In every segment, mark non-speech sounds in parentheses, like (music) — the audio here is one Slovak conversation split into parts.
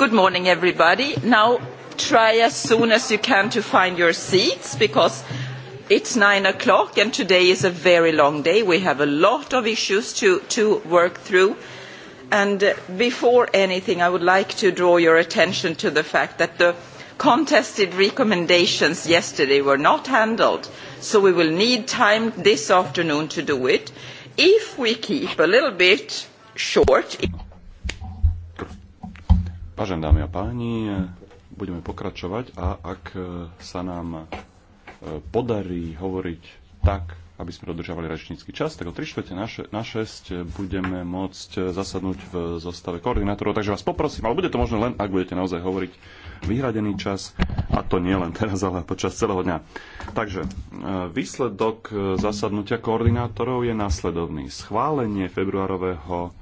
Good morning, everybody. Now try as soon as you can to find your seats because it's nine o'clock and today is a very long day. We have a lot of issues to, to work through. And uh, before anything, I would like to draw your attention to the fact that the contested recommendations yesterday were not handled, so we will need time this afternoon to do it. If we keep a little bit short, Vážené dámy a páni, budeme pokračovať a ak e, sa nám e, podarí hovoriť tak, aby sme dodržiavali rečnícky čas, tak o 3 čtvrte na 6 budeme môcť e, zasadnúť v zostave koordinátorov. Takže vás poprosím, ale bude to možno len, ak budete naozaj hovoriť vyhradený čas, a to nie len teraz, ale počas celého dňa. Takže výsledok zasadnutia koordinátorov je následovný. Schválenie februárového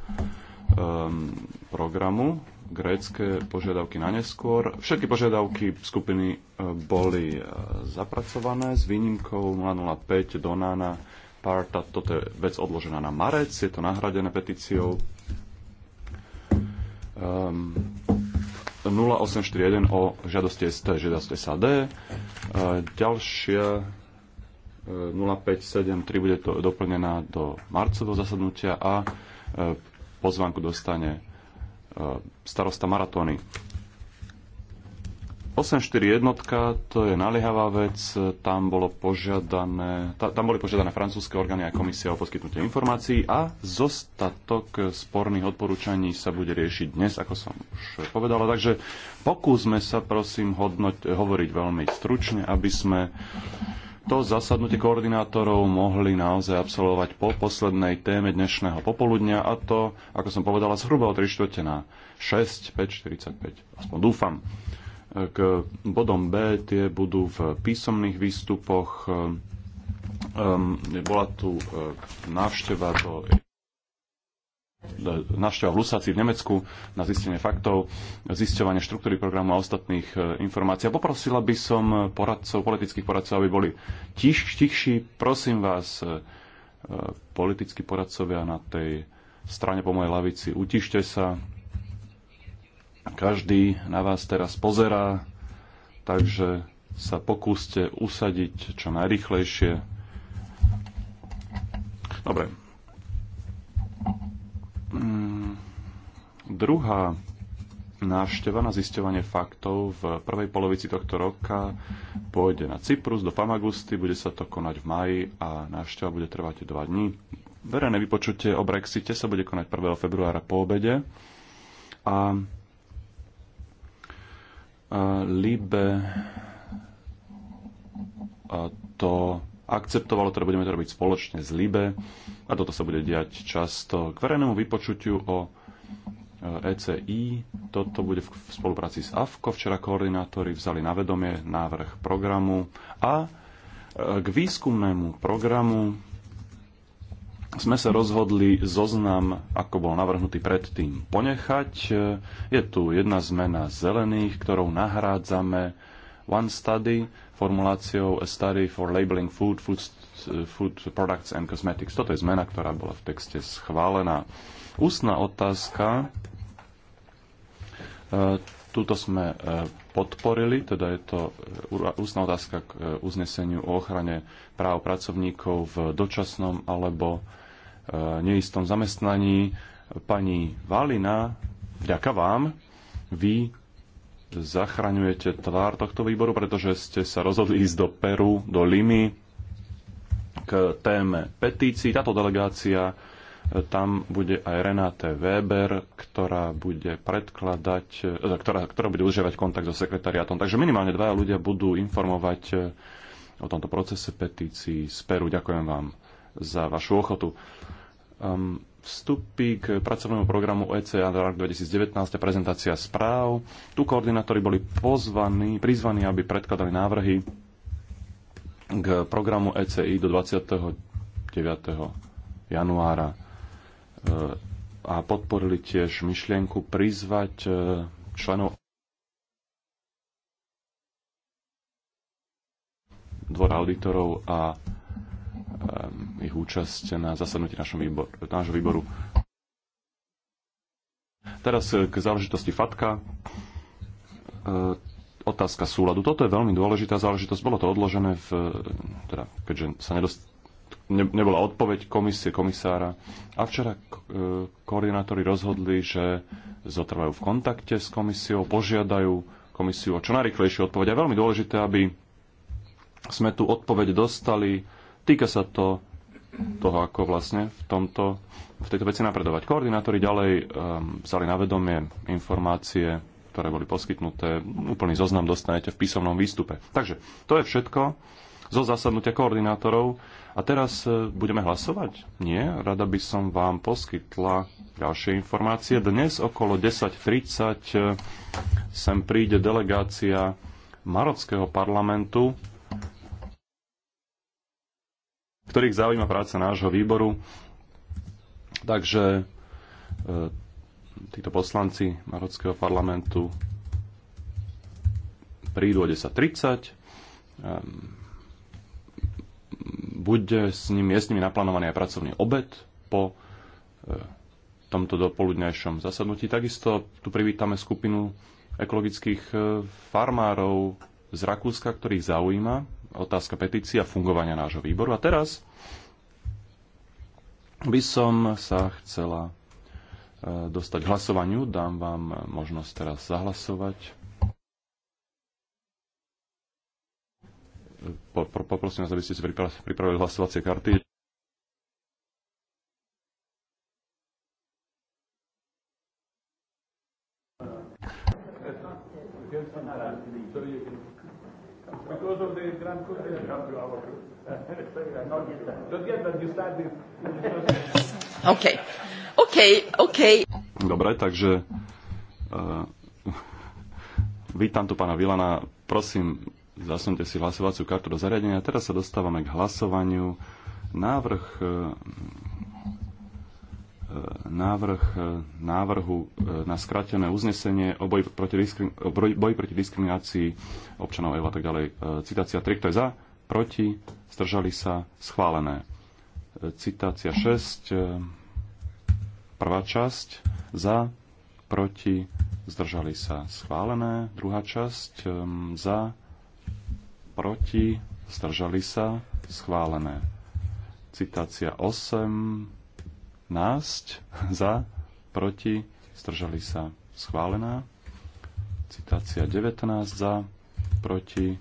um, programu grécké požiadavky na neskôr. Všetky požiadavky skupiny e, boli e, zapracované s výnimkou 005 Donána Parta. Toto je vec odložená na marec, je to nahradené petíciou um, ehm, 0841 o žiadosti ST, žiadosti SAD. E, ďalšia 0573 bude to doplnená do marcového zasadnutia a pozvánku dostane E, starosta maratóny. 841 to je naliehavá vec, tam, bolo požiadané, tam boli požiadané francúzske orgány a komisia o poskytnutie informácií a zostatok sporných odporúčaní sa bude riešiť dnes, ako som už povedala. Takže pokúsme sa, prosím, hodnoť, hovoriť veľmi stručne, aby sme to zasadnutie koordinátorov mohli naozaj absolvovať po poslednej téme dnešného popoludnia a to, ako som povedala, zhruba o 3 čtvrte na 6, 45, aspoň dúfam. K bodom B tie budú v písomných výstupoch. Um, bola tu ehm, návšteva do Navšteva v Lusáci v Nemecku na zistenie faktov, zisťovanie štruktúry programu a ostatných e, informácií. A poprosila by som poradcov, politických poradcov, aby boli tiš, tichší. Prosím vás, e, e, politickí poradcovia na tej strane po mojej lavici, utište sa. Každý na vás teraz pozerá, takže sa pokúste usadiť čo najrychlejšie. Dobre, Mm, druhá návšteva na zisťovanie faktov v prvej polovici tohto roka pôjde na Cyprus do Famagusty, bude sa to konať v maji a návšteva bude trvať 2 dní. Verejné vypočutie o Brexite sa bude konať 1. februára po obede a Libe to akceptovalo, teda budeme to robiť spoločne z LIBE a toto sa bude diať často. K verejnému vypočutiu o ECI, e toto bude v spolupráci s AFKO, včera koordinátori vzali na vedomie návrh programu a e, k výskumnému programu sme sa rozhodli zoznam, ako bol navrhnutý predtým, ponechať. E, je tu jedna zmena zelených, ktorou nahrádzame One Study, formuláciou A Study for Labeling Food, Food, food Products and Cosmetics. Toto je zmena, ktorá bola v texte schválená. Ústna otázka. E, Tuto sme e, podporili, teda je to e, ústna otázka k uzneseniu o ochrane práv pracovníkov v dočasnom alebo neistom zamestnaní. Pani Valina, vďaka vám, vy zachraňujete tvár tohto výboru, pretože ste sa rozhodli ísť do Peru, do Limy k téme petícií. Táto delegácia e, tam bude aj Renáte Weber, ktorá bude predkladať, e, e, ktorá, ktorá bude užiavať kontakt so sekretariátom. Takže minimálne dvaja ľudia budú informovať o tomto procese petícií z Peru. Ďakujem vám za vašu ochotu. Um, vstupy k pracovnému programu ECA a 2019 a prezentácia správ. Tu koordinátori boli pozvaní, prizvaní, aby predkladali návrhy k programu ECI do 29. januára e, a podporili tiež myšlienku prizvať e, členov dvora auditorov a Um, ich účasť na zasadnutí nášho výboru. Teraz eh, k záležitosti FATKA. Eh, otázka súladu. Toto je veľmi dôležitá záležitosť. Bolo to odložené, v, eh, teda, keďže sa nedost, ne, nebola odpoveď komisie, komisára. A včera koordinátori rozhodli, že zotrvajú v kontakte s komisiou, požiadajú komisiu o čo najrychlejšiu odpoveď. A veľmi dôležité, aby sme tu odpoveď dostali Týka sa to toho, ako vlastne v, tomto, v tejto veci napredovať. Koordinátori ďalej um, vzali na vedomie informácie, ktoré boli poskytnuté. Úplný zoznam dostanete v písomnom výstupe. Takže to je všetko zo zasadnutia koordinátorov. A teraz e, budeme hlasovať? Nie, rada by som vám poskytla ďalšie informácie. Dnes okolo 10.30 e, sem príde delegácia Marockého parlamentu ktorých zaujíma práca nášho výboru. Takže e, títo poslanci Marockého parlamentu prídu o 10.30. Ehm, bude s ním, je s nimi naplánovaný aj pracovný obed po e, tomto dopoludnejšom zasadnutí. Takisto tu privítame skupinu ekologických e, farmárov z Rakúska, ktorých zaujíma otázka petícia fungovania nášho výboru. A teraz by som sa chcela e, dostať k hlasovaniu. Dám vám možnosť teraz zahlasovať. Poprosím vás, aby ste si pripravili hlasovacie karty. great grand come to our group. you start with. Okay. Okay, okay. Dobre, takže uh, vítam tu pána Vilana. Prosím, zasunte si hlasovaciu kartu do zariadenia. Teraz sa dostávame k hlasovaniu. Návrh eh, návrh e, návrhu e, na skrátené uznesenie o boji proti, diskrim, o boji proti diskriminácii občanov EU a tak ďalej. E, citácia 3, kto je za, proti, zdržali sa, schválené. Citácia 6, prvá časť, za, proti, zdržali sa, schválené. Druhá časť, za, proti, zdržali sa, schválené. Citácia 8, (laughs) za, proti, zdržali sa schválená. Citácia 19 za, proti,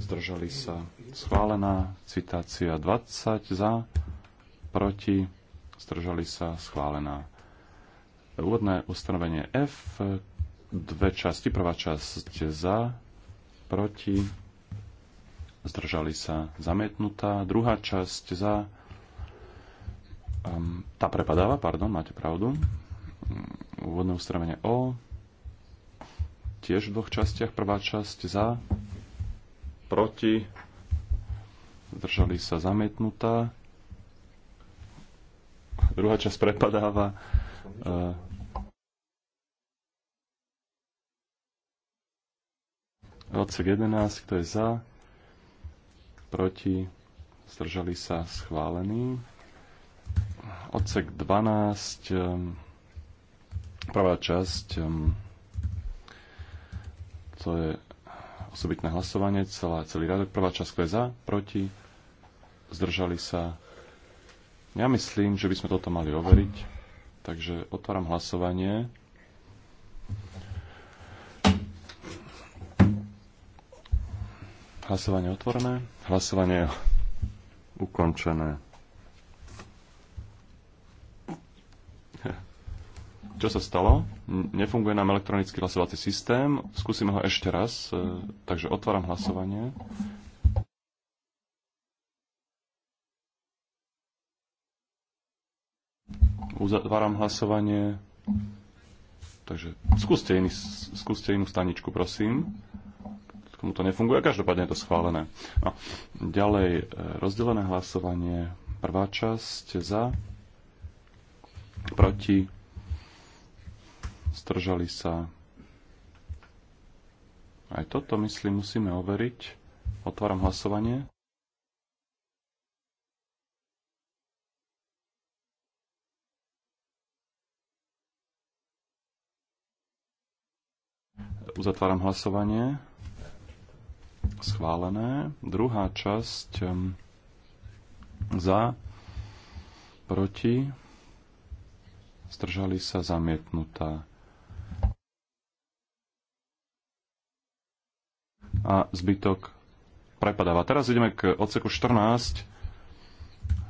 zdržali sa schválená. Citácia 20 za, proti, zdržali sa schválená. Úvodné ustanovenie F, dve časti. Prvá časť za, proti, zdržali sa zamietnutá. Druhá časť za, Um, tá prepadáva, pardon, máte pravdu. Mm, úvodné ustanovenie O. Tiež v dvoch častiach. Prvá časť za, proti, zdržali sa zamietnutá. Druhá časť prepadáva. Uh, odsek 11, kto je za, proti, zdržali sa schválený. Odsek 12, ehm, prvá časť, ehm, to je osobitné hlasovanie, celá, celý riadok. Prvá časť, kto je za, proti, zdržali sa. Ja myslím, že by sme toto mali overiť, takže otváram hlasovanie. Hlasovanie otvorené. Hlasovanie ukončené. Čo sa stalo? Nefunguje nám elektronický hlasovací systém. Skúsime ho ešte raz. E, takže otváram hlasovanie. Uzatváram hlasovanie. Takže skúste, iný, skúste inú staničku, prosím. Komu to nefunguje, každopádne je to schválené. No. Ďalej, e, rozdelené hlasovanie. Prvá časť za, proti, zdržali sa. Aj toto, myslím, musíme overiť. Otváram hlasovanie. Uzatváram hlasovanie. Schválené. Druhá časť ehm, za, proti, zdržali sa zamietnutá. a zbytok prepadáva. Teraz ideme k odseku 14.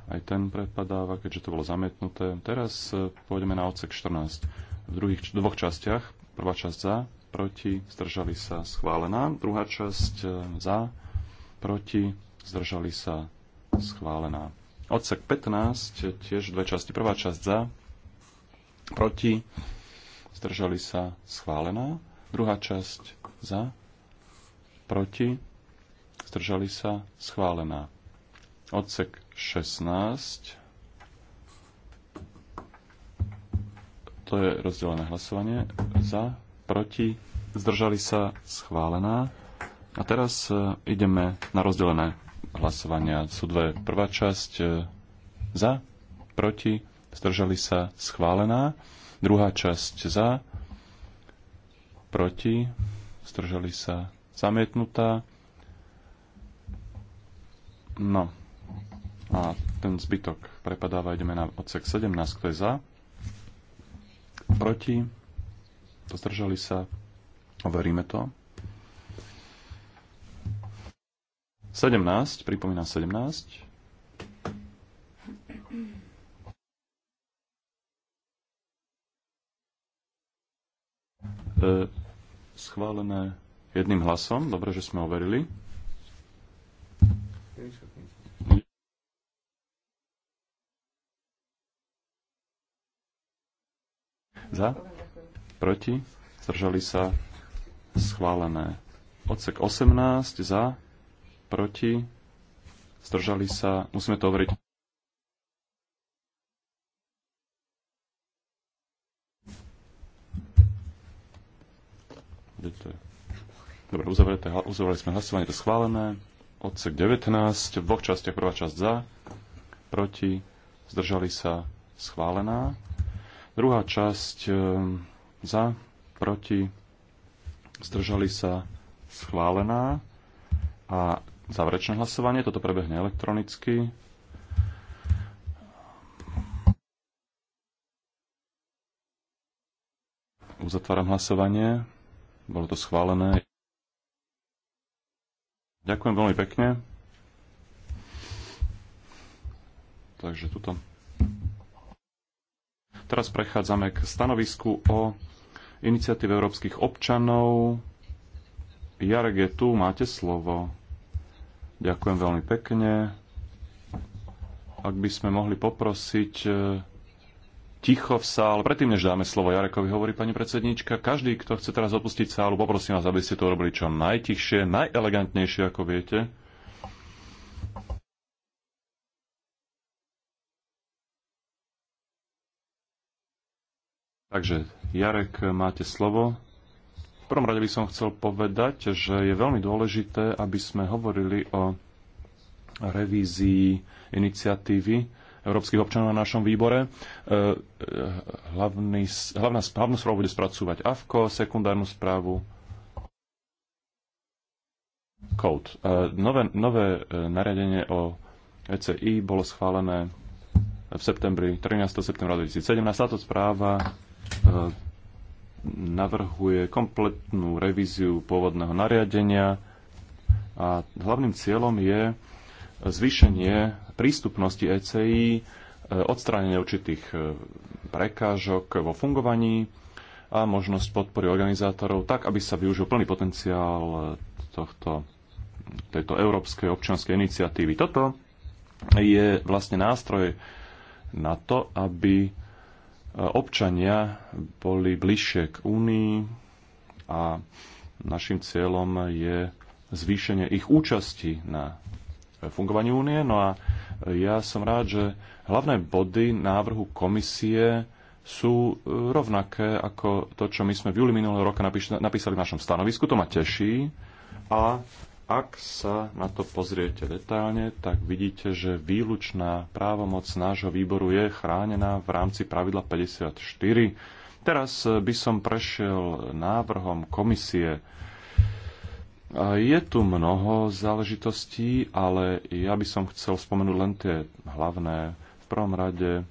Aj ten prepadáva, keďže to bolo zamietnuté. Teraz e, pôjdeme na odsek 14 v druhých, dvoch častiach. Prvá časť za, proti, zdržali sa, schválená. Druhá časť e, za, proti, zdržali sa, schválená. Odsek 15, e, tiež dve časti. Prvá časť za, proti, zdržali sa, schválená. Druhá časť za, proti, zdržali sa, schválená. Odsek 16, to je rozdelené hlasovanie, za, proti, zdržali sa, schválená. A teraz e, ideme na rozdelené hlasovania. Sú dve. Prvá časť e, za, proti, zdržali sa, schválená. Druhá časť za, proti, zdržali sa, zamietnutá. No a ten zbytok prepadáva, ideme na odsek 17, kto je za, proti, zdržali sa, overíme to. 17, pripomínam 17. E, schválené Jedným hlasom. Dobre, že sme overili. Za? Proti? Zdržali sa? Schválené. Odsek 18. Za? Proti? Zdržali sa? Musíme to overiť. Kde Dobre, uzavreté, uzavreli sme hlasovanie, to schválené. Odsek 19, v dvoch častiach, prvá časť za, proti, zdržali sa, schválená. Druhá časť eh, za, proti, zdržali sa, schválená. A záverečné hlasovanie, toto prebehne elektronicky. Uzatváram hlasovanie. Bolo to schválené. Ďakujem veľmi pekne. Takže tuto. Teraz prechádzame k stanovisku o iniciatíve európskych občanov. Jarek je tu, máte slovo. Ďakujem veľmi pekne. Ak by sme mohli poprosiť eh, ticho v sále. Predtým, než dáme slovo Jarekovi, hovorí pani predsednička, každý, kto chce teraz opustiť sálu, poprosím vás, aby ste to robili čo najtichšie, najelegantnejšie, ako viete. Takže, Jarek, máte slovo. V prvom rade by som chcel povedať, že je veľmi dôležité, aby sme hovorili o revízii iniciatívy európskych občanov na našom výbore. E, e, hlavný, hlavná, hlavnú správu bude spracúvať AFKO, sekundárnu správu Code. E, nové, nové nariadenie o ECI bolo schválené v septembri, 13. septembra 2017. Táto správa navrhuje kompletnú revíziu pôvodného nariadenia a hlavným cieľom je zvýšenie prístupnosti ECI, e, odstránenie určitých e, prekážok vo fungovaní a možnosť podpory organizátorov tak, aby sa využil plný potenciál e, tohto, tejto európskej občianskej iniciatívy. Toto je vlastne nástroj na to, aby občania boli bližšie k Únii a našim cieľom je zvýšenie ich účasti na fungovaní únie. No a ja som rád, že hlavné body návrhu komisie sú e, rovnaké ako to, čo my sme v júli minulého roka napísali v našom stanovisku. To ma teší. A ak sa na to pozriete detálne, tak vidíte, že výlučná právomoc nášho výboru je chránená v rámci pravidla 54. Teraz e, by som prešiel návrhom komisie je tu mnoho záležitostí, ale ja by som chcel spomenúť len tie hlavné. V prvom rade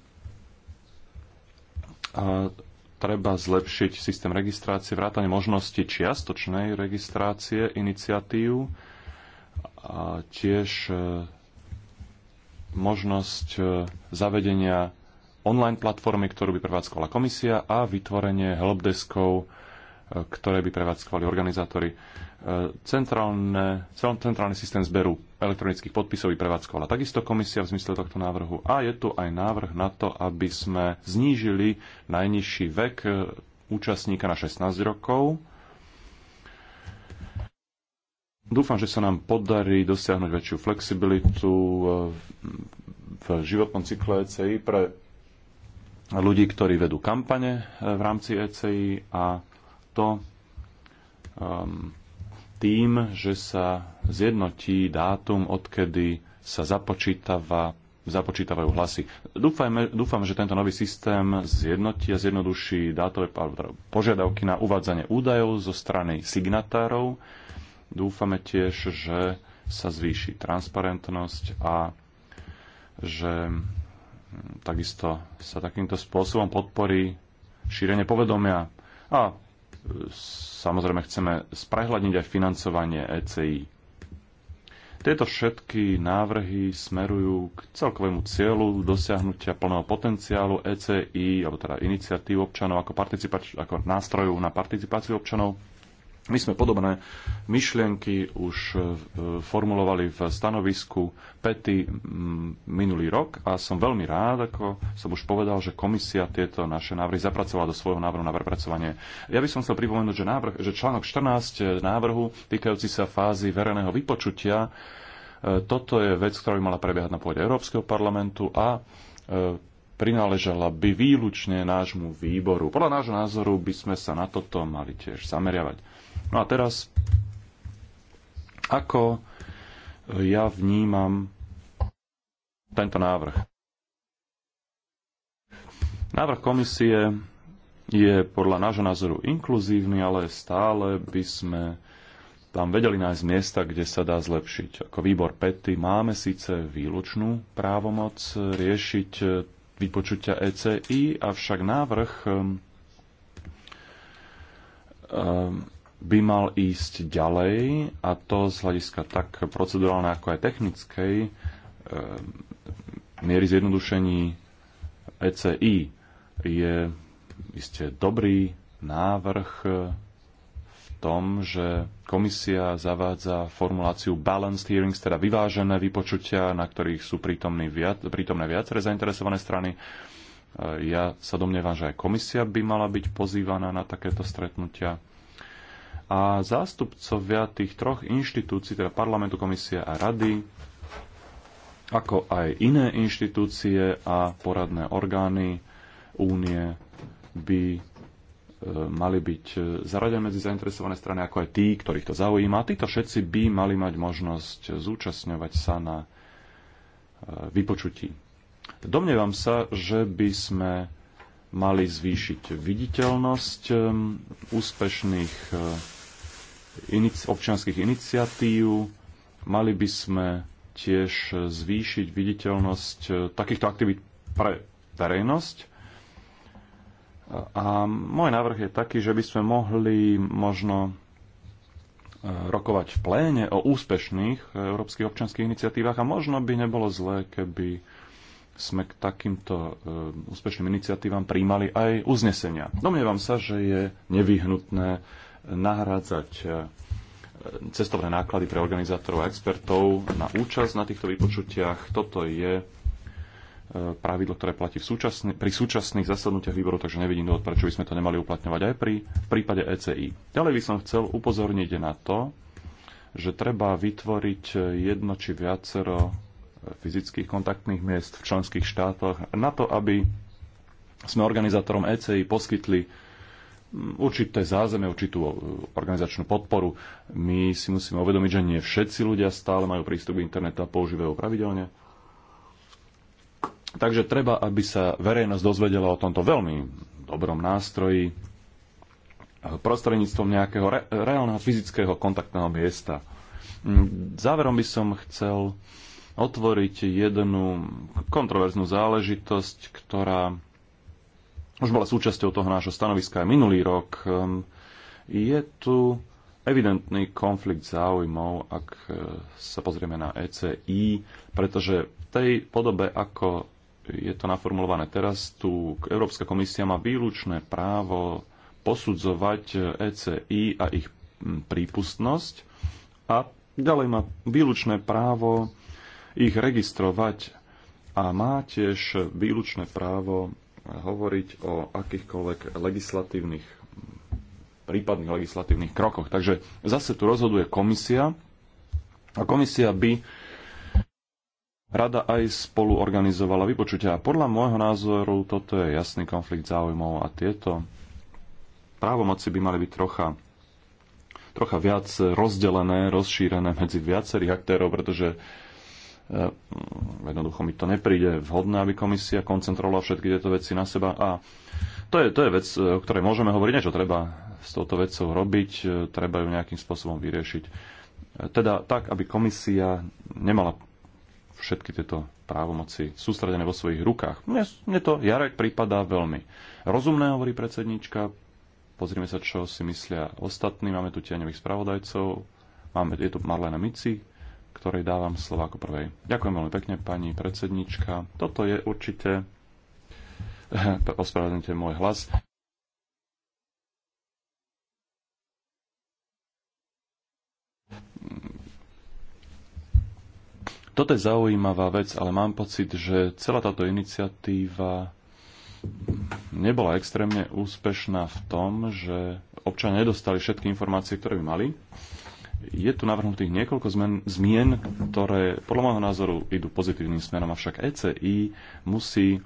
treba zlepšiť systém registrácie, vrátanie možnosti čiastočnej registrácie iniciatív a tiež e, možnosť e, zavedenia online platformy, ktorú by prevádzkovala komisia a vytvorenie helpdeskov ktoré by prevádzkovali organizátori. E, centrálne, centrálny systém zberu elektronických podpisov by prevádzkovala takisto komisia v zmysle tohto návrhu a je tu aj návrh na to, aby sme znížili najnižší vek e, účastníka na 16 rokov. Dúfam, že sa nám podarí dosiahnuť väčšiu flexibilitu e, v životnom cykle ECI pre ľudí, ktorí vedú kampane v rámci ECI a to um, tým, že sa zjednotí dátum, odkedy sa započítava započítavajú hlasy. Dúfajme, dúfam, že tento nový systém zjednotí a zjednoduší dátové teda požiadavky na uvádzanie údajov zo strany signatárov. Dúfame tiež, že sa zvýši transparentnosť a že mm, takisto sa takýmto spôsobom podporí šírenie povedomia a samozrejme chceme sprehľadniť aj financovanie ECI. Tieto všetky návrhy smerujú k celkovému cieľu dosiahnutia plného potenciálu ECI, alebo teda iniciatív občanov ako, ako nástrojov na participáciu občanov my sme podobné myšlienky už e, formulovali v stanovisku Pety minulý rok a som veľmi rád, ako som už povedal, že komisia tieto naše návrhy zapracovala do svojho návrhu na prepracovanie. Ja by som chcel pripomenúť, že, návrh, že článok 14 e, návrhu týkajúci sa fázy verejného vypočutia, e, toto je vec, ktorá by mala prebiehať na pôde Európskeho parlamentu a prináležala by výlučne nášmu výboru. Podľa nášho názoru by sme sa na toto mali tiež zameriavať. No a teraz, ako ja vnímam tento návrh? Návrh komisie je podľa nášho názoru inkluzívny, ale stále by sme tam vedeli nájsť miesta, kde sa dá zlepšiť. Ako výbor PETY máme síce výlučnú právomoc riešiť vypočutia ECI, avšak návrh ehm, ehm, by mal ísť ďalej a to z hľadiska tak procedurálnej ako aj technickej e, miery zjednodušení ECI je iste dobrý návrh eh, v tom, že komisia zavádza formuláciu balanced hearings, teda vyvážené vypočutia, na ktorých sú prítomné viac, prítomné viaceré zainteresované strany. Eh, ja sa domnievam, že aj komisia by mala byť pozývaná na takéto stretnutia a zástupcovia tých troch inštitúcií, teda parlamentu, komisie a rady, ako aj iné inštitúcie a poradné orgány únie by e, mali byť e, zaradené medzi zainteresované strany, ako aj tí, ktorých to zaujíma. Títo všetci by mali mať možnosť zúčastňovať sa na e, vypočutí. Domnievam sa, že by sme mali zvýšiť viditeľnosť úspešných inic- občianských iniciatív. Mali by sme tiež zvýšiť viditeľnosť e, takýchto aktivít pre verejnosť. A môj návrh je taký, že by sme mohli možno e, rokovať v pléne o úspešných e, európskych občanských iniciatívach a možno by nebolo zlé, keby sme k takýmto úspešným iniciatívam príjmali aj uznesenia. Domnievam sa, že je nevyhnutné nahrádzať e, cestovné náklady pre organizátorov a expertov na účasť na týchto vypočutiach. Toto je e, pravidlo, ktoré platí v súčasný, pri súčasných zasadnutiach výboru, takže nevidím dôvod, prečo by sme to nemali uplatňovať aj pri, v prípade ECI. Ďalej by som chcel upozorniť na to, že treba vytvoriť jedno či viacero e, fyzických kontaktných miest v členských štátoch na to, aby sme organizátorom ECI poskytli určité zázemie, určitú e, organizačnú podporu. My si musíme uvedomiť, že nie všetci ľudia stále majú prístup k internetu a používajú ho pravidelne. Takže treba, aby sa verejnosť dozvedela o tomto veľmi dobrom nástroji e, prostredníctvom nejakého re- reálneho fyzického kontaktného miesta. Mm, záverom by som chcel otvoriť jednu kontroverznú záležitosť, ktorá už bola súčasťou toho nášho stanoviska aj minulý rok. Ehm, je tu evidentný konflikt záujmov, ak e, sa pozrieme na ECI, pretože v tej podobe, ako je to naformulované teraz, tu Európska komisia má výlučné právo posudzovať ECI a ich prípustnosť a ďalej má výlučné právo ich registrovať a má tiež výlučné právo hovoriť o akýchkoľvek legislatívnych, prípadných legislatívnych krokoch. Takže zase tu rozhoduje komisia a komisia by rada aj spolu organizovala vypočutia. A podľa môjho názoru toto je jasný konflikt záujmov a tieto právomoci by mali byť trocha, trocha viac rozdelené, rozšírené medzi viacerých aktérov, pretože uh, Ehm, jednoducho mi to nepríde vhodné, aby komisia koncentrovala všetky tieto veci na seba a to je, to je vec, o ktorej môžeme hovoriť, niečo treba s touto vecou robiť, e, treba ju nejakým spôsobom vyriešiť. E, teda tak, aby komisia nemala všetky tieto právomoci sústredené vo svojich rukách. Mne, mne to Jarek prípada veľmi rozumné, hovorí predsednička. Pozrime sa, čo si myslia ostatní. Máme tu tieňových spravodajcov. Máme, je tu Marlena Mici, ktorej dávam slovo ako prvej. Ďakujem veľmi pekne, pani predsednička. Toto je určite... (laughs) Ospravedlňte môj hlas. Toto je zaujímavá vec, ale mám pocit, že celá táto iniciatíva nebola extrémne úspešná v tom, že občania nedostali všetky informácie, ktoré by mali je tu navrhnutých niekoľko zmen, zmien, ktoré podľa môjho názoru idú pozitívnym smerom, avšak ECI musí e,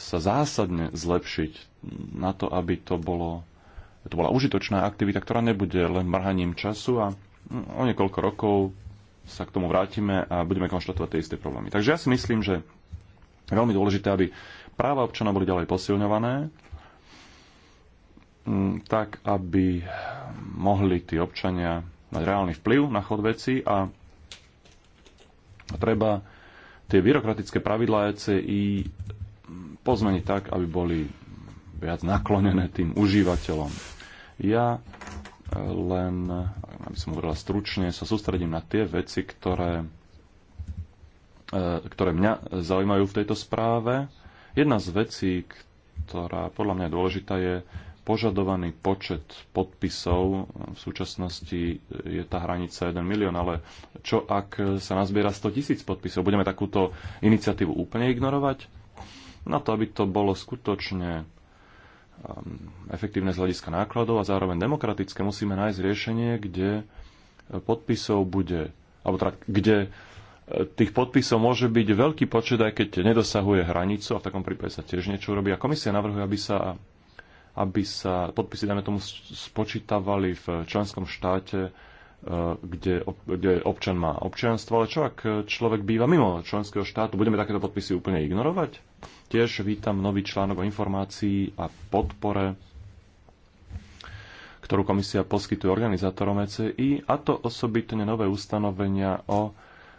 sa zásadne zlepšiť na to, aby to bolo to bola užitočná aktivita, ktorá nebude len mrhaním času a mm, o niekoľko rokov sa k tomu vrátime a budeme konštatovať tie isté problémy. Takže ja si myslím, že je veľmi dôležité, aby práva občana boli ďalej posilňované, mm, tak aby mohli tí občania mať reálny vplyv na chod veci a treba tie byrokratické pravidlá ECI pozmeniť tak, aby boli viac naklonené tým užívateľom. Ja eh, len, aby som hovorila stručne, sa sústredím na tie veci, ktoré, eh, ktoré mňa zaujímajú v tejto správe. Jedna z vecí, ktorá podľa mňa je dôležitá, je požadovaný počet podpisov v súčasnosti je tá hranica 1 milión, ale čo ak sa nazbiera 100 tisíc podpisov? Budeme takúto iniciatívu úplne ignorovať? Na to, aby to bolo skutočne um, efektívne z hľadiska nákladov a zároveň demokratické, musíme nájsť riešenie, kde podpisov bude, alebo teda, kde e, tých podpisov môže byť veľký počet, aj keď nedosahuje hranicu a v takom prípade sa tiež niečo urobí. A komisia navrhuje, aby sa aby sa podpisy, dajme tomu, spočítavali v členskom štáte, e, kde, kde občan má občianstvo, ale čo ak človek býva mimo členského štátu, budeme takéto podpisy úplne ignorovať? Tiež vítam nový článok o informácii a podpore, ktorú komisia poskytuje organizátorom ECI, a to osobitne nové ustanovenia o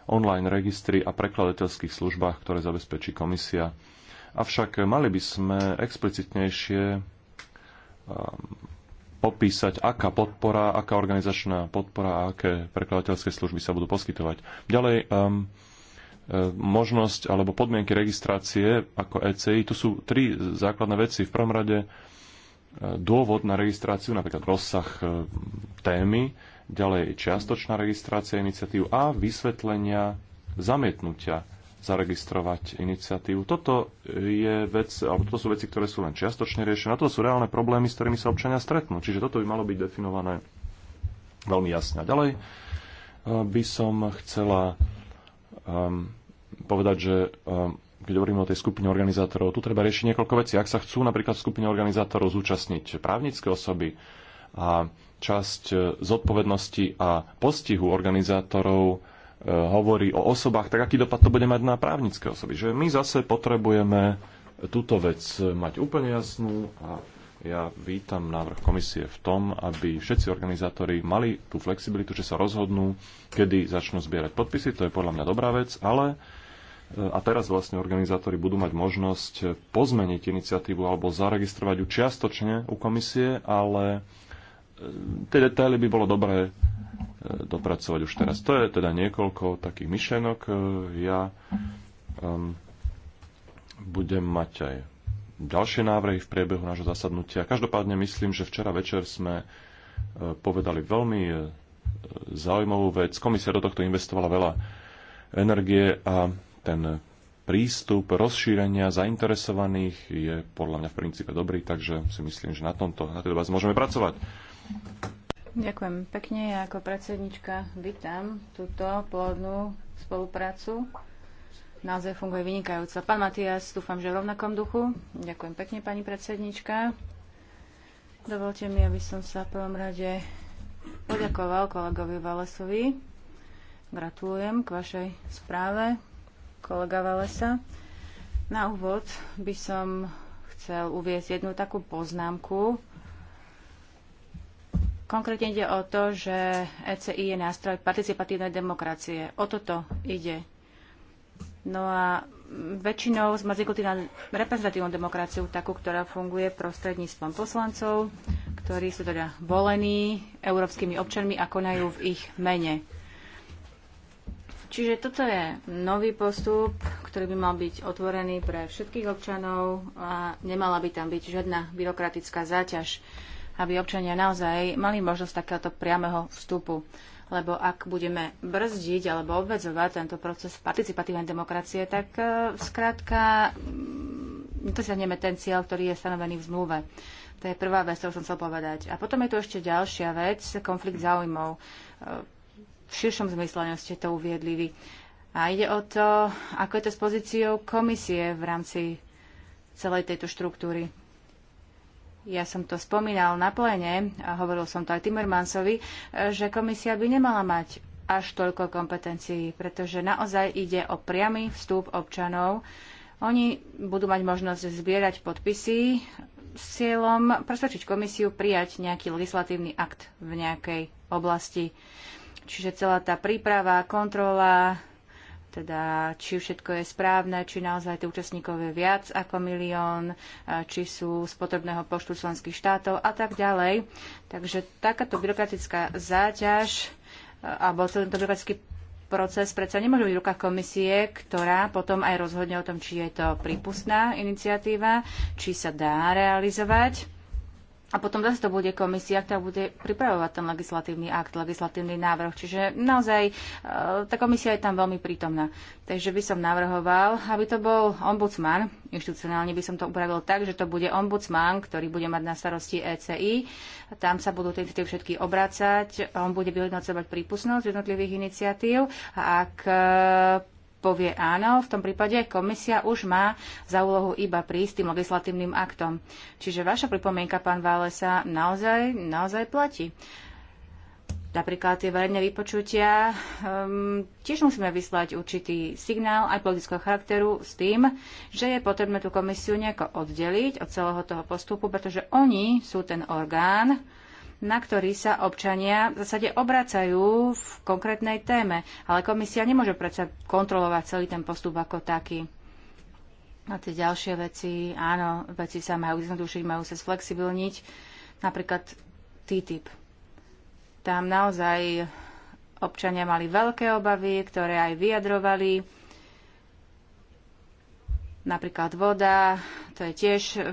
online registri a prekladateľských službách, ktoré zabezpečí komisia. Avšak mali by sme explicitnejšie Um, popísať, aká podpora, aká organizačná podpora a aké prekladateľské služby sa budú poskytovať. Ďalej, um, e, možnosť alebo podmienky registrácie ako ECI. Tu sú tri základné veci. V prvom rade e, dôvod na registráciu, napríklad rozsah e, témy, ďalej čiastočná registrácia iniciatív a vysvetlenia zamietnutia zaregistrovať iniciatívu. Toto, je vec, alebo toto sú veci, ktoré sú len čiastočne riešené. A toto sú reálne problémy, s ktorými sa občania stretnú. Čiže toto by malo byť definované veľmi jasne. A ďalej eh, by som chcela um, povedať, že um, keď hovoríme o tej skupine organizátorov, tu treba riešiť niekoľko vecí. Ak sa chcú napríklad v skupine organizátorov zúčastniť právnické osoby a časť eh, zodpovednosti a postihu organizátorov E, hovorí o osobách, tak aký dopad to bude mať na právnické osoby. Že my zase potrebujeme túto vec mať úplne jasnú a ja vítam návrh komisie v tom, aby všetci organizátori mali tú flexibilitu, že sa rozhodnú, kedy začnú zbierať podpisy. To je podľa mňa dobrá vec, ale e, a teraz vlastne organizátori budú mať možnosť pozmeniť iniciatívu alebo zaregistrovať ju čiastočne u komisie, ale tie detaily teda, teda by bolo dobré dopracovať už teraz. To je teda niekoľko takých myšlenok. E, ja um, budem mať aj ďalšie návrhy v priebehu nášho zasadnutia. Každopádne myslím, že včera večer sme e, povedali veľmi e, zaujímavú vec. Komisia do tohto investovala veľa energie a ten prístup rozšírenia zainteresovaných je podľa mňa v princípe dobrý, takže si myslím, že na tomto, na tejto môžeme pracovať. Ďakujem pekne. Ja ako predsednička vítam túto plodnú spoluprácu. Naozaj funguje vynikajúco. Pán Matias, dúfam, že v rovnakom duchu. Ďakujem pekne, pani predsednička. Dovolte mi, aby som sa v prvom rade poďakoval kolegovi Valesovi. Gratulujem k vašej správe, kolega Valesa. Na úvod by som chcel uviezť jednu takú poznámku, Konkrétne ide o to, že ECI je nástroj participatívnej demokracie. O toto ide. No a väčšinou sme zvyknutí na reprezentatívnu demokraciu, takú, ktorá funguje prostredníctvom poslancov, ktorí sú teda volení európskymi občanmi a konajú v ich mene. Čiže toto je nový postup, ktorý by mal byť otvorený pre všetkých občanov a nemala by tam byť žiadna byrokratická záťaž aby občania naozaj mali možnosť takéhoto priameho vstupu. Lebo ak budeme brzdiť alebo obvedzovať tento proces participatívnej demokracie, tak skrátka e, mm, dosiahneme ten cieľ, ktorý je stanovený v zmluve. To je prvá vec, ktorú som chcel povedať. A potom je tu ešte ďalšia vec, konflikt záujmov. E, v širšom zmysle ste to uviedli vy. A ide o to, ako je to s pozíciou komisie v rámci celej tejto štruktúry ja som to spomínal na plene, a hovoril som to aj Timmermansovi, e, že komisia by nemala mať až toľko kompetencií, pretože naozaj ide o priamy vstup občanov. Oni budú mať možnosť zbierať podpisy s cieľom presvedčiť komisiu prijať nejaký legislatívny akt v nejakej oblasti. Čiže celá tá príprava, kontrola, teda či všetko je správne, či naozaj tých účastníkov je viac ako milión, či sú z potrebného poštu členských štátov a tak ďalej. Takže takáto byrokratická záťaž alebo celý tento byrokratický proces predsa nemôže byť v rukách komisie, ktorá potom aj rozhodne o tom, či je to prípustná iniciatíva, či sa dá realizovať a potom zase to bude komisia, ktorá bude pripravovať ten legislatívny akt, legislatívny návrh. Čiže naozaj e, tá komisia je tam veľmi prítomná. Takže by som navrhoval, aby to bol ombudsman. Inštitucionálne by som to upravil tak, že to bude ombudsman, ktorý bude mať na starosti ECI. Tam sa budú tie všetky obracať. On bude vyhodnocovať prípustnosť jednotlivých iniciatív. A ak povie áno, v tom prípade komisia už má za úlohu iba prísť tým legislatívnym aktom. Čiže vaša pripomienka, pán Válesa, naozaj, naozaj platí. Napríklad tie verejné vypočutia um, tiež musíme vyslať určitý signál aj politického charakteru s tým, že je potrebné tú komisiu nejako oddeliť od celého toho postupu, pretože oni sú ten orgán, na ktorý sa občania v zásade obracajú v konkrétnej téme. Ale komisia nemôže predsa kontrolovať celý ten postup ako taký. A tie ďalšie veci, áno, veci sa majú zjednodušiť, majú sa sflexibilniť. Napríklad TTIP. Tam naozaj občania mali veľké obavy, ktoré aj vyjadrovali Napríklad voda, to je tiež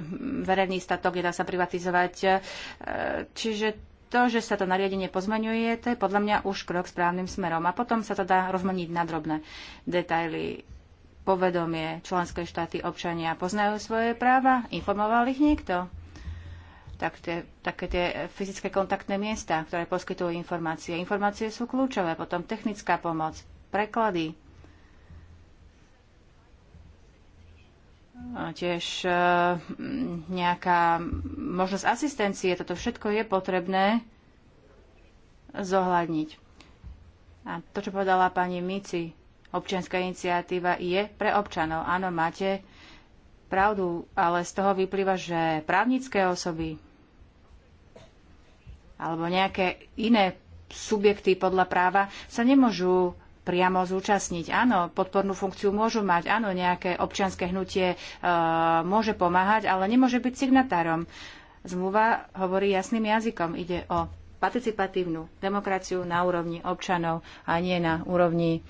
verejný statok, nedá sa privatizovať. E, čiže to, že sa to nariadenie pozmeňuje, to je podľa mňa už krok správnym smerom. A potom sa to dá rozmeniť na drobné detaily povedomie, členské štáty, občania poznajú svoje práva, informoval ich niekto. Tak tie, také tie fyzické kontaktné miesta, ktoré poskytujú informácie. Informácie sú kľúčové, potom technická pomoc, preklady, tiež e, nejaká možnosť asistencie. Toto všetko je potrebné zohľadniť. A to, čo povedala pani Mici, občianská iniciatíva je pre občanov. Áno, máte pravdu, ale z toho vyplýva, že právnické osoby alebo nejaké iné subjekty podľa práva sa nemôžu priamo zúčastniť. Áno, podpornú funkciu môžu mať, áno, nejaké občianske hnutie e, môže pomáhať, ale nemôže byť signatárom. Zmluva hovorí jasným jazykom. Ide o participatívnu demokraciu na úrovni občanov a nie na úrovni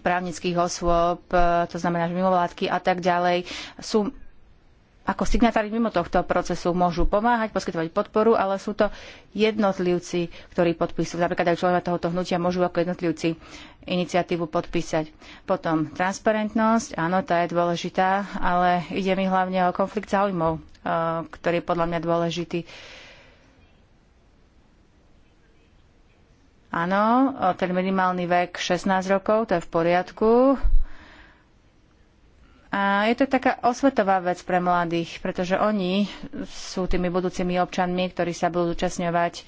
právnických osôb, e, to znamená že mimovládky a tak ďalej, sú ako signatári mimo tohto procesu môžu pomáhať, poskytovať podporu, ale sú to jednotlivci, ktorí podpisujú. Napríklad aj členovia tohoto hnutia môžu ako jednotlivci iniciatívu podpísať. Potom transparentnosť, áno, tá je dôležitá, ale ide mi hlavne o konflikt záujmov, e, ktorý je podľa mňa dôležitý. Áno, ten minimálny vek 16 rokov, to je v poriadku. A je to taká osvetová vec pre mladých, pretože oni sú tými budúcimi občanmi, ktorí sa budú zúčastňovať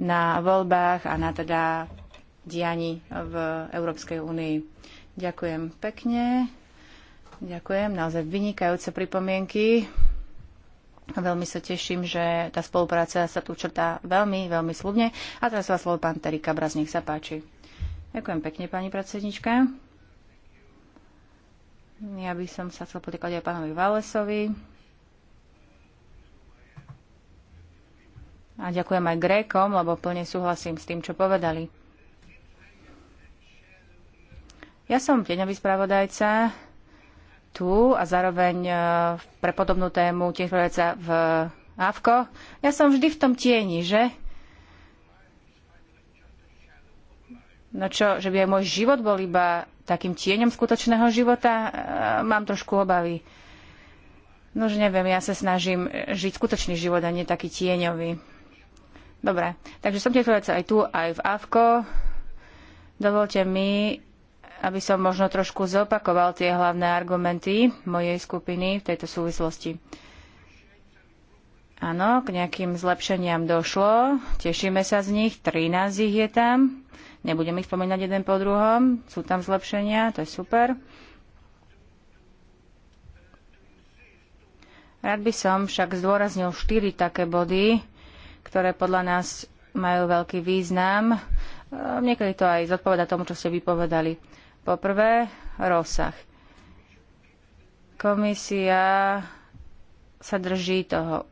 na voľbách a na teda dianí v Európskej únii. Ďakujem pekne. Ďakujem, naozaj vynikajúce pripomienky. Veľmi sa teším, že tá spolupráca sa tu črtá veľmi, veľmi slubne. A teraz vás slovo pán Terika Braz, nech sa páči. Ďakujem pekne, pani predsednička. Ja by som sa chcel potýkať aj pánovi Valesovi. A ďakujem aj Grékom, lebo plne súhlasím s tým, čo povedali. Ja som tieňový spravodajca tu a zároveň e, pre podobnú tému tiež spravodajca v Avko. Ja som vždy v tom tieni, že? No čo, že by aj môj život bol iba takým tieňom skutočného života, e, mám trošku obavy. No už neviem, ja sa snažím žiť skutočný život a nie taký tieňový. Dobre, takže som tieto aj tu, aj v AVKO. Dovolte mi, aby som možno trošku zopakoval tie hlavné argumenty mojej skupiny v tejto súvislosti. Áno, k nejakým zlepšeniam došlo. Tešíme sa z nich. 13 ich je tam. Nebudem ich spomínať jeden po druhom. Sú tam zlepšenia, to je super. Rád by som však zdôraznil štyri také body, ktoré podľa nás majú veľký význam. Ehm, niekedy to aj zodpoveda tomu, čo ste vypovedali. Poprvé, rozsah. Komisia sa drží toho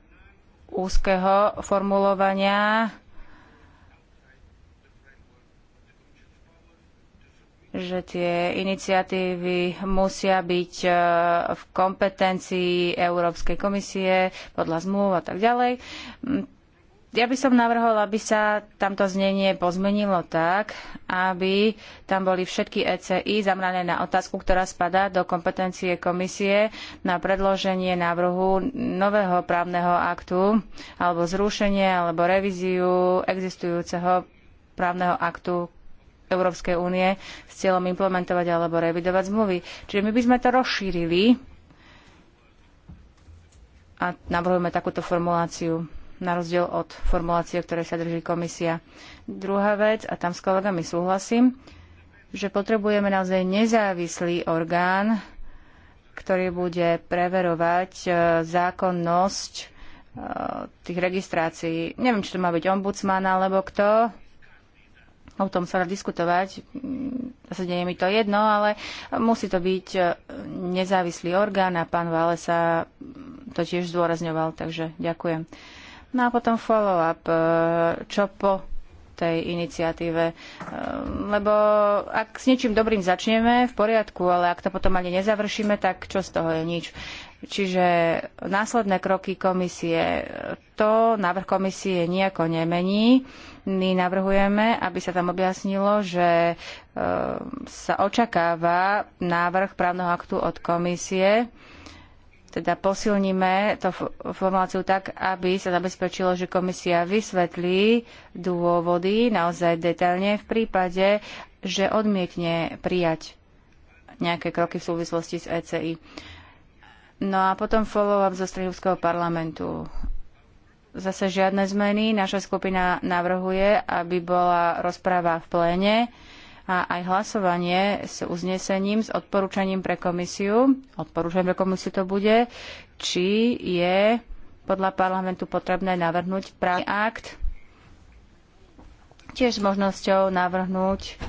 úzkeho formulovania že tie iniciatívy musia byť e, v kompetencii Európskej komisie podľa zmluv a tak ďalej. Mm, ja by som navrhol, aby sa tamto znenie pozmenilo tak, aby tam boli všetky ECI zamrané na otázku, ktorá spadá do kompetencie komisie na predloženie návrhu nového právneho aktu alebo zrušenie alebo revíziu existujúceho právneho aktu Európskej únie s cieľom implementovať alebo revidovať zmluvy. Čiže my by sme to rozšírili a navrhujeme takúto formuláciu na rozdiel od formulácie, ktoré sa drží komisia. Druhá vec, a tam s kolegami súhlasím, že potrebujeme naozaj nezávislý orgán, ktorý bude preverovať e, zákonnosť e, tých registrácií. Neviem, či to má byť ombudsman alebo kto, o tom sa dá diskutovať. Mm, zase nie je mi to jedno, ale musí to byť e, nezávislý orgán a pán Vále sa to tiež zdôrazňoval, takže ďakujem. No a potom follow-up, e, čo po tej iniciatíve. E, lebo ak s niečím dobrým začneme, v poriadku, ale ak to potom ani nezavršíme, tak čo z toho je nič. Čiže následné kroky komisie, to návrh komisie nejako nemení. My navrhujeme, aby sa tam objasnilo, že e, sa očakáva návrh právneho aktu od komisie, teda posilníme to formuláciu tak, aby sa zabezpečilo, že komisia vysvetlí dôvody naozaj detailne v prípade, že odmietne prijať nejaké kroky v súvislosti s ECI. No a potom follow-up zo Stredovského parlamentu. Zase žiadne zmeny. Naša skupina navrhuje, aby bola rozpráva v pléne a aj hlasovanie s uznesením, s odporúčaním pre komisiu, odporúčaním pre komisiu to bude, či je podľa parlamentu potrebné navrhnúť právny akt, tiež s možnosťou navrhnúť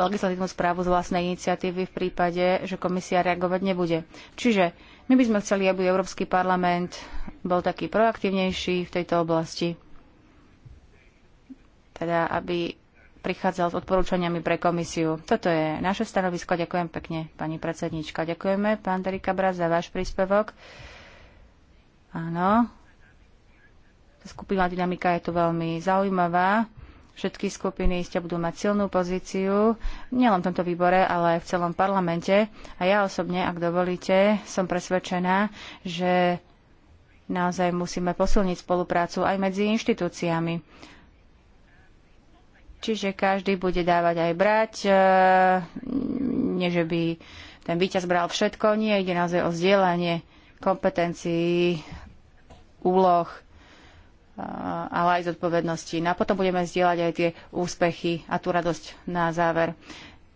legislatívnu správu z vlastnej iniciatívy v prípade, že komisia reagovať nebude. Čiže my by sme chceli, aby Európsky parlament bol taký proaktívnejší v tejto oblasti. Teda, aby prichádzal s odporúčaniami pre komisiu. Toto je naše stanovisko. Ďakujem pekne, pani predsednička. Ďakujeme, pán Derika Brás, za váš príspevok. Áno. skupina dynamika je tu veľmi zaujímavá. Všetky skupiny iste budú mať silnú pozíciu, nielen v tomto výbore, ale aj v celom parlamente. A ja osobne, ak dovolíte, som presvedčená, že naozaj musíme posilniť spoluprácu aj medzi inštitúciami. Čiže každý bude dávať aj brať, e, nie že by ten víťaz bral všetko, nie, ide naozaj o vzdielanie kompetencií, úloh ale aj zodpovednosti. No a potom budeme zdieľať aj tie úspechy a tú radosť na záver.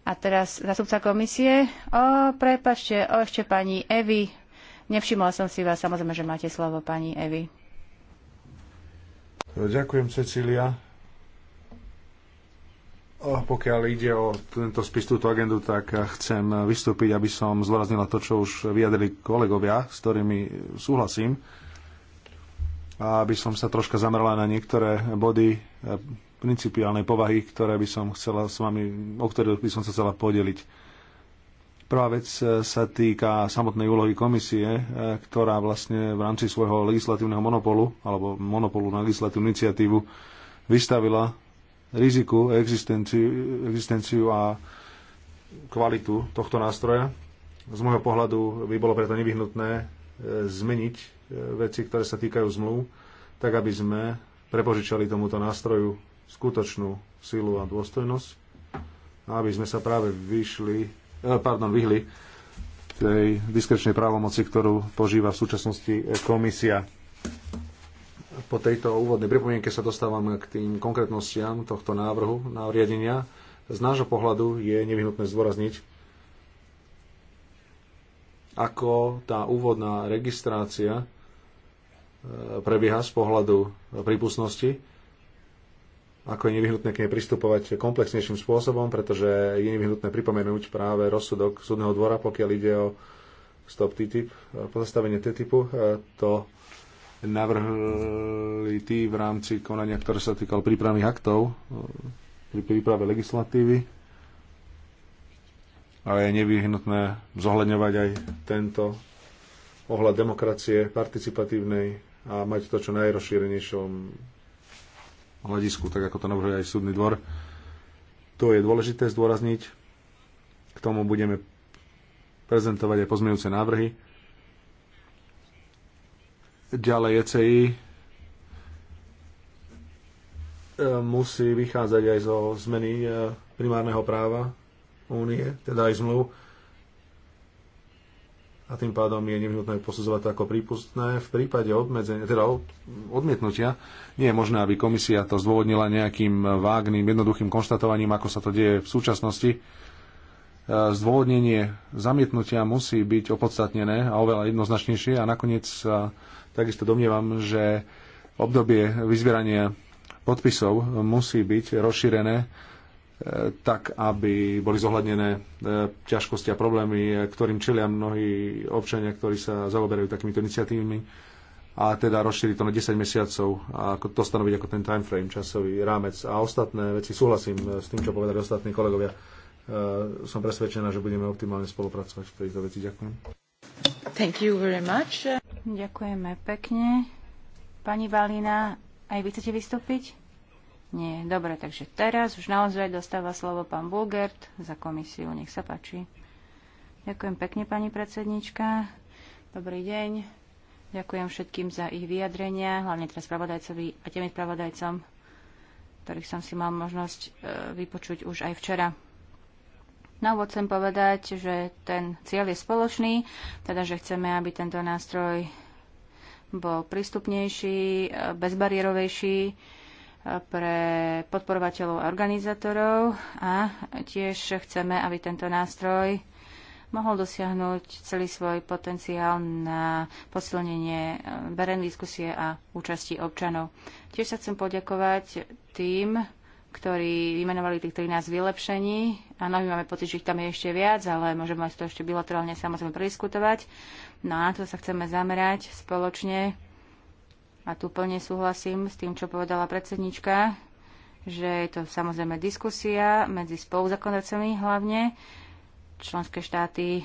A teraz zastupca komisie. O, prepašte, o, ešte pani Evi. Nevšimla som si vás, samozrejme, že máte slovo, pani Evi. Ďakujem, Cecília. pokiaľ ide o tento spis, túto agendu, tak chcem vystúpiť, aby som zvoraznila to, čo už vyjadrili kolegovia, s ktorými súhlasím a aby som sa troška zamerala na niektoré body e, principiálnej povahy, ktoré by som chcela s vami, o ktoré by som sa chcela podeliť. Prvá vec e, sa týka samotnej úlohy komisie, e, ktorá vlastne v rámci svojho legislatívneho monopolu alebo monopolu na legislatívnu iniciatívu vystavila riziku, existenciu, existenciu a kvalitu tohto nástroja. Z môjho pohľadu by bolo preto nevyhnutné zmeniť veci, ktoré sa týkajú zmluv, tak aby sme prepožičali tomuto nástroju skutočnú silu a dôstojnosť, a aby sme sa práve vyšli, eh, pardon, vyhli tej diskrečnej právomoci, ktorú požíva v súčasnosti komisia. Po tejto úvodnej pripomienke sa dostávame k tým konkrétnostiam tohto návrhu na riadenia. Z nášho pohľadu je nevyhnutné zdôrazniť, ako tá úvodná registrácia E, prebieha z pohľadu prípustnosti, ako je nevyhnutné k nej pristupovať komplexnejším spôsobom, pretože je nevyhnutné pripomenúť práve rozsudok súdneho dvora, pokiaľ ide o stop TTIP, e, pozastavenie TTIPu. E, to navrhli tí v rámci konania, ktoré sa týkal prípravných aktov pri príprave legislatívy ale je nevyhnutné zohľadňovať aj tento ohľad demokracie participatívnej a mať to čo najrozšírenejšom hľadisku, tak ako to navrhuje aj súdny dvor. To je dôležité zdôrazniť. K tomu budeme prezentovať aj pozmeňujúce návrhy. Ďalej ECI e, musí vychádzať aj zo zmeny e, primárneho práva únie, teda aj zmluv a tým pádom je nevyhnutné posudzovať to ako prípustné. V prípade obmedzenia, teda odmietnutia nie je možné, aby komisia to zdôvodnila nejakým vágným, jednoduchým konštatovaním, ako sa to deje v súčasnosti. E, zdôvodnenie zamietnutia musí byť opodstatnené a oveľa jednoznačnejšie a nakoniec takisto domnievam, že obdobie vyzbierania podpisov musí byť rozšírené E, tak, aby boli zohľadnené e, ťažkosti a problémy, e, ktorým čelia mnohí občania, ktorí sa zaoberajú takýmito iniciatívami a teda rozšíriť to na 10 mesiacov a to stanoviť ako ten time frame, časový rámec. A ostatné veci súhlasím s tým, čo povedali ostatní kolegovia. Som presvedčená, že budeme optimálne spolupracovať v tejto veci. Ďakujem. Thank you very much. Ďakujeme pekne. Pani Valina, aj vy chcete vystúpiť? Nie, dobre, takže teraz už naozaj dostáva slovo pán Bulgert za komisiu. Nech sa páči. Ďakujem pekne, pani predsednička. Dobrý deň. Ďakujem všetkým za ich vyjadrenia, hlavne teraz spravodajcovi a tým spravodajcom, ktorých som si mal možnosť e, vypočuť už aj včera. Na úvod chcem povedať, že ten cieľ je spoločný, teda že chceme, aby tento nástroj bol prístupnejší, e, bezbariérovejší, pre podporovateľov a organizátorov a tiež chceme, aby tento nástroj mohol dosiahnuť celý svoj potenciál na posilnenie eh, verejnej diskusie a účasti občanov. Tiež sa chcem poďakovať tým, ktorí vymenovali tých 13 vylepšení. Áno, my máme pocit, že ich tam je ešte viac, ale môžeme to ešte bilaterálne samozrejme prediskutovať. No a na to sa chceme zamerať spoločne a tu plne súhlasím s tým, čo povedala predsednička, že je to samozrejme diskusia medzi spoluzakonodavcami hlavne, členské štáty e,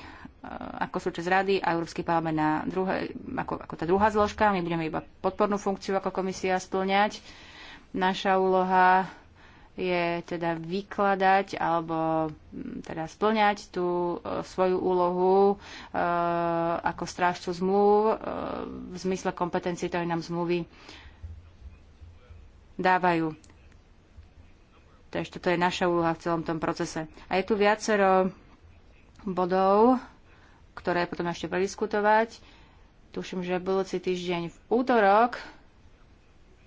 ako súčasť rady a Európsky parlament na druhé, ako, ako tá druhá zložka. My budeme iba podpornú funkciu ako komisia splňať. Naša úloha je teda vykladať alebo mm, teda splňať tú e, svoju úlohu e, ako strážcu zmluv e, v zmysle kompetencie, ktoré nám zmluvy dávajú. Takže toto je naša úloha v celom tom procese. A je tu viacero bodov, ktoré potom ešte prediskutovať. Tuším, že budúci týždeň v útorok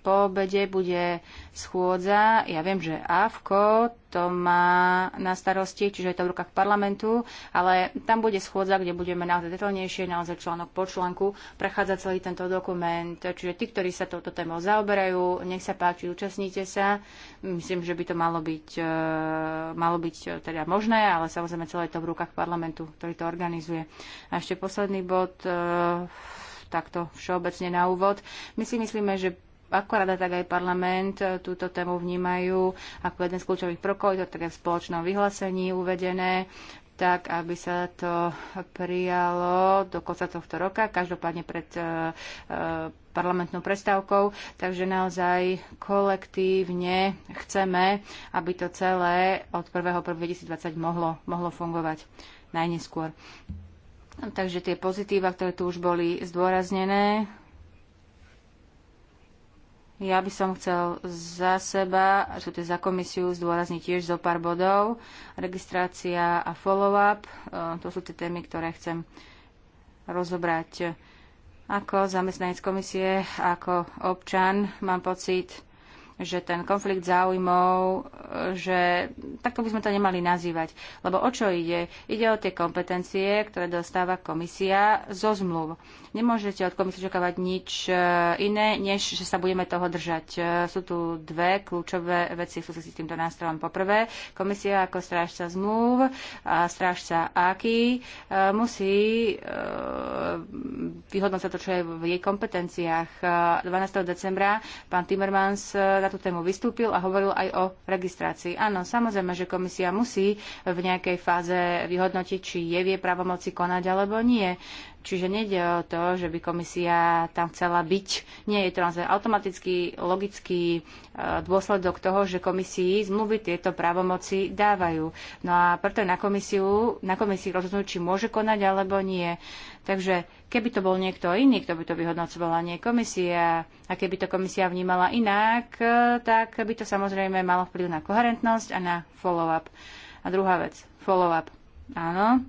po obede bude schôdza. Ja viem, že AVKO to má na starosti, čiže je to v rukách parlamentu, ale tam bude schôdza, kde budeme naozaj detaľnejšie, naozaj článok po článku, prechádza celý tento dokument. Čiže tí, ktorí sa touto témou zaoberajú, nech sa páči, účastnite sa. Myslím, že by to malo byť, e, malo byť e, teda možné, ale samozrejme celé je to v rukách parlamentu, ktorý to organizuje. A ešte posledný bod e, takto všeobecne na úvod. My si myslíme, že ako rada, tak aj parlament e, túto tému vnímajú ako jeden z kľúčových prokov, to také v spoločnom vyhlásení uvedené tak, aby sa to prijalo do konca tohto roka, každopádne pred uh, parlamentnou prestávkou. Takže naozaj kolektívne chceme, aby to celé od 1.1.2020 mohlo, mohlo fungovať najneskôr. Takže tie pozitíva, ktoré tu už boli zdôraznené, ja by som chcel za seba, sú to za komisiu, zdôrazniť tiež zo pár bodov. Registrácia a follow-up, e, to sú tie témy, ktoré chcem rozobrať. Ako zamestnanec komisie, ako občan mám pocit, že ten konflikt záujmov, že takto by sme to nemali nazývať. Lebo o čo ide? Ide o tie kompetencie, ktoré dostáva komisia zo zmluv. Nemôžete od komisie čakávať nič eh, iné, než že sa budeme toho držať. Eh, sú tu dve kľúčové veci v súvislosti s týmto nástrojom. Poprvé, komisia ako strážca zmluv a strážca AKI eh, musí vyhodnocať to, čo je v jej kompetenciách. 12. decembra pán Timmermans na na tú tému vystúpil a hovoril aj o registrácii. Áno, samozrejme, že komisia musí v nejakej fáze vyhodnotiť, či je vie pravomoci právomoci konať alebo nie. Čiže nejde o to, že by komisia tam chcela byť. Nie je to naozaj automatický, logický e, dôsledok toho, že komisii zmluvy tieto právomoci dávajú. No a preto na, komisiu, na komisii rozhodnúť, či môže konať alebo nie. Takže keby to bol niekto iný, kto by to vyhodnocoval a nie komisia, a keby to komisia vnímala inak, e, tak by to samozrejme malo vplyv na koherentnosť a na follow-up. A druhá vec, follow-up. Áno,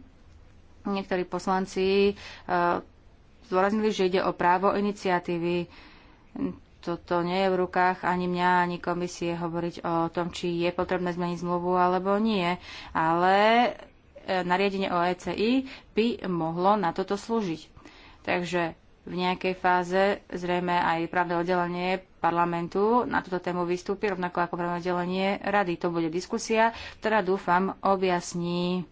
Niektorí poslanci eh, zdôraznili, že ide o právo iniciatívy. Toto nie je v rukách ani mňa, ani komisie hovoriť o tom, či je potrebné zmeniť zmluvu alebo nie. Ale eh, nariadenie OECI by mohlo na toto slúžiť. Takže v nejakej fáze zrejme aj právne oddelenie parlamentu na túto tému vystúpi, rovnako ako právne oddelenie rady. To bude diskusia, ktorá dúfam objasní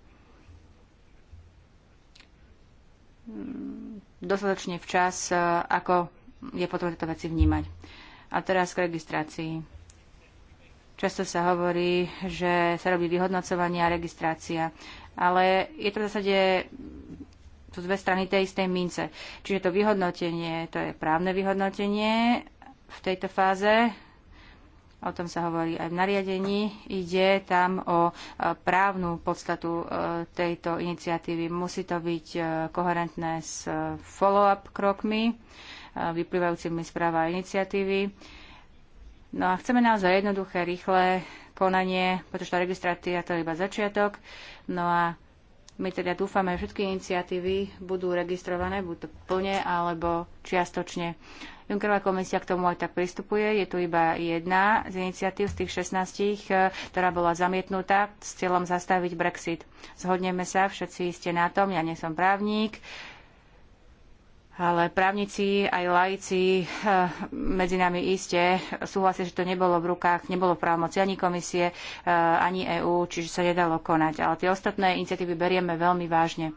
Mm, dostatočne včas, e, ako je potrebné tieto veci vnímať. A teraz k registrácii. Často sa hovorí, že sa robí vyhodnocovanie a registrácia, ale je to v zásade sú dve strany tej istej mince. Čiže to vyhodnotenie, to je právne vyhodnotenie v tejto fáze, o tom sa hovorí aj v nariadení. Ide tam o e, právnu podstatu e, tejto iniciatívy. Musí to byť e, koherentné s follow-up krokmi, vyplývajúcimi práva iniciatívy. No a chceme naozaj jednoduché, rýchle konanie, pretože tá registrácia to je iba začiatok. No a my teda dúfame, že všetky iniciatívy budú registrované, buď to plne alebo čiastočne. Junckerová komisia k tomu aj tak pristupuje. Je tu iba jedna z iniciatív z tých 16, e, ktorá bola zamietnutá s cieľom zastaviť Brexit. Zhodneme sa, všetci ste na tom, ja nie som právnik. Ale právnici aj laici e, medzi nami iste súhlasia, že to nebolo v rukách, nebolo v právomoci ani komisie, e, ani EÚ, čiže sa nedalo konať. Ale tie ostatné iniciatívy berieme veľmi vážne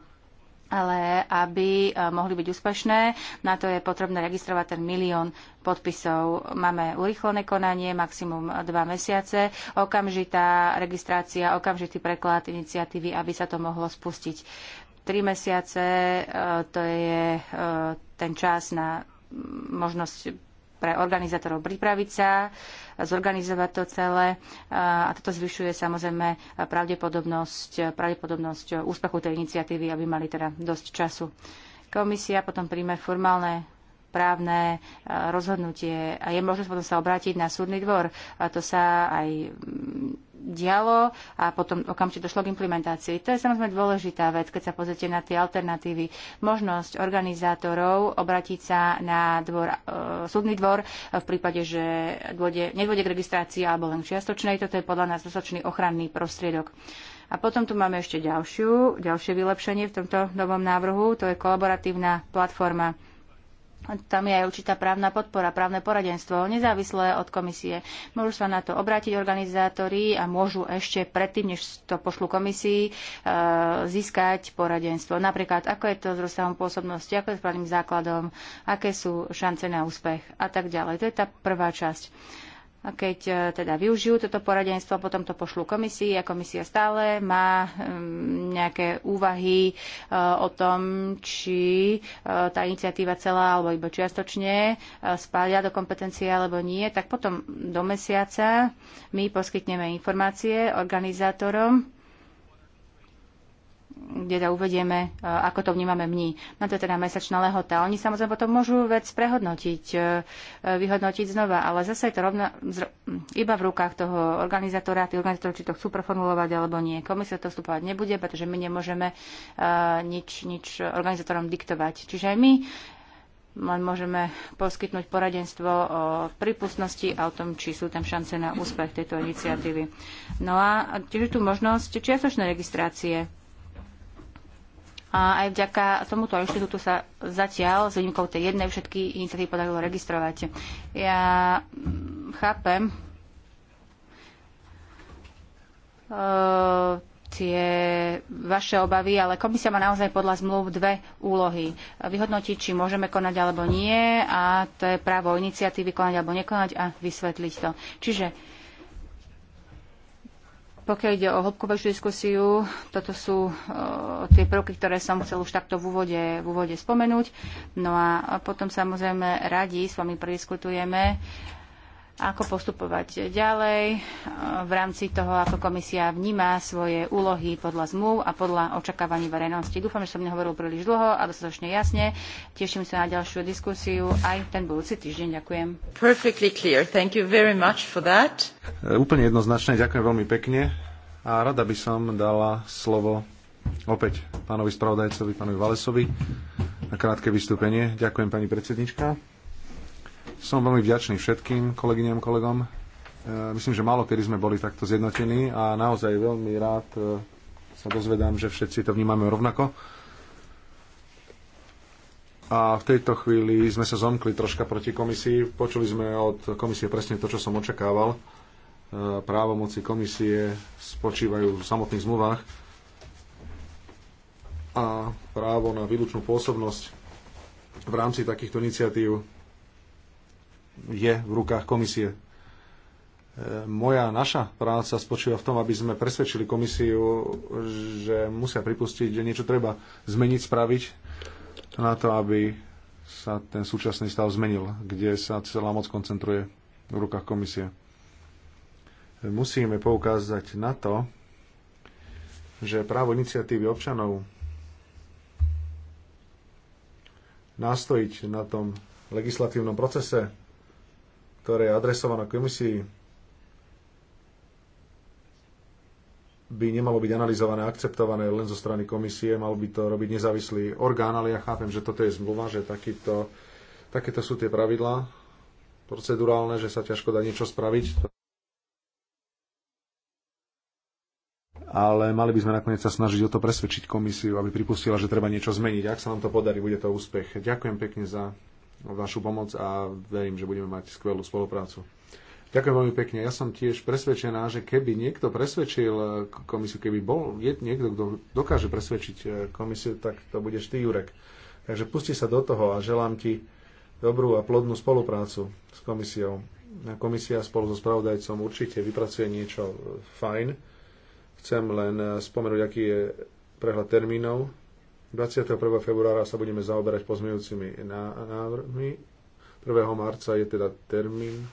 ale aby e, mohli byť úspešné, na to je potrebné registrovať ten milión podpisov. Máme urychlené konanie, maximum dva mesiace, okamžitá registrácia, okamžitý preklad iniciatívy, aby sa to mohlo spustiť. Tri mesiace e, to je e, ten čas na možnosť pre organizátorov pripraviť sa, zorganizovať to celé a toto zvyšuje samozrejme pravdepodobnosť, pravdepodobnosť úspechu tej iniciatívy, aby mali teda dosť času. Komisia potom príjme formálne právne rozhodnutie a je možnosť potom sa obrátiť na súdny dvor. A to sa aj dialo a potom okamžite došlo k implementácii. To je samozrejme dôležitá vec, keď sa pozrite na tie alternatívy. Možnosť organizátorov obratiť sa na dvor, e, súdny dvor v prípade, že dôjde, nedôjde k registrácii alebo len čiastočnej. Toto je podľa nás dostatočný ochranný prostriedok. A potom tu máme ešte ďalšiu, ďalšie vylepšenie v tomto novom návrhu. To je kolaboratívna platforma tam je aj určitá právna podpora, právne poradenstvo, nezávislé od komisie. Môžu sa na to obrátiť organizátori a môžu ešte predtým, než to pošlu komisii, e, získať poradenstvo. Napríklad, ako je to s rozsahom pôsobnosti, ako je s právnym základom, aké sú šance na úspech a tak ďalej. To je tá prvá časť. A keď e, teda využijú toto poradenstvo, potom to pošlú komisii a komisia stále má mm, nejaké úvahy e, o tom, či e, tá iniciatíva celá alebo iba čiastočne spália do kompetencie alebo nie, tak potom do mesiaca my poskytneme informácie organizátorom kde to teda uvedieme, e, ako to vnímame my. No to je teda mesačná lehota. Oni samozrejme potom môžu vec prehodnotiť, e, e, vyhodnotiť znova, ale zase je to rovno, mm, iba v rukách toho organizátora, tých organizátorov, či to chcú preformulovať alebo nie. Komisia to vstupovať nebude, pretože my nemôžeme nič, nič organizátorom diktovať. Čiže aj my len môžeme poskytnúť poradenstvo o prípustnosti a o tom, či sú tam šance na úspech tejto iniciatívy. No a tiež je tu možnosť čiastočnej registrácie a aj vďaka tomuto inštitútu sa zatiaľ, s výnimkou tej jednej, všetky iniciatívy podarilo registrovať. Ja chápem uh, tie vaše obavy, ale komisia má naozaj podľa zmluv dve úlohy. Vyhodnotiť, či môžeme konať alebo nie a to je právo iniciatívy konať alebo nekonať a vysvetliť to. Čiže pokiaľ ide o hĺbkovejšiu diskusiu, toto sú eh, tie prvky, ktoré som chcel už takto v úvode, v úvode spomenúť. No a potom samozrejme radi s vami prediskutujeme ako postupovať ďalej e, v rámci toho, ako komisia vníma svoje úlohy podľa zmluv a podľa očakávaní verejnosti. Dúfam, že som nehovoril príliš dlho a dostatočne jasne. Teším sa na ďalšiu diskusiu aj ten budúci týždeň. Ďakujem. E, úplne jednoznačne, ďakujem veľmi pekne a rada by som dala slovo opäť pánovi spravodajcovi, pánovi Valesovi na krátke vystúpenie. Ďakujem pani predsednička. Som veľmi vďačný všetkým kolegyňam, kolegom. E, myslím, že málo kedy sme boli takto zjednotení a naozaj veľmi rád e, sa dozvedám, že všetci to vnímame rovnako. A v tejto chvíli sme sa zomkli troška proti komisii. Počuli sme od komisie presne to, čo som očakával. E, právomoci komisie spočívajú v samotných zmluvách a právo na výlučnú pôsobnosť v rámci takýchto iniciatív je v rukách komisie. E, moja, naša práca spočíva v tom, aby sme presvedčili komisiu, že musia pripustiť, že niečo treba zmeniť, spraviť na to, aby sa ten súčasný stav zmenil, kde sa celá moc koncentruje v rukách komisie. Musíme poukázať na to, že právo iniciatívy občanov nastojiť na tom legislatívnom procese ktoré je adresované komisii, by nemalo byť analyzované, akceptované len zo strany komisie, mal by to robiť nezávislý orgán, ale ja chápem, že toto je zmluva, že takýto, takéto sú tie pravidlá procedurálne, že sa ťažko dá niečo spraviť. ale mali by sme nakoniec sa snažiť o to presvedčiť komisiu, aby pripustila, že treba niečo zmeniť. Ak sa nám to podarí, bude to úspech. Ďakujem pekne za vašu pomoc a verím, že budeme mať skvelú spoluprácu. Ďakujem veľmi pekne. Ja som tiež presvedčená, že keby niekto presvedčil komisiu, keby bol je niekto, kto dokáže presvedčiť e, komisiu, tak to budeš ty, Jurek. Takže pusti sa do toho a želám ti dobrú a plodnú spoluprácu s komisiou. Komisia spolu so spravodajcom určite vypracuje niečo fajn. Chcem len spomenúť, aký je prehľad termínov 21. februára sa budeme zaoberať pozmejúcimi návrhmi. 1. marca je teda termín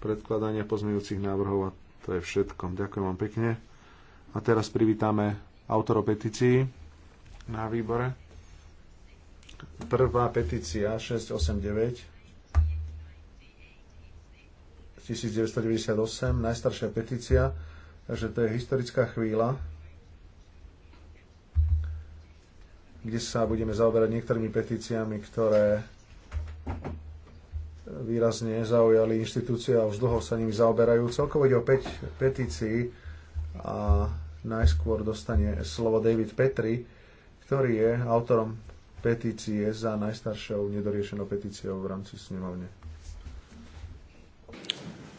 predkladania pozmejúcich návrhov a to je všetko. Ďakujem vám pekne. A teraz privítame autorov petícií na výbore. Prvá petícia 689 1998, najstaršia petícia, takže to je historická chvíľa. kde sa budeme zaoberať niektorými petíciami, ktoré výrazne zaujali inštitúcie a už dlho sa nimi zaoberajú. Celkovo ide o 5 petícií a najskôr dostane slovo David Petri, ktorý je autorom petície za najstaršou nedoriešenou petíciou v rámci snemovne.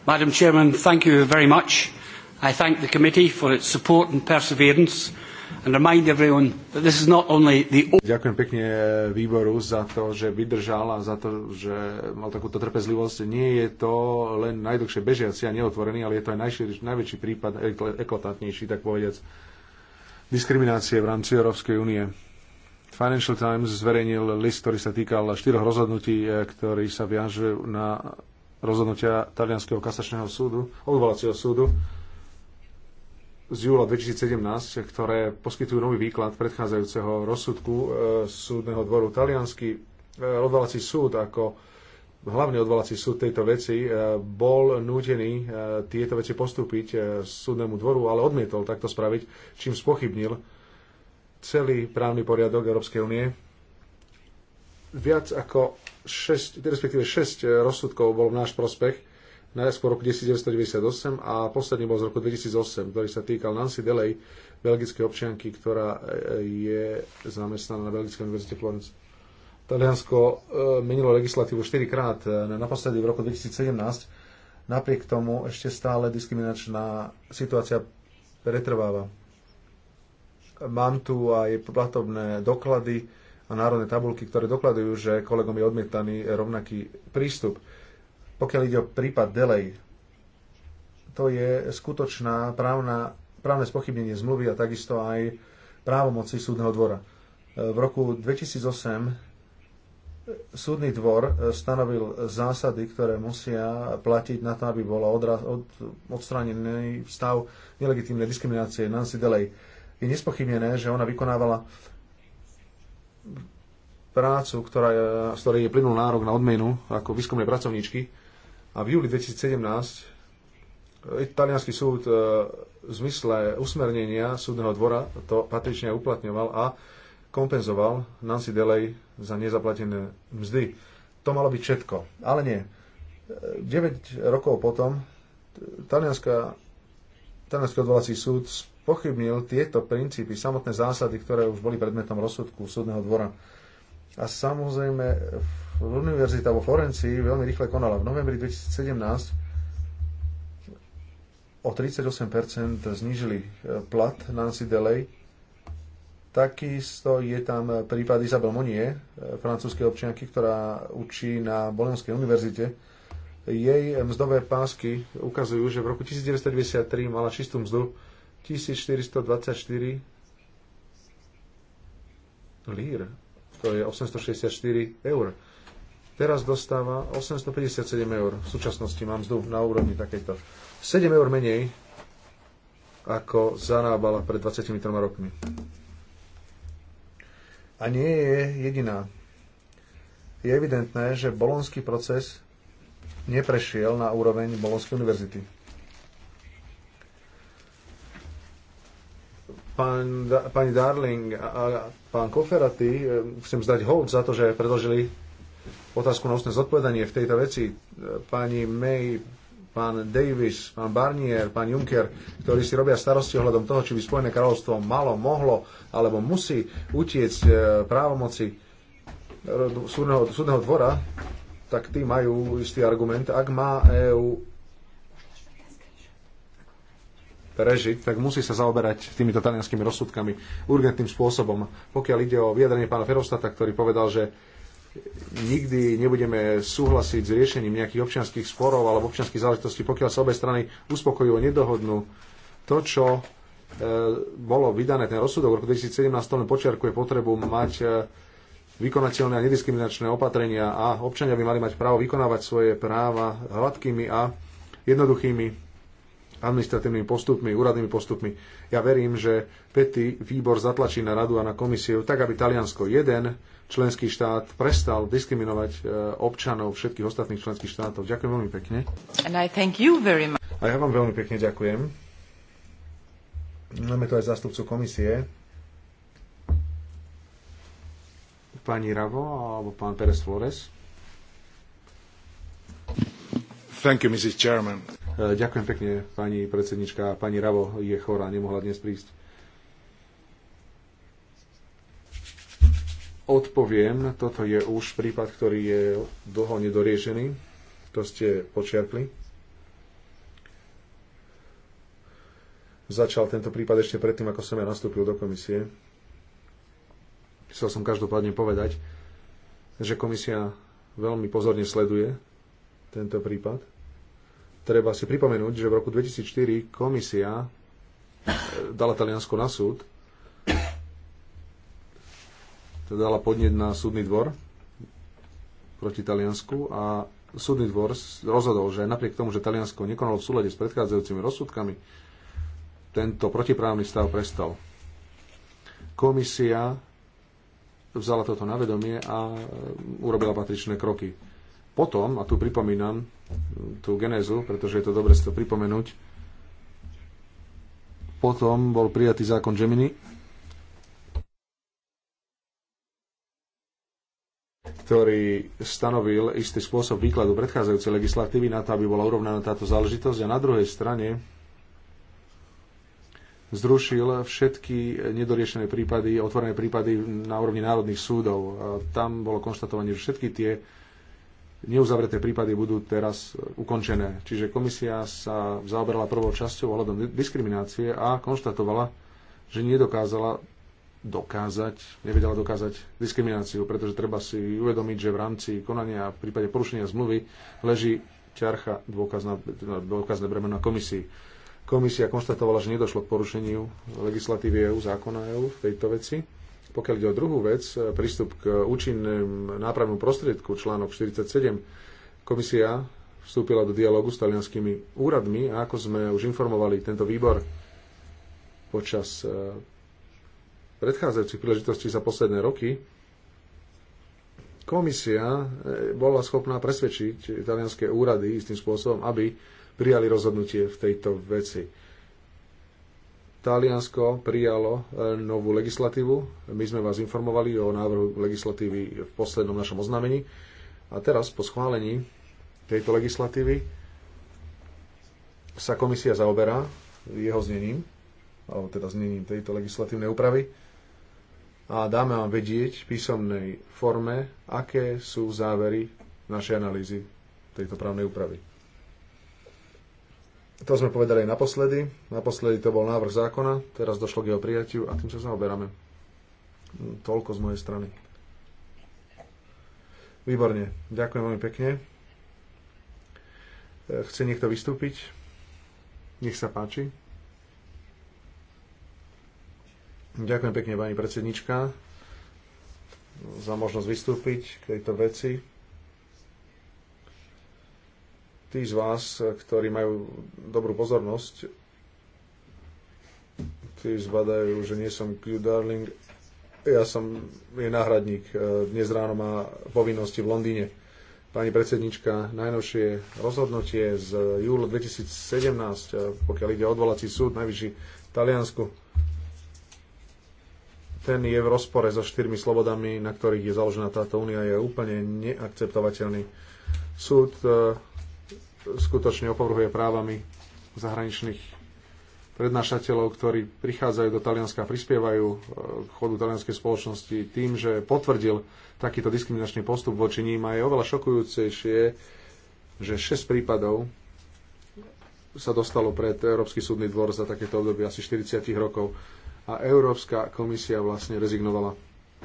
Madam Chairman, thank you very much. I thank the committee for its support and perseverance The... Ďakujem pekne eh, výboru za to, že vydržal a za to, že mal takúto trpezlivosť. Nie je to len najdlhšie bežiaci a neotvorený, ale je to aj najšir, najväčší prípad, eklatantnejší, tak povediac, diskriminácie v rámci Európskej únie. Financial Times zverejnil list, ktorý sa týkal štyroch rozhodnutí, eh, ktorý sa viažujú na rozhodnutia Talianského kasačného súdu, odvolacieho súdu z júla 2017, ktoré poskytujú nový výklad predchádzajúceho rozsudku e, súdneho dvoru. E, odvolací súd ako hlavný odvolací súd tejto veci e, bol nútený e, tieto veci postúpiť súdnemu dvoru, ale odmietol takto spraviť, čím spochybnil celý právny poriadok Európskej únie. Viac ako 6, respektíve 6 rozsudkov bol v náš prospech najskôr po roku 1998 a posledný bol z roku 2008, ktorý sa týkal Nancy Delej, belgickej občianky, ktorá e, je zamestnaná na Belgickej univerzite Florence. Taliansko e, menilo legislatívu 4 krát, e, naposledy v roku 2017, Napriek tomu ešte stále diskriminačná situácia pretrváva. Mám tu aj platobné doklady a národné tabulky, ktoré dokladujú, že kolegom je odmietaný rovnaký prístup. Pokiaľ ide o prípad Delej, to je skutočná právna, právne spochybnenie zmluvy a takisto aj právomoci súdneho dvora. E, v roku 2008 súdny dvor e, stanovil zásady, ktoré musia platiť na to, aby bol od- odstranený stav nelegitímnej diskriminácie Nancy Delay. Je nespochybnené, že ona vykonávala prácu, ktorá je, z ktorej je plynul nárok na odmenu ako výskumnej pracovníčky a v júli 2017 e, italianský súd e, v zmysle usmernenia súdneho dvora to patrične uplatňoval a kompenzoval Nancy Delay za nezaplatené mzdy. To malo byť všetko. Ale nie. 9 e, rokov potom Talianský odvolací súd pochybnil tieto princípy, samotné zásady, ktoré už boli predmetom rozsudku súdneho dvora. A samozrejme v univerzita vo Florencii veľmi rýchle konala. V novembri 2017 o 38% znížili e, plat Nancy Delay. Takisto je tam prípad Isabel Monie, e, francúzskej občianky, ktorá učí na Bolonskej univerzite. Jej mzdové pásky ukazujú, že v roku 1993 mala čistú mzdu 1424 lír, to je 864 eur. Teraz dostáva 857 eur. V súčasnosti mám mzdu na úrovni takejto. 7 eur menej, ako zarábala pred 23 rokmi. A nie je jediná. Je evidentné, že bolonský proces neprešiel na úroveň Bolonskej univerzity. Pán, pani Darling a, a pán Koferaty, eh, chcem zdať hold za to, že predložili otázku na ústne zodpovedanie v tejto veci. E, Pani May, pán Davis, pán Barnier, pán Juncker, ktorí si robia starosti ohľadom toho, či by Spojené kráľovstvo malo, mohlo alebo musí utiecť e, právomoci e, súdneho, súdneho dvora, tak tí majú istý argument. Ak má EÚ prežiť, tak musí sa zaoberať týmito talianskými rozsudkami urgentným spôsobom. Pokiaľ ide o vyjadrenie pána Ferostata, ktorý povedal, že nikdy nebudeme súhlasiť s riešením nejakých občianských sporov alebo občianských záležitostí, pokiaľ sa obe strany uspokojujú a nedohodnú. To, čo e, bolo vydané, ten rozsudok v roku 2017 len počiarkuje potrebu mať e, vykonateľné a nediskriminačné opatrenia a občania by mali mať právo vykonávať svoje práva hladkými a jednoduchými administratívnymi postupmi, úradnými postupmi. Ja verím, že petý výbor zatlačí na radu a na komisiu tak, aby Taliansko 1 členský štát prestal diskriminovať e, občanov všetkých ostatných členských štátov. Ďakujem veľmi pekne. A ja vám veľmi pekne ďakujem. Máme tu aj zástupcu komisie. Pani Ravo alebo pán Pérez Flores. Thank you, Mrs. Chairman. E, ďakujem pekne, pani predsednička. Pani Ravo je chorá, nemohla dnes prísť. odpoviem. Toto je už prípad, ktorý je dlho nedoriešený. To ste počiarkli. Začal tento prípad ešte predtým, ako som ja nastúpil do komisie. Chcel som každopádne povedať, že komisia veľmi pozorne sleduje tento prípad. Treba si pripomenúť, že v roku 2004 komisia e, dala Taliansko na súd to dala podnieť na súdny dvor proti Taliansku a súdny dvor rozhodol, že napriek tomu, že Taliansko nekonalo v súlade s predchádzajúcimi rozsudkami, tento protiprávny stav prestal. Komisia vzala toto na vedomie a e, urobila patričné kroky. Potom, a tu pripomínam mm, tú genézu, pretože je to dobre si to pripomenúť, potom bol prijatý zákon Gemini, ktorý stanovil istý spôsob výkladu predchádzajúcej legislatívy na to, aby bola urovnaná táto záležitosť a na druhej strane zrušil všetky nedoriešené prípady, otvorené prípady na úrovni národných súdov. A tam bolo konštatovanie, že všetky tie neuzavreté prípady budú teraz ukončené. Čiže komisia sa zaoberala prvou časťou ohľadom diskriminácie a konštatovala, že nedokázala dokázať, nevedela dokázať diskrimináciu, pretože treba si uvedomiť, že v rámci konania v prípade porušenia zmluvy leží ťarcha dôkazná, dôkazné bremeno na komisii. Komisia konštatovala, že nedošlo k porušeniu legislatívy EU, zákona EU v tejto veci. Pokiaľ ide o druhú vec, prístup k účinným nápravnom prostriedku, článok 47, komisia vstúpila do dialogu s talianskými úradmi a ako sme už informovali tento výbor počas eh, predchádzajúcich príležitostí za posledné roky, komisia e, bola schopná presvedčiť italianské úrady istým spôsobom, aby prijali rozhodnutie v tejto veci. Taliansko prijalo e, novú legislatívu. My sme vás informovali o návrhu legislatívy v poslednom našom oznámení. A teraz po schválení tejto legislatívy sa komisia zaoberá jeho znením, alebo teda znením tejto legislatívnej úpravy a dáme vám vedieť v písomnej forme, aké sú závery našej analýzy tejto právnej úpravy. To sme povedali aj naposledy. Naposledy to bol návrh zákona, teraz došlo k jeho prijatiu a tým sa zaoberáme. Toľko z mojej strany. Výborne, ďakujem veľmi pekne. E, chce niekto vystúpiť? Nech sa páči. Ďakujem pekne, pani predsednička, za možnosť vystúpiť k tejto veci. Tí z vás, ktorí majú dobrú pozornosť, tí zbadajú, že nie som Q Darling. Ja som je náhradník. E, dnes ráno má povinnosti v Londýne. Pani predsednička, najnovšie rozhodnutie z júla 2017, e, pokiaľ ide o odvolací súd, najvyšší v Taliansku, ten je v rozpore so štyrmi slobodami, na ktorých je založená táto únia, je úplne neakceptovateľný. Súd e, skutočne opovrhuje právami zahraničných prednášateľov, ktorí prichádzajú do Talianska a prispievajú e, k chodu talianskej spoločnosti tým, že potvrdil takýto diskriminačný postup voči ním a je oveľa šokujúcejšie, že 6 prípadov sa dostalo pred Európsky súdny dvor za takéto obdobie asi 40 rokov a Európska komisia vlastne rezignovala,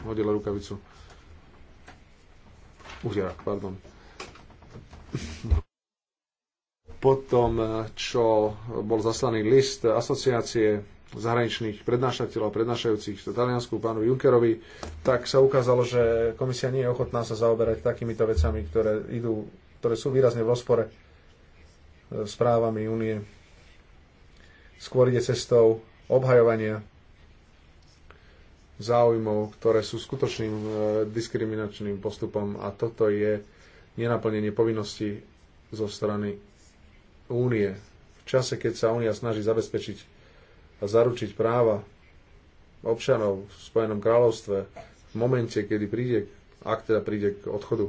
hodila rukavicu. Udiera, pardon. Potom, čo bol zaslaný list asociácie zahraničných prednášateľov a prednášajúcich v Taliansku pánu Junckerovi, tak sa ukázalo, že komisia nie je ochotná sa zaoberať takýmito vecami, ktoré, idú, ktoré sú výrazne v rozpore s právami únie. Skôr ide cestou obhajovania záujmov, ktoré sú skutočným e, diskriminačným postupom a toto je nenaplnenie povinností zo strany únie. V čase, keď sa únia snaží zabezpečiť a zaručiť práva občanov v Spojenom kráľovstve, v momente, kedy príde, ak teda príde k odchodu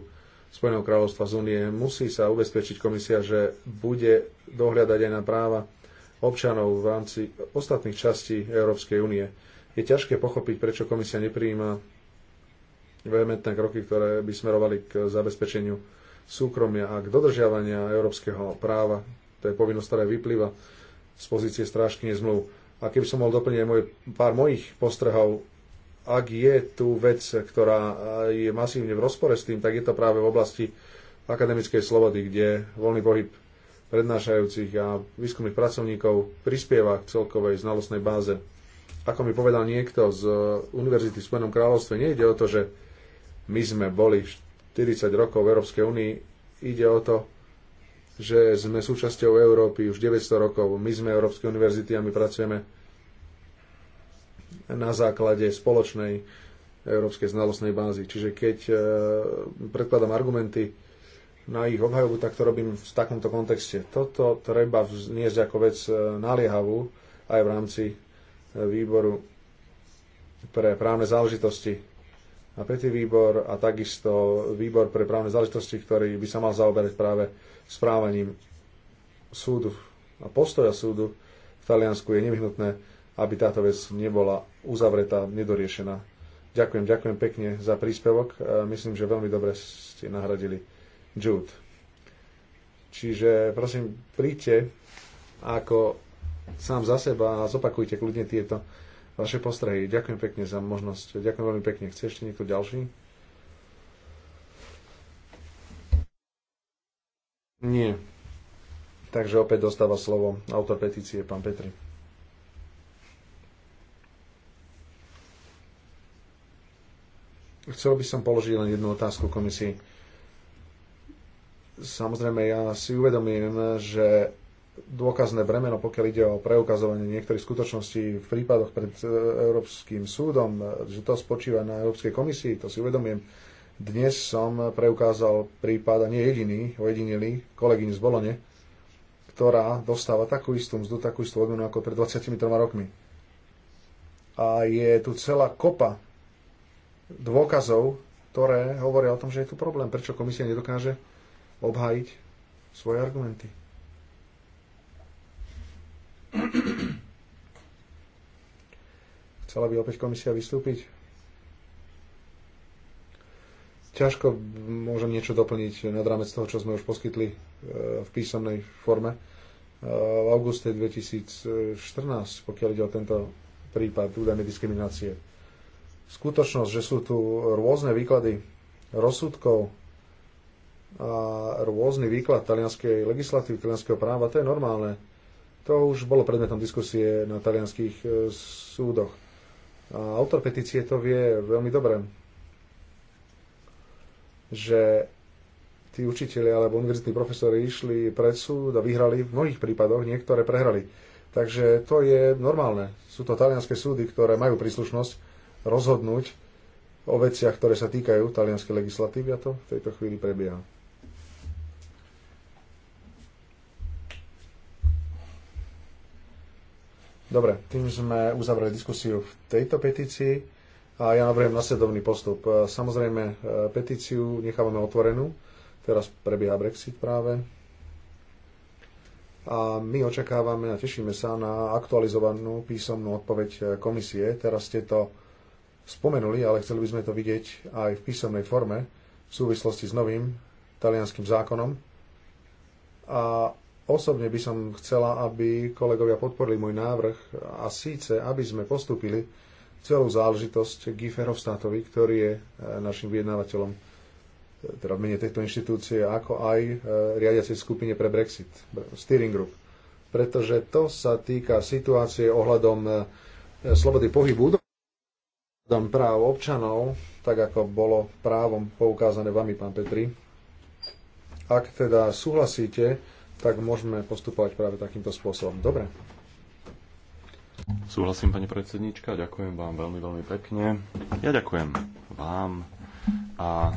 Spojeného kráľovstva z únie, musí sa ubezpečiť komisia, že bude dohľadať aj na práva občanov v rámci ostatných častí Európskej únie je ťažké pochopiť, prečo komisia nepríjima vehementné kroky, ktoré by smerovali k zabezpečeniu súkromia a k dodržiavania európskeho práva. To je povinnosť, ktorá vyplýva z pozície strážkyne zmluv. A keby som mohol doplniť môj, pár mojich postrehov, ak je tu vec, ktorá je masívne v rozpore s tým, tak je to práve v oblasti akademickej slobody, kde voľný pohyb prednášajúcich a výskumných pracovníkov prispieva k celkovej znalostnej báze ako mi povedal niekto z eh, univerzity v Spojenom kráľovstve, nejde o to, že my sme boli 40 rokov v Európskej únii, ide o to, že sme súčasťou Európy už 900 rokov, my sme Európskej univerzity a my pracujeme na základe spoločnej európskej znalostnej bázy. Čiže keď eh, predkladám argumenty na ich obhajobu, tak to robím v takomto kontexte. Toto treba vzniesť ako vec eh, naliehavú aj v rámci výboru pre právne záležitosti a petý výbor a takisto výbor pre právne záležitosti, ktorý by sa mal zaoberať práve správaním súdu a postoja súdu v Taliansku je nevyhnutné, aby táto vec nebola uzavretá, nedoriešená. Ďakujem, ďakujem pekne za príspevok. E, myslím, že veľmi dobre ste nahradili Jude. Čiže prosím, príďte ako sám za seba a zopakujte kľudne tieto vaše postrehy. Ďakujem pekne za možnosť. Ďakujem veľmi pekne. Chce ešte niekto ďalší? Nie. Takže opäť dostáva slovo autor petície, pán Petri. Chcel by som položiť len jednu otázku komisii. Samozrejme, ja si uvedomím, že dôkazné bremeno, pokiaľ ide o preukazovanie niektorých skutočností v prípadoch pred e, Európskym súdom, že to spočíva na Európskej komisii, to si uvedomujem. Dnes som preukázal prípad, a nie jediný, ojedinelý, kolegyň z Bolone, ktorá dostáva takú istú mzdu, takú istú odmenu ako pred 23 rokmi. A je tu celá kopa dôkazov, ktoré hovoria o tom, že je tu problém. Prečo komisia nedokáže obhájiť svoje argumenty? (clears throat) Chcela by opäť komisia vystúpiť? Ťažko môžem niečo doplniť nad rámec toho, čo sme už poskytli e, v písomnej forme. E, v auguste 2014, pokiaľ ide o tento prípad údajnej diskriminácie. Skutočnosť, že sú tu rôzne výklady rozsudkov a rôzny výklad talianskej legislatívy, talianského práva, to je normálne to už bolo predmetom diskusie na talianských e, súdoch. A autor petície to vie veľmi dobre, že tí učiteľi alebo univerzitní profesori išli pred súd a vyhrali v mnohých prípadoch, niektoré prehrali. Takže to je normálne. Sú to talianské súdy, ktoré majú príslušnosť rozhodnúť o veciach, ktoré sa týkajú talianskej legislatívy a to v tejto chvíli prebieha. Dobre, tým sme uzavreli diskusiu v tejto petícii a ja navrhujem nasledovný postup. E, samozrejme, e, petíciu nechávame otvorenú. Teraz prebieha Brexit práve. A my očakávame a tešíme sa na aktualizovanú písomnú odpoveď e, komisie. Teraz ste to spomenuli, ale chceli by sme to vidieť aj v písomnej forme v súvislosti s novým talianským zákonom. A Osobne by som chcela, aby kolegovia podporili môj návrh a síce, aby sme postupili celú záležitosť Giferovstátovi, ktorý je e, našim vyjednávateľom e, teda v mene tejto inštitúcie, ako aj e, riadiacej skupine pre Brexit, Steering Group. Pretože to sa týka situácie ohľadom slobody pohybu, ohľadom práv občanov, tak ako bolo právom poukázané vami, pán Petri. Ak teda súhlasíte, tak môžeme postupovať práve takýmto spôsobom. Dobre. Súhlasím, pani predsednička, ďakujem vám veľmi, veľmi pekne. Ja ďakujem vám a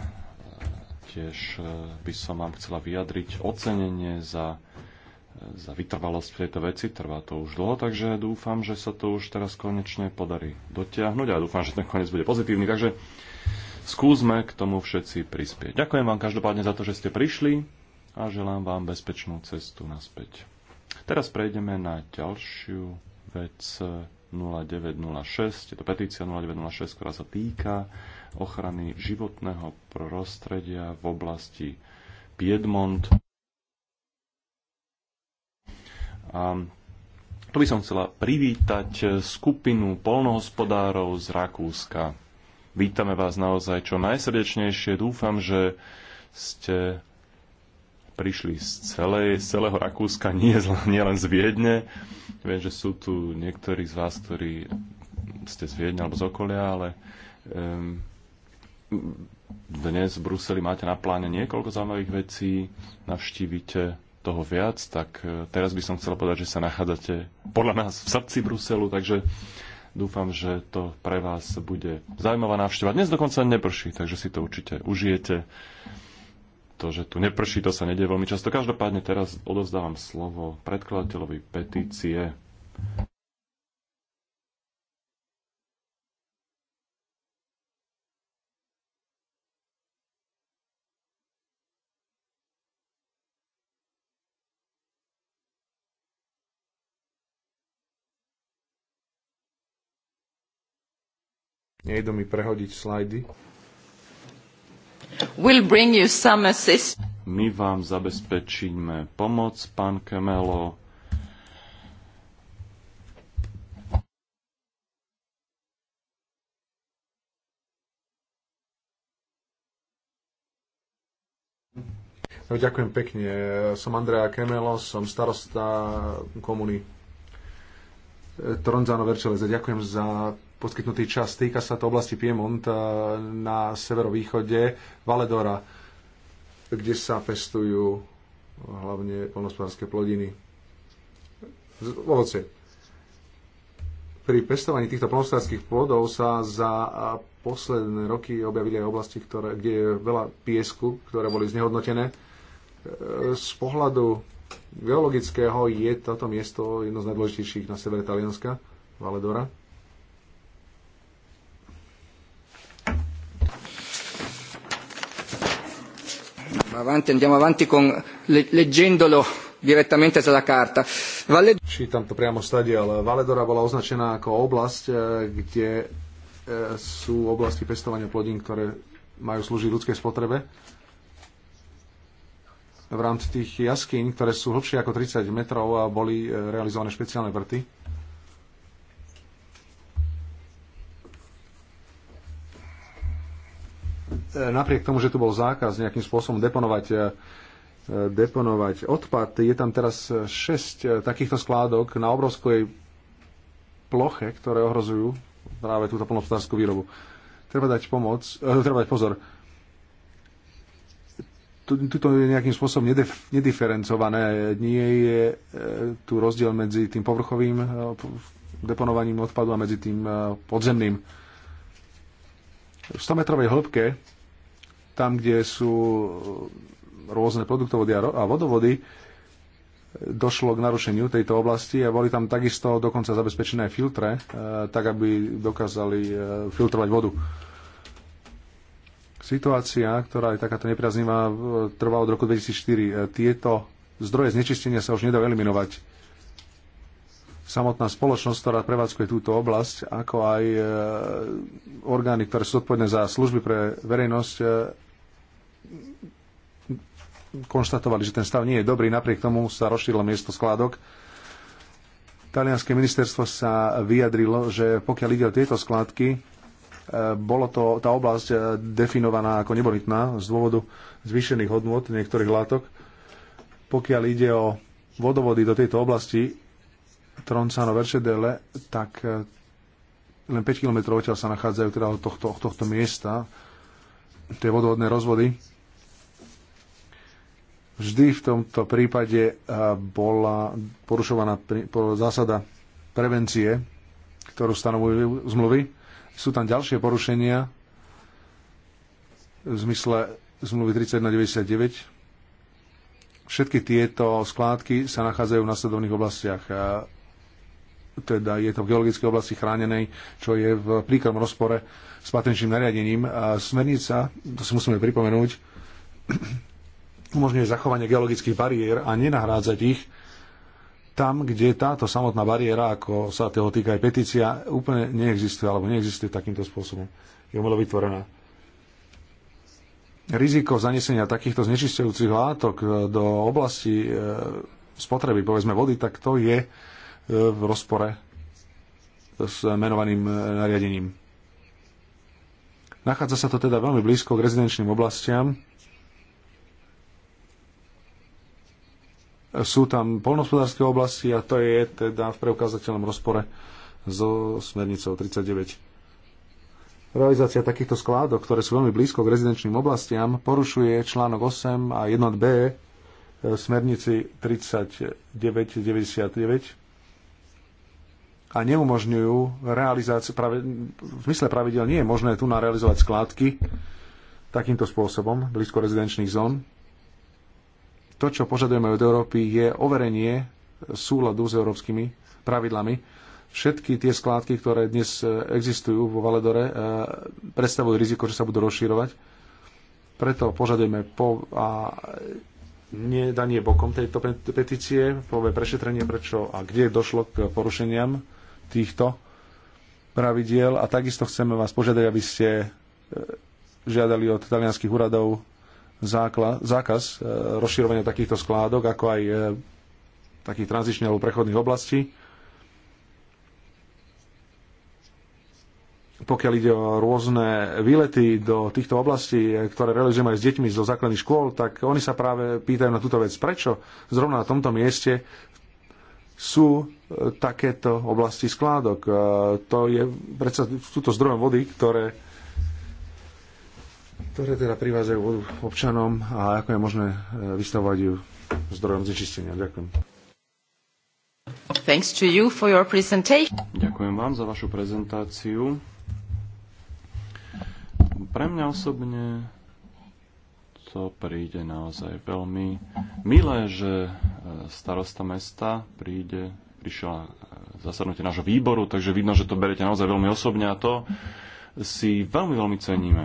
tiež eh, by som vám chcela vyjadriť ocenenie za, eh, za vytrvalosť v tejto veci. Trvá to už dlho, takže dúfam, že sa to už teraz konečne podarí dotiahnuť a dúfam, že ten koniec bude pozitívny. Takže skúsme k tomu všetci prispieť. Ďakujem vám každopádne za to, že ste prišli a želám vám bezpečnú cestu naspäť. Teraz prejdeme na ďalšiu vec 0906, je to petícia 0906, ktorá sa týka ochrany životného prostredia v oblasti Piedmont. A tu by som chcela privítať skupinu polnohospodárov z Rakúska. Vítame vás naozaj čo najsrdečnejšie. Dúfam, že ste prišli z, celej, z celého Rakúska, nie, nie len z Viedne. Viem, že sú tu niektorí z vás, ktorí ste z Viedne alebo z okolia, ale um, dnes v Bruseli máte na pláne niekoľko zaujímavých vecí, navštívite toho viac, tak e, teraz by som chcel povedať, že sa nachádzate podľa nás v srdci Bruselu, takže dúfam, že to pre vás bude zaujímavá návšteva. Dnes dokonca neprší, takže si to určite užijete to, že tu neprší, to sa nedie veľmi často. Každopádne teraz odovzdávam slovo predkladateľovi petície. Nejdu mi prehodiť slajdy. We'll bring you some assist. My vám zabezpečíme pomoc, pán Kemelo. No, ďakujem pekne. Som Andrea Kemelo, som starosta komuny Tronzano Verčeleze. Ďakujem za poskytnutý čas. Týka sa to oblasti Piemont eh, na severovýchode Valedora, kde sa pestujú eh, hlavne polnospodárske plodiny. Ovoce. Pri pestovaní týchto polnospodárských plodov sa za eh, posledné roky objavili aj oblasti, ktoré, kde je veľa piesku, ktoré boli znehodnotené. Z pohľadu geologického je toto miesto jedno z najdôležitejších na severe Talianska, Valedora. avanti, andiamo avanti con, le, leggendolo direttamente dalla carta. Valle... Čítam to priamo stadiel. Valedora bola označená ako oblasť, eh, kde eh, sú oblasti pestovania plodín, ktoré majú slúžiť ľudskej spotrebe. V rámci tých jaskýň, ktoré sú hlbšie ako 30 metrov, a boli eh, realizované špeciálne vrty napriek tomu, že tu bol zákaz nejakým spôsobom deponovať e, deponovať odpad. Je tam teraz 6 e, takýchto skládok na obrovskej ploche, ktoré ohrozujú práve túto plnohospodárskú výrobu. Treba dať pomoc, eh, treba dať pozor. Tuto je nejakým spôsobom nedif- nediferencované. Nie je e, tu rozdiel medzi tým povrchovým deponovaním odpadu a medzi tým podzemným. V 100-metrovej hĺbke tam, kde sú rôzne produktovody a vodovody, došlo k narušeniu tejto oblasti a boli tam takisto dokonca zabezpečené filtre, eh, tak aby dokázali eh, filtrovať vodu. Situácia, ktorá je takáto nepriaznivá, eh, trvá od roku 2004. Tieto zdroje znečistenia sa už nedá eliminovať. Samotná spoločnosť, ktorá prevádzkuje túto oblasť, ako aj orgány, ktoré sú odpovedné za služby pre verejnosť, konštatovali, že ten stav nie je dobrý, napriek tomu sa rozšírilo miesto skládok. Talianské ministerstvo sa vyjadrilo, že pokiaľ ide o tieto skládky, e, bolo to, tá oblasť e, definovaná ako nebonitná z dôvodu zvýšených hodnôt niektorých látok. Pokiaľ ide o vodovody do tejto oblasti Troncano Vercedele, tak e, len 5 km odtiaľ sa nachádzajú teda od tohto, od tohto miesta tie vodovodné rozvody Vždy v tomto prípade eh, bola porušovaná zásada prevencie, ktorú stanovujú zmluvy. Sú tam ďalšie porušenia v zmysle zmluvy 3199 všetky tieto skládky sa nachádzajú v nasledovných oblastiach. Eh, teda je to v geologickej oblasti chránenej, čo je v príkrom rozpore s patenčným nariadením. A smernica, to si musíme pripomenúť, umožňuje zachovanie geologických bariér a nenahrádzať ich tam, kde táto samotná bariéra, ako sa toho týka aj petícia, úplne neexistuje alebo neexistuje takýmto spôsobom. Je umelo vytvorená. Riziko zanesenia takýchto znečistujúcich látok e, do oblasti e, spotreby, povedzme, vody, tak to je e, v rozpore s menovaným nariadením. Nachádza sa to teda veľmi blízko k rezidenčným oblastiam, Sú tam polnospodárske oblasti a to je teda v preukázateľnom rozpore so smernicou 39. Realizácia takýchto skládok, ktoré sú veľmi blízko k rezidenčným oblastiam, porušuje článok 8 a 1b e, smernici 3999 a neumožňujú realizáciu, pravi, v mysle pravidel nie je možné tu narealizovať skládky takýmto spôsobom blízko rezidenčných zón. To, čo požadujeme od Európy, je overenie súladu s európskymi pravidlami. Všetky tie skládky, ktoré dnes e, existujú vo Valedore, e, predstavujú riziko, že sa budú rozširovať. Preto požadujeme po a nedanie bokom tejto petície, pové prešetrenie, prečo a kde došlo k porušeniam týchto pravidiel a takisto chceme vás požiadať, aby ste e, žiadali od talianských úradov zákla, zákaz e, rozširovania takýchto skládok, ako aj e, takých tranzičných alebo prechodných oblastí. Pokiaľ ide o rôzne výlety do týchto oblastí, e, ktoré realizujeme aj s deťmi zo základných škôl, tak oni sa práve pýtajú na túto vec, prečo zrovna na tomto mieste sú takéto oblasti skládok. To je predsa túto zdrojom vody, ktoré ktoré teda privádzajú vodu občanom a ako je možné e, vystavovať ju zdrojom znečistenia. Ďakujem. Thanks to you for your presentation. Ďakujem vám za vašu prezentáciu. Pre mňa osobne to príde naozaj veľmi milé, že e, starosta mesta príde, prišiel e, zasadnutie nášho výboru, takže vidno, že to berete naozaj veľmi osobne a to si veľmi, veľmi ceníme.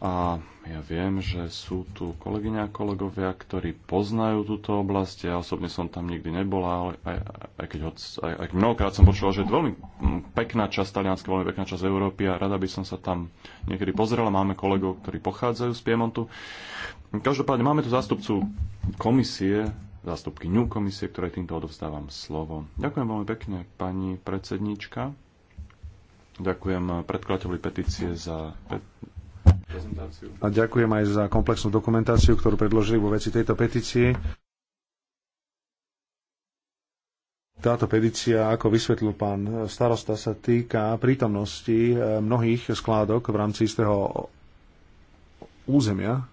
A ja viem, že sú tu kolegyňa a kolegovia, ktorí poznajú túto oblasť. Ja osobne som tam nikdy nebola, ale aj, aj keď hoc, aj, aj mnohokrát som počula, že je to veľmi pekná časť Talianska, veľmi pekná časť Európy a rada by som sa tam niekedy pozrela. Máme kolegov, ktorí pochádzajú z Piemontu. Každopádne máme tu zástupcu komisie, zástupky ňu komisie, ktoré týmto odovzdávam slovo. Ďakujem veľmi pekne, pani predsedníčka. Ďakujem predkladateľovi petície za prezentáciu. A ďakujem aj za komplexnú dokumentáciu, ktorú predložili vo veci tejto petície. Táto petícia, ako vysvetlil pán starosta, sa týka prítomnosti eh, mnohých skládok v rámci istého územia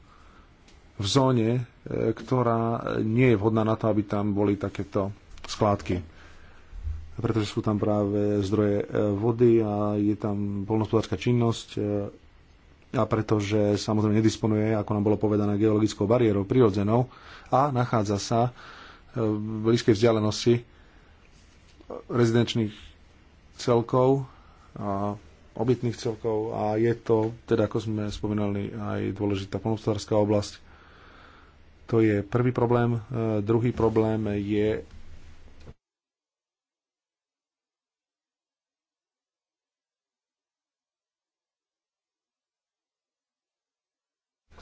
v zóne, eh, ktorá nie je vhodná na to, aby tam boli takéto skládky. Pretože sú tam práve zdroje eh, vody a je tam polnospodárska činnosť, a pretože samozrejme nedisponuje, ako nám bolo povedané, geologickou bariérou prirodzenou a nachádza sa e, v blízkej vzdialenosti rezidenčných celkov a obytných celkov a je to, teda ako sme spomínali, aj dôležitá polnospodárska oblasť. To je prvý problém. E, druhý problém je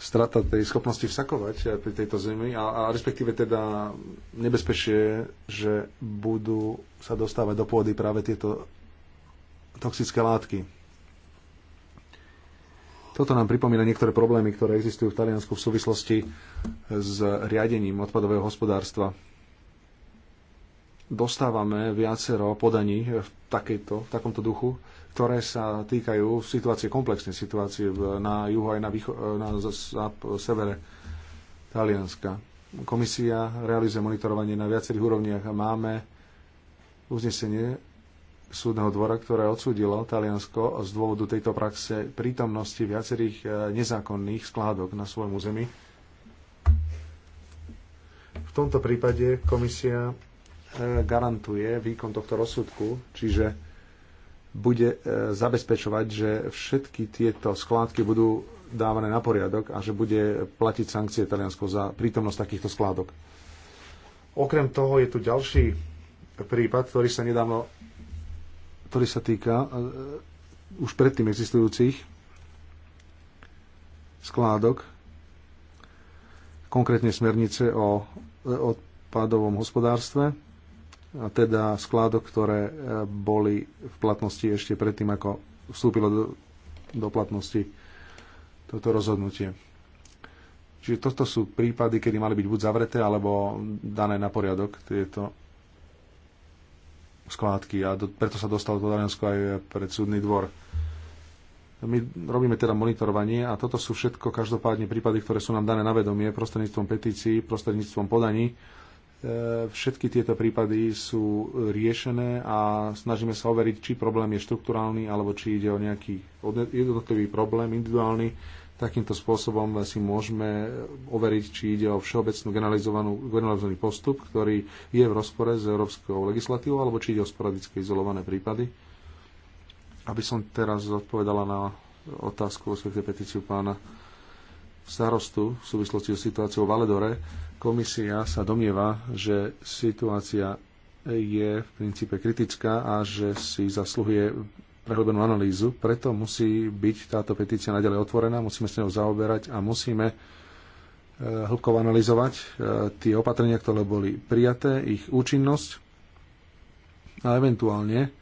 strata tej schopnosti vsakovať eh, pri tejto zemi a, a respektíve teda nebezpečie, že budú sa dostávať do pôdy práve tieto toxické látky. Toto nám pripomína niektoré problémy, ktoré existujú v Taliansku v súvislosti s riadením odpadového hospodárstva. Dostávame viacero podaní v, takejto, v takomto duchu ktoré sa týkajú situácie, komplexnej situácie na juhu aj na, výcho, e, na severe Talianska. Komisia realizuje monitorovanie na viacerých úrovniach a máme uznesenie súdneho dvora, ktoré odsúdilo Taliansko z dôvodu tejto praxe prítomnosti viacerých e, nezákonných skládok na svojom území. V tomto prípade komisia e, garantuje výkon tohto rozsudku, čiže bude e, zabezpečovať, že všetky tieto skládky budú dávané na poriadok a že bude platiť sankcie Taliansko za prítomnosť takýchto skládok. Okrem toho je tu ďalší prípad, ktorý sa nedávno ktorý sa týka e, už predtým existujúcich skládok, konkrétne smernice o odpadovom hospodárstve a teda skládok, ktoré e, boli v platnosti ešte predtým, ako vstúpilo do, do platnosti toto rozhodnutie. Čiže toto sú prípady, kedy mali byť buď zavreté, alebo dané na poriadok tieto skládky a do, preto sa dostalo to Danielsko aj pred súdny dvor. My robíme teda monitorovanie a toto sú všetko každopádne prípady, ktoré sú nám dané na vedomie prostredníctvom petícií, prostredníctvom podaní E, všetky tieto prípady sú riešené a snažíme sa overiť, či problém je štrukturálny alebo či ide o nejaký jednotlivý problém individuálny. Takýmto spôsobom si môžeme overiť, či ide o všeobecnú generalizovanú generalizovaný postup, ktorý je v rozpore s európskou legislatívou, alebo či ide o sporadické izolované prípady. Aby som teraz odpovedala na otázku, respektíve petíciu pána starostu v súvislosti s situáciou v Valedore. Komisia sa domnieva, že situácia je v princípe kritická a že si zasluhuje prehlbenú analýzu, preto musí byť táto petícia naďalej otvorená, musíme s ňou zaoberať a musíme e, hĺbkovo analyzovať e, tie opatrenia, ktoré boli prijaté, ich účinnosť a eventuálne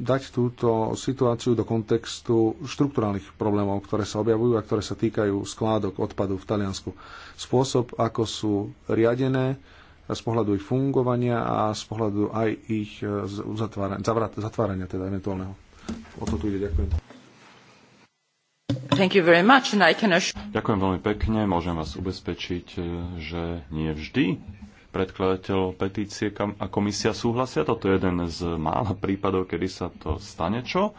dať túto situáciu do kontextu štrukturálnych problémov, ktoré sa objavujú a ktoré sa týkajú skládok odpadu v Taliansku. Spôsob, ako sú riadené z pohľadu ich fungovania a z pohľadu aj ich e, zatvárania, zatvárania teda eventuálneho. O to tu ide, ďakujem. Can... Ďakujem veľmi pekne. Môžem vás ubezpečiť, e, že nie vždy predkladateľ petície a komisia súhlasia. Toto je jeden z mála prípadov, kedy sa to stane, čo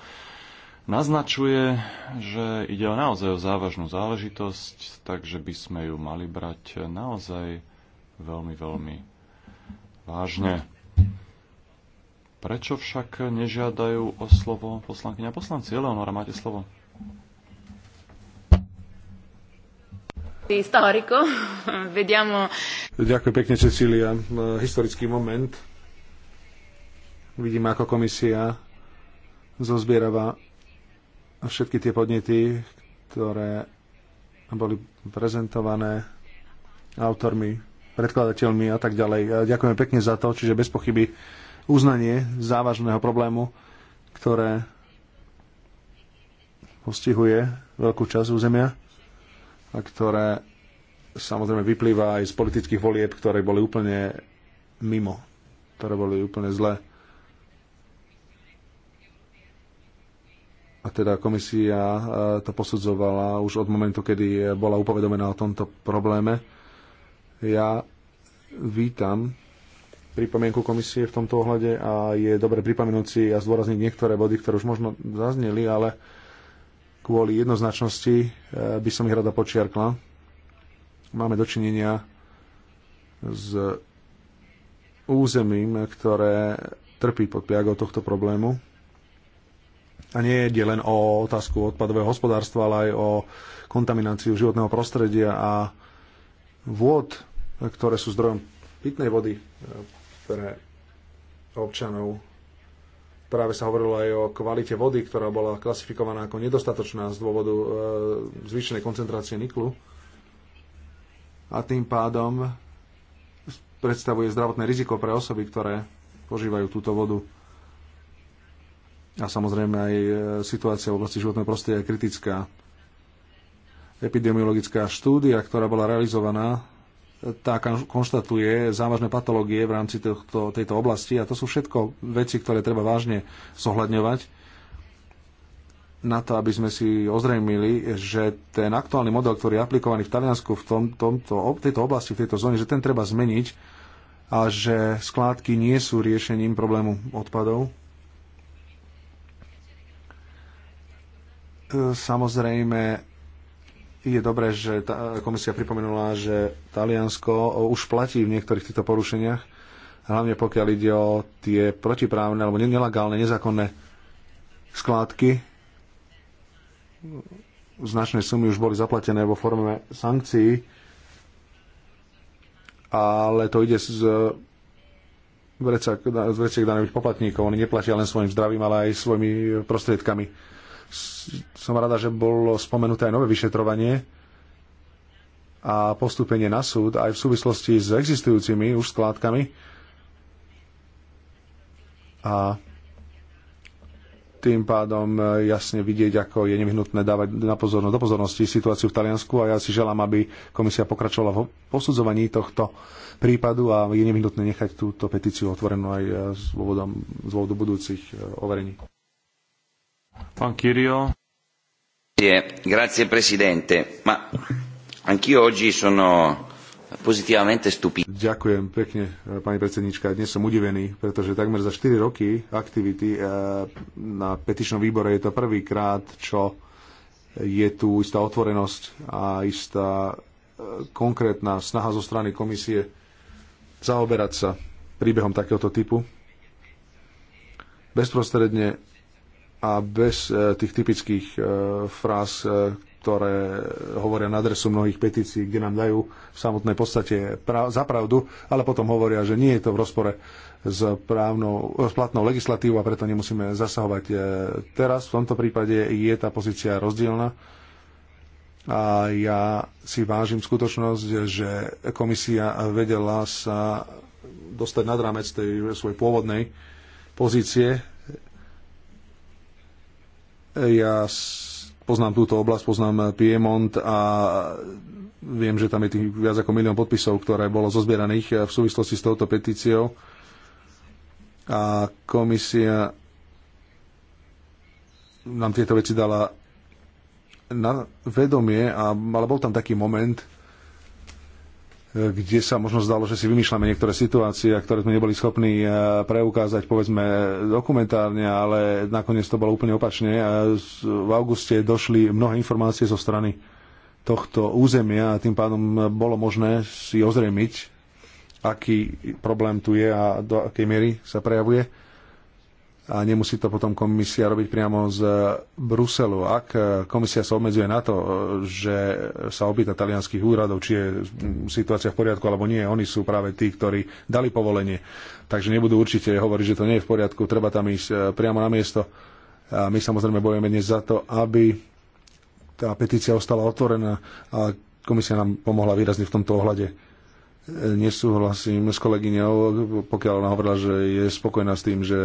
naznačuje, že ide naozaj o závažnú záležitosť, takže by sme ju mali brať naozaj veľmi, veľmi vážne. Prečo však nežiadajú o slovo poslankyňa poslanci? Eleonora, máte slovo. Storico. (laughs) Vediamo. Ďakujem pekne, Cecília. E, historický moment. Vidíme, ako komisia zozbierava všetky tie podnety, ktoré boli prezentované autormi, predkladateľmi a tak ďalej. E, ďakujeme pekne za to, čiže bez pochyby uznanie závažného problému, ktoré postihuje veľkú časť územia ktoré samozrejme vyplýva aj z politických volieb, ktoré boli úplne mimo, ktoré boli úplne zlé. A teda komisia e, to posudzovala už od momentu, kedy bola upovedomená o tomto probléme. Ja vítam pripomienku komisie v tomto ohľade a je dobre pripomenúť si a zdôrazniť niektoré body, ktoré už možno zazneli, ale kvôli jednoznačnosti e, by som ich rada počiarkla. Máme dočinenia s územím, ktoré trpí pod piagou tohto problému. A nie je len o otázku odpadového hospodárstva, ale aj o kontamináciu životného prostredia a vôd, ktoré sú zdrojom pitnej vody e, pre občanov Práve sa hovorilo aj o kvalite vody, ktorá bola klasifikovaná ako nedostatočná z dôvodu e, zvýšenej koncentrácie niklu. A tým pádom predstavuje zdravotné riziko pre osoby, ktoré požívajú túto vodu. A samozrejme aj e, situácia v oblasti životného prostredia je kritická. Epidemiologická štúdia, ktorá bola realizovaná tá konštatuje závažné patológie v rámci tohto, tejto oblasti a to sú všetko veci, ktoré treba vážne zohľadňovať na to, aby sme si ozrejmili, že ten aktuálny model, ktorý je aplikovaný v Taliansku v tom, tomto, tejto oblasti, v tejto zóne, že ten treba zmeniť a že skládky nie sú riešením problému odpadov. E, samozrejme, je dobré, že tá komisia pripomenula, že Taliansko už platí v niektorých týchto porušeniach, hlavne pokiaľ ide o tie protiprávne alebo nelegálne, nezákonné skládky. Značné sumy už boli zaplatené vo forme sankcií, ale to ide z vrecek daných poplatníkov. Oni neplatia len svojim zdravím, ale aj svojimi prostriedkami som rada, že bolo spomenuté aj nové vyšetrovanie a postúpenie na súd aj v súvislosti s existujúcimi už skládkami. A tým pádom e, jasne vidieť, ako je nevyhnutné dávať na pozornosť, do pozornosti situáciu v Taliansku a ja si želám, aby komisia pokračovala v posudzovaní tohto prípadu a je nevyhnutné nechať túto petíciu otvorenú aj e, z, z dôvodu budúcich e, overení. Pán Kirio. Grazie, presidente. Ma anch'io oggi sono pozitívamente stupito. Ďakujem pekne, pani predsednička. Dnes som udivený, pretože takmer za 4 roky aktivity eh, na petičnom výbore je to prvýkrát, čo je tu istá otvorenosť a istá eh, konkrétna snaha zo strany komisie zaoberať sa príbehom takéhoto typu. Bezprostredne a bez e, tých typických e, fráz, e, ktoré hovoria na adresu mnohých petícií, kde nám dajú v samotnej podstate zapravdu, za pravdu, ale potom hovoria, že nie je to v rozpore s, právnou, s platnou legislatívou a preto nemusíme zasahovať. Teraz v tomto prípade je tá pozícia rozdielna a ja si vážim skutočnosť, že komisia vedela sa dostať nad rámec tej svojej pôvodnej pozície ja poznám túto oblasť, poznám Piemont a viem, že tam je tých viac ako milión podpisov, ktoré bolo zozbieraných eh, v súvislosti s touto petíciou. A komisia nám tieto veci dala na vedomie, a, ale bol tam taký moment, kde sa možno zdalo, že si vymýšľame niektoré situácie, ktoré sme neboli schopní e, preukázať, povedzme, dokumentárne, ale nakoniec to bolo úplne opačne. V auguste došli mnohé informácie zo strany tohto územia a tým pádom bolo možné si ozremiť, aký problém tu je a do akej miery sa prejavuje a nemusí to potom komisia robiť priamo z Bruselu. Ak komisia sa obmedzuje na to, že sa opýta talianských úradov, či je situácia v poriadku alebo nie, oni sú práve tí, ktorí dali povolenie. Takže nebudú určite hovoriť, že to nie je v poriadku, treba tam ísť e, priamo na miesto. A my samozrejme bojujeme dnes za to, aby tá petícia ostala otvorená a komisia nám pomohla výrazne v tomto ohľade e, nesúhlasím s kolegyňou, pokiaľ ona hovorila, že je spokojná s tým, že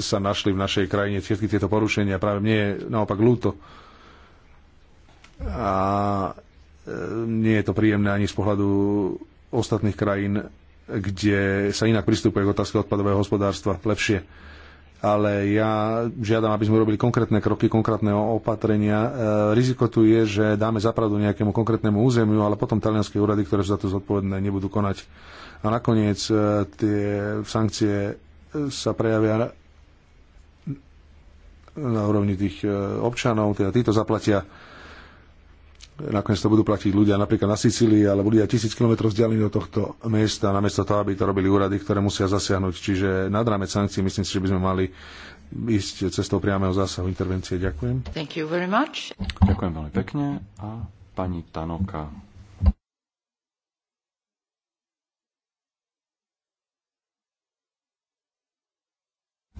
sa našli v našej krajine všetky tieto porušenia. Práve mne je naopak ľúto. A e, nie je to príjemné ani z pohľadu ostatných krajín, kde sa inak pristupuje k otázke odpadového hospodárstva lepšie. Ale ja žiadam, aby sme robili konkrétne kroky, konkrétne opatrenia. E, riziko tu je, že dáme zapravdu nejakému konkrétnemu územiu, ale potom talianské úrady, ktoré sú za to zodpovedné, nebudú konať. A nakoniec e, tie sankcie sa prejavia na úrovni tých e, občanov, teda títo zaplatia nakoniec to budú platiť ľudia napríklad na Sicílii, budú ľudia tisíc kilometrov vzdialení od tohto miesta, namiesto toho, aby to robili úrady, ktoré musia zasiahnuť. Čiže nad rámec sankcií myslím si, že by sme mali ísť cestou priamého zásahu intervencie. Ďakujem. Thank you very much. Ďakujem veľmi pekne. A pani Tanoka.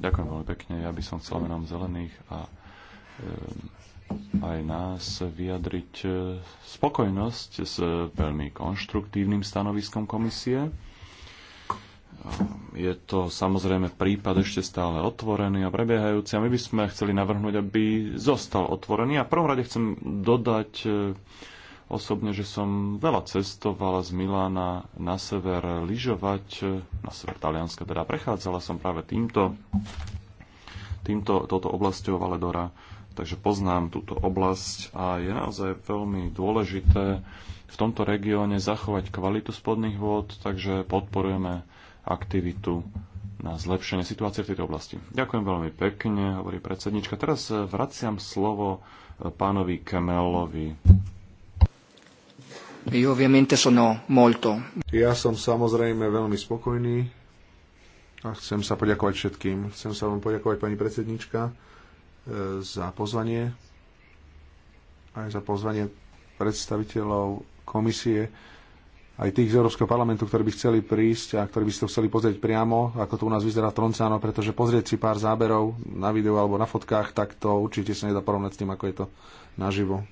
Ďakujem veľmi pekne. Ja by som chcel menom zelených a aj nás vyjadriť e, spokojnosť s veľmi konštruktívnym stanoviskom komisie. E, je to samozrejme prípad ešte stále otvorený a prebiehajúci a my by sme chceli navrhnúť, aby zostal otvorený. A prvom rade chcem dodať e, osobne, že som veľa cestovala z Milána na sever lyžovať, e, na sever Talianska, teda prechádzala som práve týmto, týmto touto oblasťou Valedora, takže poznám túto oblasť a je naozaj veľmi dôležité v tomto regióne zachovať kvalitu spodných vôd, takže podporujeme aktivitu na zlepšenie situácie v tejto oblasti. Ďakujem veľmi pekne, hovorí predsednička. Teraz e, vraciam slovo e, pánovi Kemelovi. E io ovviamente sono molto. Ja som samozrejme veľmi spokojný a chcem sa poďakovať všetkým. Chcem sa vám poďakovať pani predsednička e, za pozvanie aj za pozvanie predstaviteľov komisie aj tých z Európskeho parlamentu, ktorí by chceli prísť a ktorí by si to chceli pozrieť priamo, ako to u nás vyzerá Troncáno, pretože pozrieť si pár záberov na videu alebo na fotkách, tak to určite sa nedá porovnať s tým, ako je to naživo.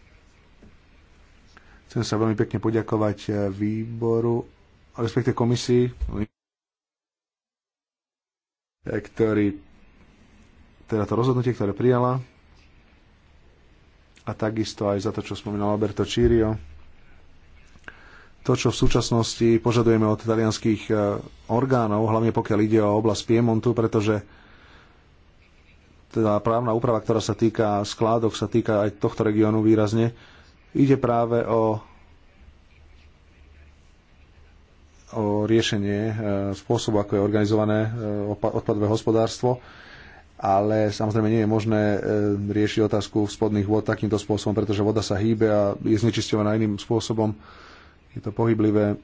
Chcem sa veľmi pekne poďakovať eh, výboru, respektive komisii, eh, ktorý teda to rozhodnutie, ktoré prijala a takisto aj za to, čo spomínal Alberto Cirio. To, čo v súčasnosti požadujeme od talianských eh, orgánov, hlavne pokiaľ ide o oblasť Piemontu, pretože teda právna úprava, ktorá sa týka skládok, sa týka aj tohto regiónu výrazne, Ide práve o, o riešenie e, spôsobu, ako je organizované e, odpadové hospodárstvo ale samozrejme nie je možné e, riešiť otázku spodných vod takýmto spôsobom, pretože voda sa hýbe a je znečisťovaná iným spôsobom. Je to pohyblivé.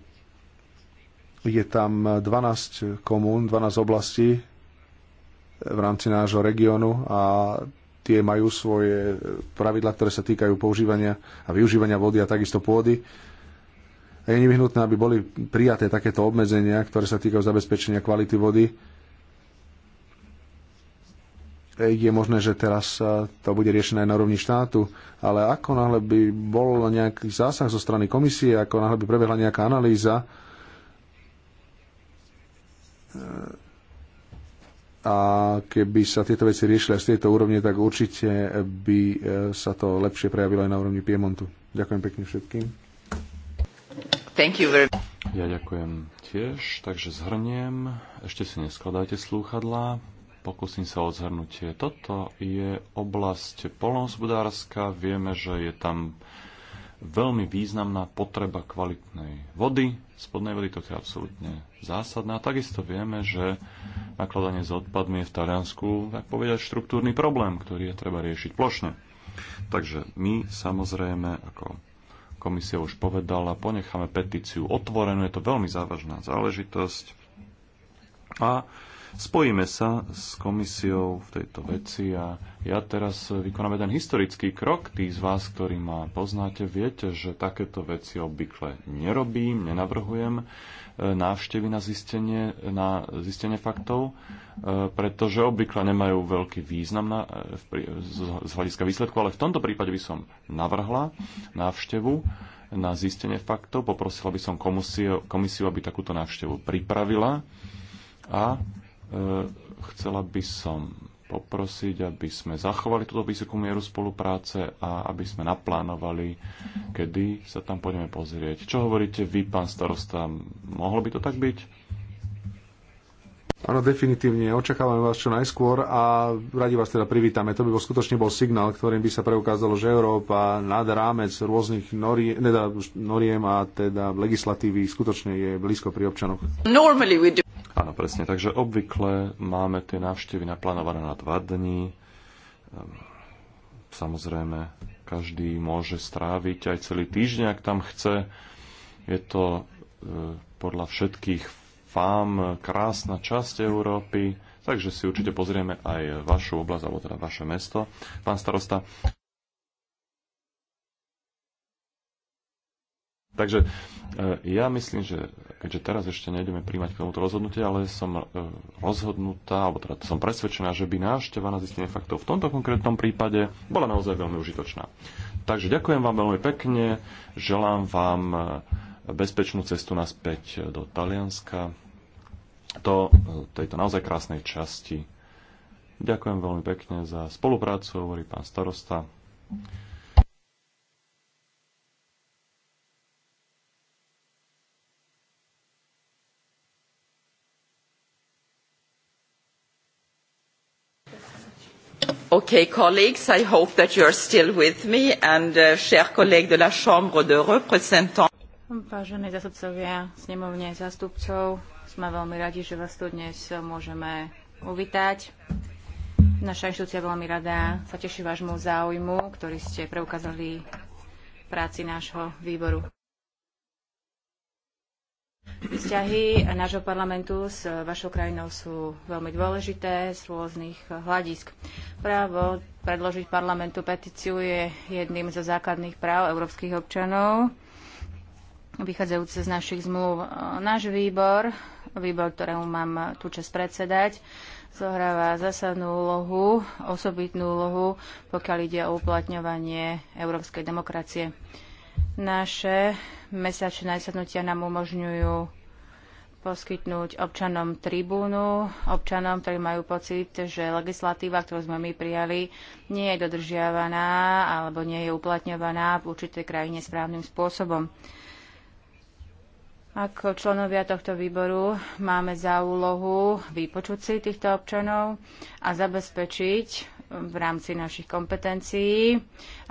Je tam 12 komún, 12 oblastí v rámci nášho regiónu a Tie majú svoje pravidla, ktoré sa týkajú používania a využívania vody a takisto pôdy. A je nevyhnutné, aby boli prijaté takéto obmedzenia, ktoré sa týkajú zabezpečenia kvality vody. E, je možné, že teraz to bude riešené aj na rovni štátu, ale ako náhle by bol nejaký zásah zo strany komisie, ako náhle by prebehla nejaká analýza, e, a keby sa tieto veci riešili aj z tejto úrovne, tak určite by e, sa to lepšie prejavilo aj na úrovni Piemontu. Ďakujem pekne všetkým. Thank you very... Ja ďakujem tiež, takže zhrniem. Ešte si neskladajte slúchadlá. Pokúsim sa o zhrnutie. Toto je oblasť polnohospodárska. Vieme, že je tam veľmi významná potreba kvalitnej vody, spodnej vody, to je absolútne zásadné. A takisto vieme, že nakladanie s odpadmi je v Taliansku, tak povedať, štruktúrny problém, ktorý je treba riešiť plošne. Takže my samozrejme, ako komisia už povedala, ponecháme petíciu otvorenú, je to veľmi závažná záležitosť. A Spojíme sa s komisiou v tejto veci a ja teraz vykonám jeden historický krok. Tí z vás, ktorí ma poznáte, viete, že takéto veci obvykle nerobím, nenavrhujem e, návštevy na zistenie, na zistenie faktov, e, pretože obvykle nemajú veľký význam na, e, z hľadiska výsledku, ale v tomto prípade by som navrhla návštevu na zistenie faktov. Poprosila by som komisiu, komisiu aby takúto návštevu pripravila a Eh, chcela by som poprosiť, aby sme zachovali túto vysokú mieru spolupráce a aby sme naplánovali, kedy sa tam pôjdeme pozrieť. Čo hovoríte vy, pán starosta? Mohlo by to tak byť? Áno, definitívne. Očakávame vás čo najskôr a radi vás teda privítame. To by bol skutočne bol signál, ktorým by sa preukázalo, že Európa nad rámec rôznych noriem, teda noriem a teda legislatívy skutočne je blízko pri občanoch. Áno, presne. Takže obvykle máme tie návštevy naplánované na dva dní. Ehm, samozrejme, každý môže stráviť aj celý týždeň, ak tam chce. Je to e, podľa všetkých fám krásna časť Európy, takže si určite pozrieme aj vašu oblasť, alebo teda vaše mesto. Pán starosta, Takže e, ja myslím, že keďže teraz ešte nejdeme príjmať k tomuto rozhodnutie, ale som e, rozhodnutá, alebo teda som presvedčená, že by návšteva na zistenie faktov v tomto konkrétnom prípade bola naozaj veľmi užitočná. Takže ďakujem vám veľmi pekne, želám vám e, bezpečnú cestu naspäť do Talianska, do tejto naozaj krásnej časti. Ďakujem veľmi pekne za spoluprácu, hovorí pán starosta. Okay, colleagues, I hope that you are still with me and uh, chers collègues de la Chambre de représentants. Vážení zastupcovia snemovne zastupcov, sme veľmi radi, že vás tu dnes môžeme uvítať. Naša inštitúcia veľmi rada sa teší vášmu záujmu, ktorý ste preukázali práci nášho výboru. Vzťahy nášho parlamentu s vašou krajinou sú veľmi dôležité z rôznych hľadisk. Právo predložiť parlamentu petíciu je jedným zo základných práv európskych občanov, vychádzajúce z našich zmluv. Náš výbor, výbor, ktorému mám tú čas predsedať, zohráva zásadnú úlohu, osobitnú úlohu, pokiaľ ide o uplatňovanie európskej demokracie. Naše mesačné sednutia nám umožňujú poskytnúť občanom tribúnu, občanom, ktorí majú pocit, že legislatíva, ktorú sme my prijali, nie je dodržiavaná alebo nie je uplatňovaná v určitej krajine správnym spôsobom. Ako členovia tohto výboru máme za úlohu vypočuť si týchto občanov a zabezpečiť, v rámci našich kompetencií,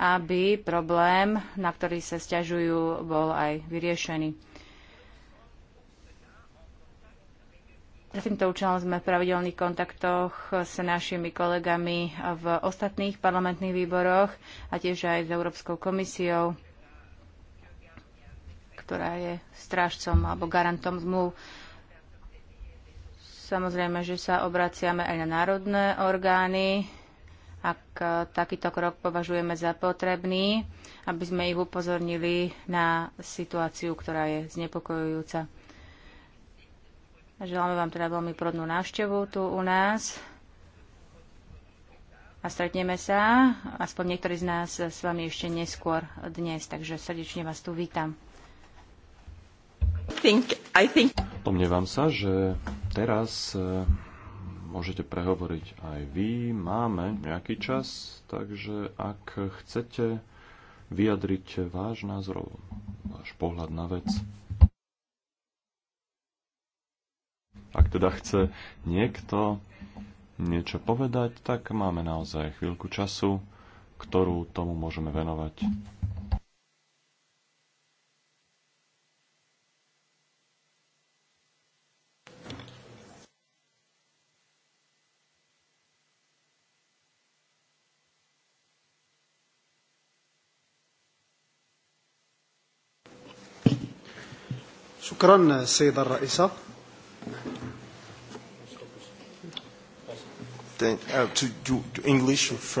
aby problém, na ktorý sa stiažujú, bol aj vyriešený. Za týmto účelom sme v pravidelných kontaktoch s našimi kolegami v ostatných parlamentných výboroch a tiež aj s Európskou komisiou, ktorá je strážcom alebo garantom zmluv Samozrejme, že sa obraciame aj na národné orgány, ak e, takýto krok považujeme za potrebný, aby sme ich upozornili na situáciu, ktorá je znepokojujúca. Želáme vám teda veľmi prodnú návštevu tu u nás a stretneme sa, aspoň niektorí z nás s vami ešte neskôr dnes, takže srdečne vás tu vítam. Pomnievam sa, že teraz e, môžete prehovoriť aj vy. Máme nejaký čas, takže ak chcete vyjadriť váš názor, váš pohľad na vec. Ak teda chce niekto niečo povedať, tak máme naozaj chvíľku času, ktorú tomu môžeme venovať. شكرا سيدة الرئيسة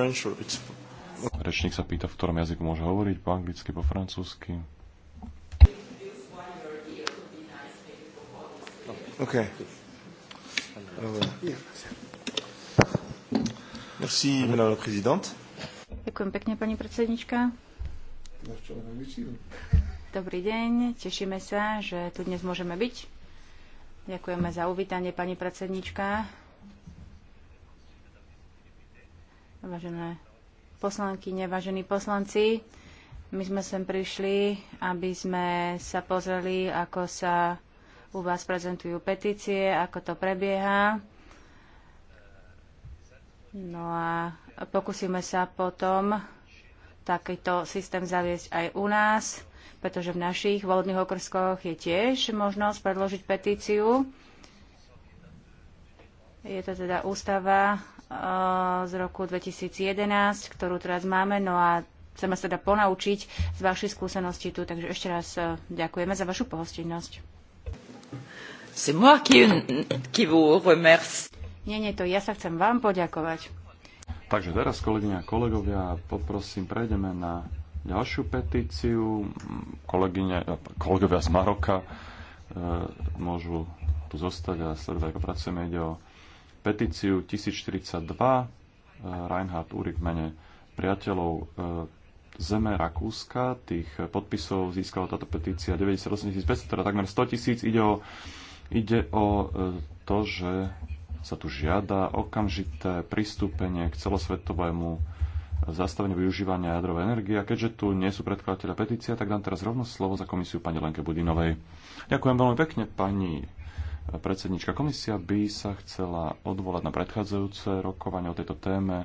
uh, Rečník sa pýta, v ktorom jazyku môže hovoriť, po anglicky, po francúzsky. Okay. Merci, madame la présidente. Ďakujem pekne, pani predsednička. Dobrý deň, tešíme sa, že tu dnes môžeme byť. Ďakujeme za uvítanie, pani predsednička. Vážené poslankyne, vážení poslanci, my sme sem prišli, aby sme sa pozreli, ako sa u vás prezentujú petície, ako to prebieha. No a pokúsime sa potom takýto systém zaviesť aj u nás pretože v našich volebných okrskoch je tiež možnosť predložiť petíciu. Je to teda ústava eh, z roku 2011, ktorú teraz máme, no a chceme sa teda ponaučiť z vašich skúseností tu. Takže ešte raz eh, ďakujeme za vašu pohostinnosť. Nie, nie, to ja sa chcem vám poďakovať. Takže teraz, kolegyňa a kolegovia, poprosím, prejdeme na ďalšiu petíciu. Kolegyne, eh, kolegovia z Maroka e, môžu tu zostať a sledovať, ako pracujeme. Ide o petíciu 1042 e, eh, Reinhard v mene priateľov e, zeme Rakúska. Tých podpisov získala táto petícia 98 500, teda takmer 100 tisíc. Ide o, ide o to, že sa tu žiada okamžité pristúpenie k celosvetovému zastavenie využívania jadrovej energie. A keďže tu nie sú predkladateľa petícia, tak dám teraz rovno slovo za komisiu pani Lenke Budinovej. Ďakujem veľmi pekne, pani predsednička. Komisia by sa chcela odvolať na predchádzajúce rokovanie o tejto téme e,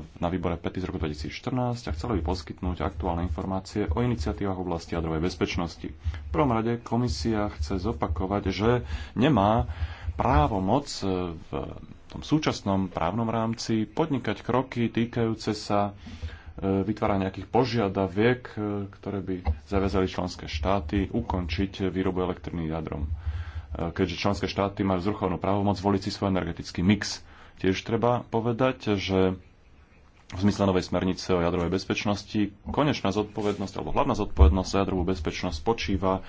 na výbore PETI z roku 2014 a chcela by poskytnúť aktuálne informácie o iniciatívach v oblasti jadrovej bezpečnosti. V prvom rade komisia chce zopakovať, že nemá právo moc e, v tom súčasnom právnom rámci podnikať kroky týkajúce sa e, vytvára nejakých požiadaviek, e, ktoré by zaviazali členské štáty ukončiť výrobu elektriny jadrom. E, keďže členské štáty majú zruchovnú právomoc voliť si svoj energetický mix. Tiež treba povedať, že v zmysle novej smernice o jadrovej bezpečnosti konečná zodpovednosť alebo hlavná zodpovednosť za jadrovú bezpečnosť spočíva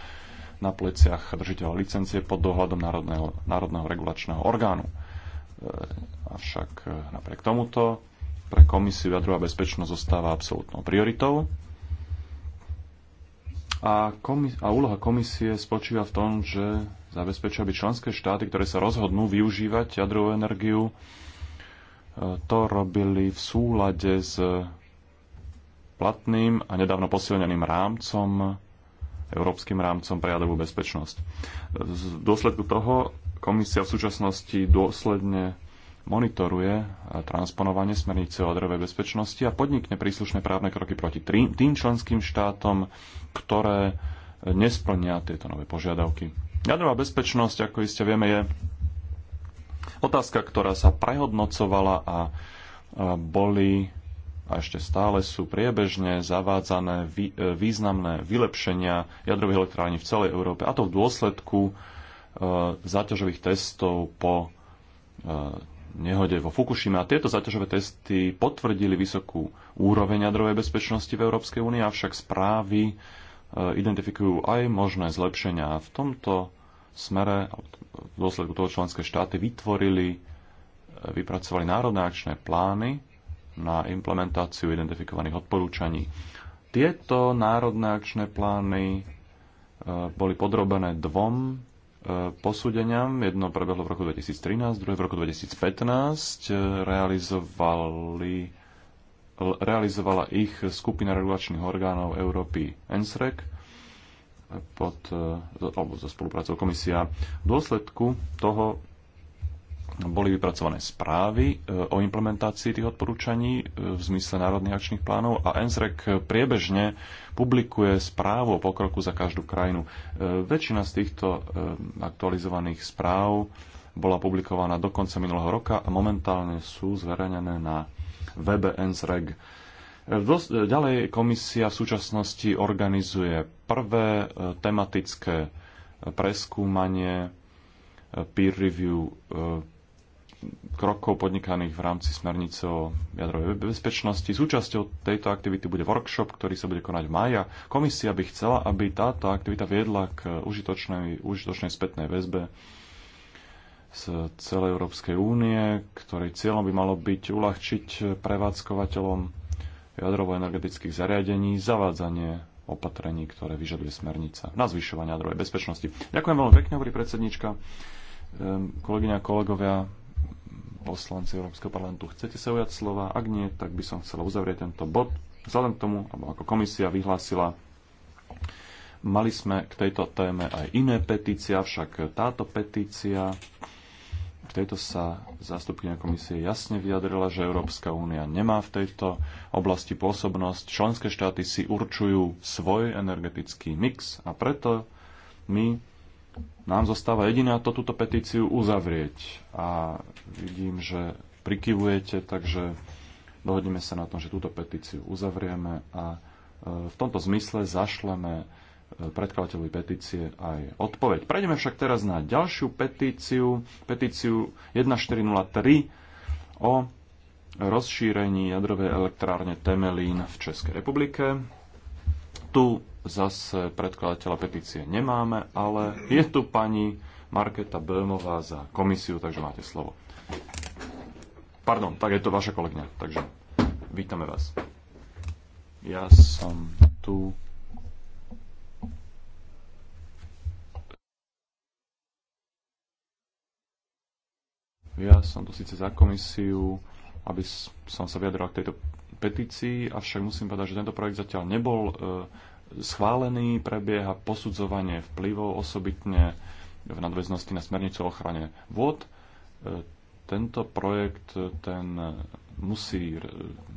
na pleciach držiteľa licencie pod dohľadom Národného, Národného regulačného orgánu. Avšak e, napriek tomuto pre komisiu jadrová bezpečnosť zostáva absolútnou prioritou. A, komis- a úloha komisie spočíva v tom, že zabezpečia, aby členské štáty, ktoré sa rozhodnú využívať jadrovú energiu, e, to robili v súlade s platným a nedávno posilneným rámcom, európskym rámcom pre jadrovú bezpečnosť. V dôsledku toho Komisia v súčasnosti dôsledne monitoruje transponovanie smernice o jadrovej bezpečnosti a podnikne príslušné právne kroky proti tým členským štátom, ktoré nesplnia tieto nové požiadavky. Jadrová bezpečnosť, ako iste vieme, je otázka, ktorá sa prehodnocovala a boli a ešte stále sú priebežne zavádzané e, významné vylepšenia jadrových elektrární v celej Európe, a to v dôsledku E, záťažových testov po e, nehode vo Fukushima. A tieto záťažové testy potvrdili vysokú úroveň jadrovej bezpečnosti v Európskej únii, avšak správy e, identifikujú aj možné zlepšenia. v tomto smere, v dôsledku toho členské štáty vytvorili, vypracovali národné akčné plány na implementáciu identifikovaných odporúčaní. Tieto národné akčné plány boli podrobené dvom posúdeniam. Jedno prebehlo v roku 2013, druhé v roku 2015. E, realizovali, realizovala ich skupina regulačných orgánov Európy ENSREC pod, e, alebo za spoluprácou komisia. V dôsledku toho boli vypracované správy e, o implementácii tých odporúčaní e, v zmysle národných akčných plánov a ENSREC priebežne publikuje správu o pokroku za každú krajinu. E, väčšina z týchto aktualizovaných správ bola publikovaná do konca minulého roka a momentálne sú zverejnené na webe NSREG. Ďalej komisia v súčasnosti organizuje prvé tematické preskúmanie peer review krokov podnikaných v rámci smernice o jadrovej bezpečnosti. Súčasťou tejto aktivity bude workshop, ktorý sa bude konať v maja. Komisia by chcela, aby táto aktivita viedla k užitočnej, užitočnej spätnej väzbe z celej Európskej únie, ktorej cieľom by malo byť uľahčiť prevádzkovateľom jadrovo-energetických zariadení zavádzanie opatrení, ktoré vyžaduje smernica na zvyšovanie jadrovej bezpečnosti. Ďakujem veľmi pekne, hovorí predsednička. Ehm, kolegyňa a kolegovia, poslanci Európskeho parlamentu. Chcete sa ujať slova? Ak nie, tak by som chcela uzavrieť tento bod. Vzhľadom k tomu, alebo ako komisia vyhlásila, mali sme k tejto téme aj iné petície, avšak táto petícia, v tejto sa zástupkynia komisie jasne vyjadrila, že Európska únia nemá v tejto oblasti pôsobnosť. Členské štáty si určujú svoj energetický mix a preto my nám zostáva jediná to túto petíciu uzavrieť. A vidím, že prikyvujete, takže dohodneme sa na tom, že túto petíciu uzavrieme a e, v tomto zmysle zašleme e, predkladateľovi petície aj odpoveď. Prejdeme však teraz na ďalšiu petíciu, petíciu 1403 o rozšírení jadrovej elektrárne Temelín v Českej republike tu zase predkladateľa petície nemáme, ale je tu pani Marketa Bömová za komisiu, takže máte slovo. Pardon, tak je to vaša kolegňa, takže vítame vás. Ja som tu. Ja som tu síce za komisiu, aby som sa vyjadril k tejto petícií, avšak musím povedať, že tento projekt zatiaľ nebol e, schválený, prebieha posudzovanie vplyvov osobitne v nadväznosti na smernicu o ochrane vôd. E, tento projekt e, ten musí,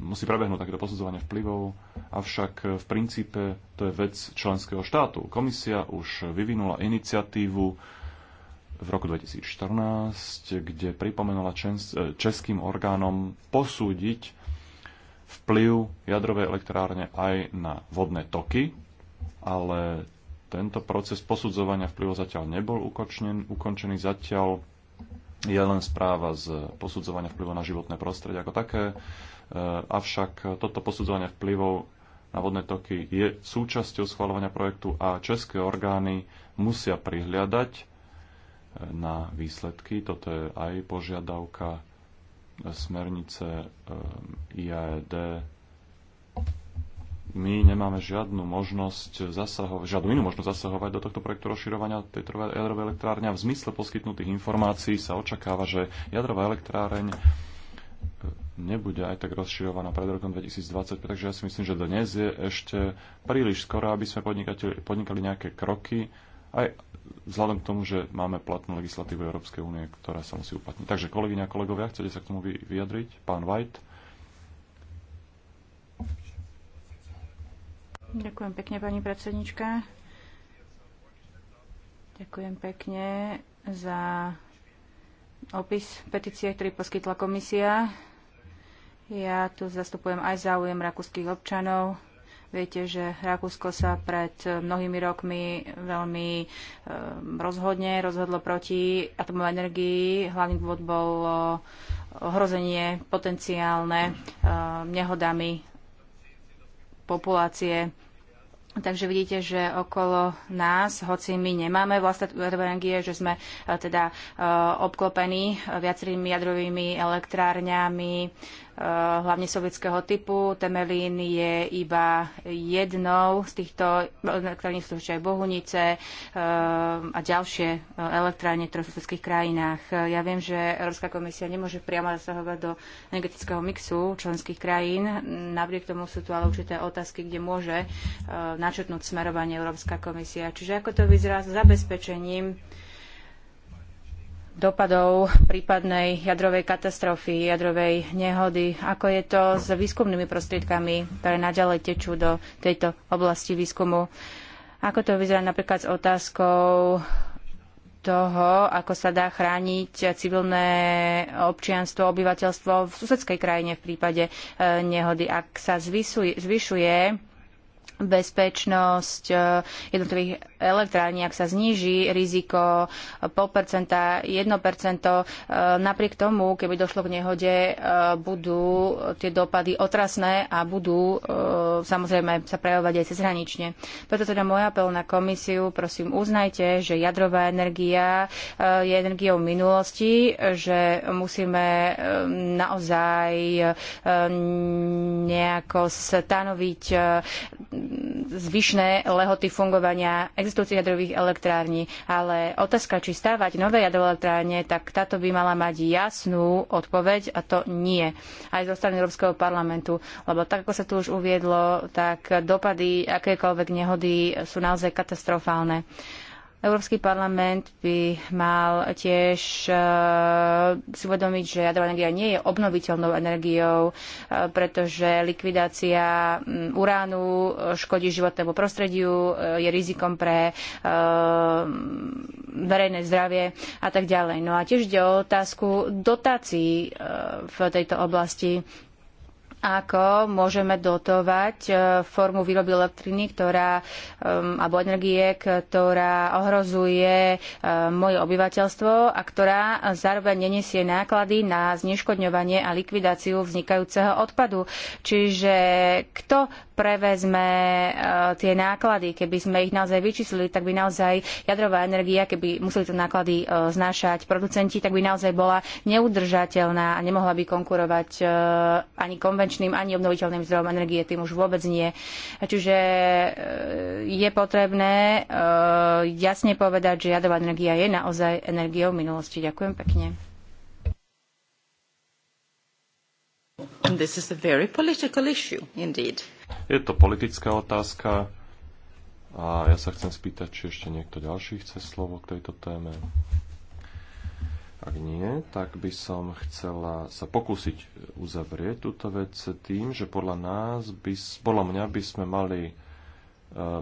musí prebehnúť takéto posudzovanie vplyvov, avšak v princípe to je vec členského štátu. Komisia už vyvinula iniciatívu v roku 2014, kde pripomenula českým orgánom posúdiť vplyv jadrovej elektrárne aj na vodné toky, ale tento proces posudzovania vplyvu zatiaľ nebol ukončený, ukončený zatiaľ je len správa z posudzovania vplyvu na životné prostredie ako také. E, avšak toto posudzovanie vplyvov na vodné toky je súčasťou schvalovania projektu a české orgány musia prihliadať e, na výsledky. Toto je aj požiadavka smernice ehm, IAED my nemáme žiadnu možnosť zasahovať, žiadnu inú možnosť zasahovať do tohto projektu rozširovania tej jadrovej elektrárne a v zmysle poskytnutých informácií sa očakáva, že jadrová elektráreň ehm, nebude aj tak rozširovaná pred rokom 2020, takže ja si myslím, že dnes je ešte príliš skoro, aby sme podnikali nejaké kroky, aj vzhľadom k tomu, že máme platnú legislatívu Európskej únie, ktorá sa musí uplatniť. Takže kolegyňa a kolegovia, chcete sa k tomu vyjadriť? Pán White. Ďakujem pekne, pani predsednička. Ďakujem pekne za opis petície, ktorý poskytla komisia. Ja tu zastupujem aj záujem rakúskych občanov Viete, že Rakúsko sa pred mnohými rokmi veľmi ehm, rozhodne rozhodlo proti atomovej energii. Hlavný dôvod bol ohrozenie potenciálne ehm, nehodami populácie. Takže vidíte, že okolo nás, hoci my nemáme vlastné energie, že sme e, teda e, obklopení viacerými jadrovými elektrárňami, Eh, hlavne sovietského typu. Temelín je iba jednou z týchto elektrární, sú aj Bohunice eh, a ďalšie eh, elektrárne, v sovietských krajinách. Ja viem, že Európska komisia nemôže priamo zasahovať do energetického mixu členských krajín. Napriek tomu sú tu ale určité otázky, kde môže načetnúť smerovanie Európska komisia. Čiže ako to vyzerá s zabezpečením dopadov prípadnej jadrovej katastrofy, jadrovej nehody. Ako je to s výskumnými prostriedkami, ktoré naďalej tečú do tejto oblasti výskumu? Ako to vyzerá napríklad s otázkou toho, ako sa dá chrániť civilné občianstvo, obyvateľstvo v susedskej krajine v prípade e, nehody. Ak sa zvyšuje, bezpečnosť e, jednotlivých elektrárni, ak sa zníži riziko pol 1%, e, napriek tomu, keby došlo k nehode, e, budú tie dopady otrasné a budú e, samozrejme sa prejavovať aj cezhranične. Preto teda môj apel na komisiu, prosím, uznajte, že jadrová energia je energiou minulosti, že musíme naozaj nejako stanoviť zvyšné lehoty fungovania existujúcich jadrových elektrární. Ale otázka, či stavať nové jadrové elektrárne, tak táto by mala mať jasnú odpoveď a to nie. Aj zo strany Európskeho parlamentu. Lebo tak, ako sa tu už uviedlo, tak dopady akékoľvek nehody sú naozaj katastrofálne. Európsky parlament by mal tiež e, si uvedomiť, že jadrová energia nie je obnoviteľnou energiou, e, pretože likvidácia mm, uránu e, škodí životnému prostrediu, je rizikom pre mm, verejné zdravie a tak ďalej. No a tiež ide o otázku dotácií v tejto oblasti ako môžeme dotovať e, formu výroby elektriny, ktorá, alebo energie, ktorá ohrozuje e, moje obyvateľstvo a ktorá zároveň nenesie náklady na zneškodňovanie a likvidáciu vznikajúceho odpadu. Čiže kto prevezme e, tie náklady, keby sme ich naozaj vyčíslili, tak by naozaj jadrová energia, keby museli to náklady znášať producenti, tak by naozaj bola neudržateľná a nemohla by konkurovať ani konvenciálne konvenčným ani obnoviteľným zdrojom energie, tým už vôbec nie. Čiže e, je potrebné e, jasne povedať, že jadová energia je naozaj energiou minulosti. Ďakujem pekne. This is a very political issue, indeed. Je to politická otázka a ja sa chcem spýtať, či ešte niekto ďalší chce slovo k tejto téme. Ak nie, tak by som chcela sa pokúsiť uzavrieť túto vec tým, že podľa nás, by, podľa mňa by sme mali uh,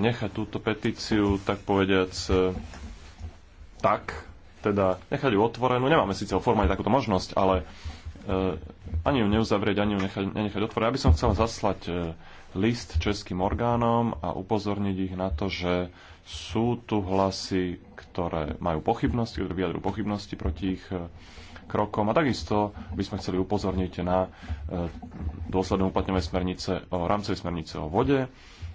nechať túto petíciu, tak povediac, uh, tak, teda nechať ju otvorenú. Nemáme síce formálne takúto možnosť, ale uh, ani ju neuzavrieť, ani ju nechať, nenechať otvorenú. Ja by som chcela zaslať uh, list českým orgánom a upozorniť ich na to, že sú tu hlasy, ktoré majú pochybnosti, ktoré vyjadrujú pochybnosti proti ich e, krokom. A takisto by sme chceli upozorniť na e, dôsledné uplatňové smernice o rámcovej smernice o vode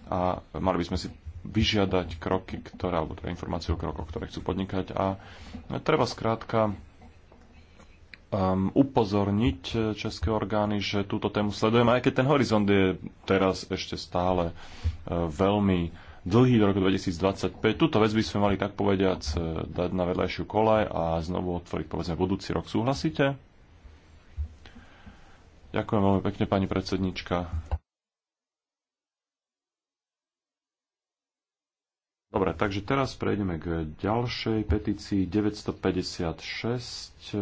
a mali by sme si vyžiadať kroky, ktoré, alebo teda informáciu o krokoch, ktoré chcú podnikať. A e, treba skrátka um, upozorniť eh, české orgány, že túto tému sledujeme, aj keď ten horizont je teraz ešte stále uh, veľmi dlhý do roku 2025. Túto vec by sme mali tak povediac eh, dať na vedľajšiu kolaj a znovu otvoriť povedzme budúci rok. Súhlasíte? Ďakujem veľmi pekne, pani predsednička. Dobre, takže teraz prejdeme k ďalšej petícii 956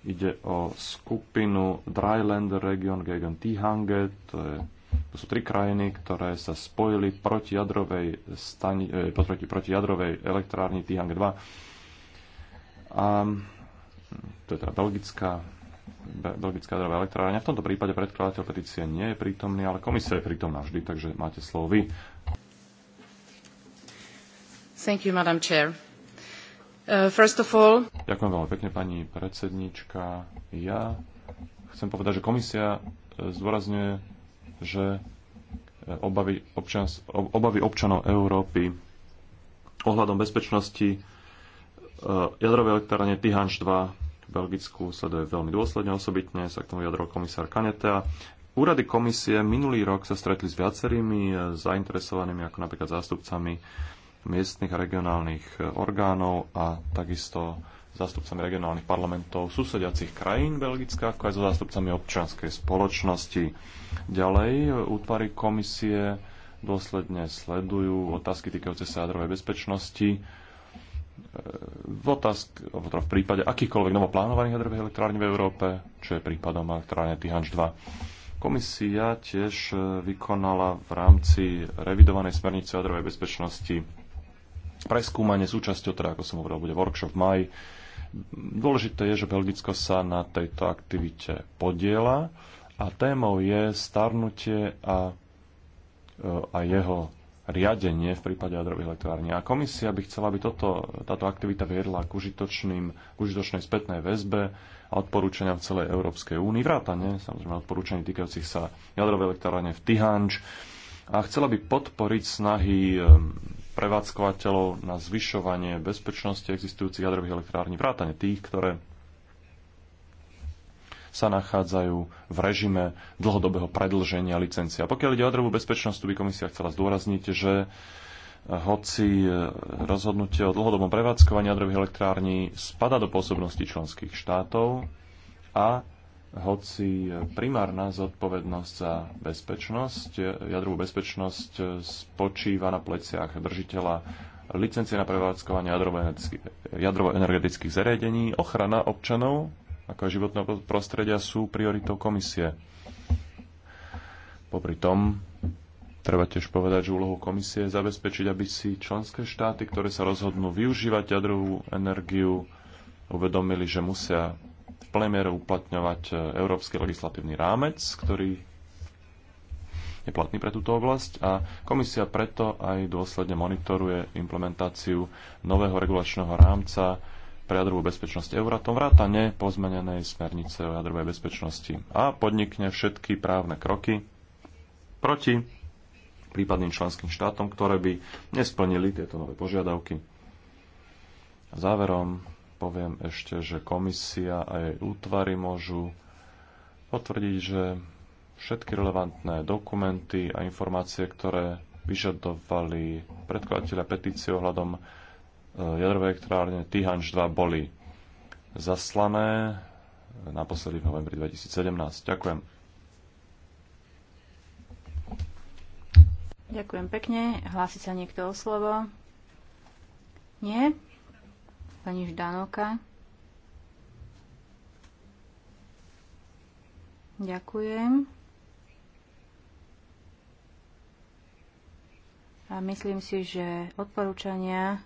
Ide o skupinu Drylander Region gegen Tihange, to, je, to sú tri krajiny, ktoré sa spojili proti jadrovej, stani, eh, proti, proti jadrovej elektrárni Tihange 2. A, mm, to je teda belgická, belgická jadrová elektrárňa. V tomto prípade predkladateľ petície nie je prítomný, ale komisia je prítomná vždy, takže máte slovo vy. Thank you, Madam Chair. Uh, all... Ďakujem veľmi pekne, pani predsednička. Ja chcem povedať, že komisia eh, zdôrazňuje, že eh, obavy, občans, obavy občanov Európy ohľadom bezpečnosti eh, jadrovej elektrárne Tihanč 2 v Belgicku sleduje veľmi dôsledne, osobitne sa k tomu jadrol komisár Kaneta. Úrady komisie minulý rok sa stretli s viacerými zainteresovanými, ako napríklad zástupcami miestnych a regionálnych e, orgánov a takisto zástupcami regionálnych parlamentov susediacich krajín Belgická, ako aj so zástupcami občianskej spoločnosti. Ďalej e, útvary komisie dôsledne sledujú otázky týkajúce sa jadrovej bezpečnosti, e, v, otázk, teda v prípade akýchkoľvek novoplánovaných jadrových elektrární v Európe, čo je prípadom elektrárne Tihanč 2. Komisia tiež vykonala v rámci revidovanej smernice jadrovej bezpečnosti preskúmanie s účasťou, teda ako som hovoril, bude workshop v maji. Dôležité je, že Belgicko sa na tejto aktivite podiela a témou je starnutie a, e, a jeho riadenie v prípade jadrových elektrární. A komisia by chcela, aby toto, táto aktivita viedla k, užitočným, k užitočnej spätnej väzbe a odporúčania v celej Európskej únii, vrátane samozrejme odporúčaní týkajúcich sa jadrovej elektrárne v Tihanč, a chcela by podporiť snahy prevádzkovateľov na zvyšovanie bezpečnosti existujúcich jadrových elektrární, vrátane tých, ktoré sa nachádzajú v režime dlhodobého predlženia licencia. Pokiaľ ide o jadrovú bezpečnosť, tu by komisia chcela zdôrazniť, že hoci e, rozhodnutie o dlhodobom prevádzkovaní jadrových elektrární spada do pôsobnosti členských štátov a hoci primárna zodpovednosť za bezpečnosť, jadrovú bezpečnosť spočíva na pleciach držiteľa licencie na prevádzkovanie jadrovo-energetických zariadení, ochrana občanov ako aj životného prostredia sú prioritou komisie. Popri tom treba tiež povedať, že úlohou komisie je zabezpečiť, aby si členské štáty, ktoré sa rozhodnú využívať jadrovú energiu, uvedomili, že musia plnej miere uplatňovať e, európsky legislatívny rámec, ktorý je platný pre túto oblasť a komisia preto aj dôsledne monitoruje implementáciu nového regulačného rámca pre jadrovú bezpečnosť Euratom vrátane pozmenenej smernice o jadrovej bezpečnosti a podnikne všetky právne kroky proti prípadným členským štátom, ktoré by nesplnili tieto nové požiadavky. záverom poviem ešte, že komisia a jej útvary môžu potvrdiť, že všetky relevantné dokumenty a informácie, ktoré vyžadovali predkladateľa petície ohľadom e, jadrovej elektrárne Tihanč 2 boli zaslané naposledy v novembri 2017. Ďakujem. Ďakujem pekne. Hlási sa niekto o slovo? Nie? pani Ždanoka. Ďakujem. A myslím si, že odporúčania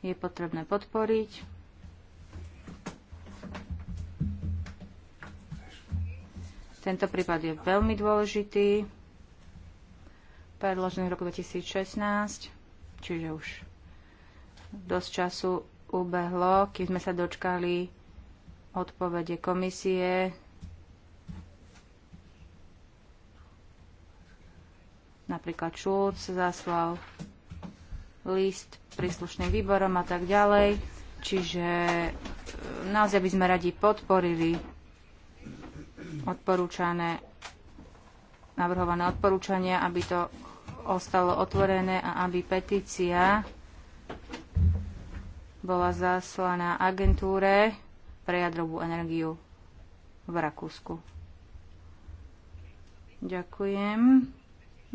je potrebné podporiť. Tento prípad je veľmi dôležitý. Predložený v roku 2016. Čiže už dosť času ubehlo, kým sme sa dočkali odpovede komisie. Napríklad Šulc zaslal list príslušným výborom a tak ďalej. Čiže e, naozaj by sme radi podporili odporúčané, navrhované odporúčania, aby to ostalo otvorené a aby petícia bola zaslaná agentúre pre jadrovú energiu v Rakúsku. Ďakujem.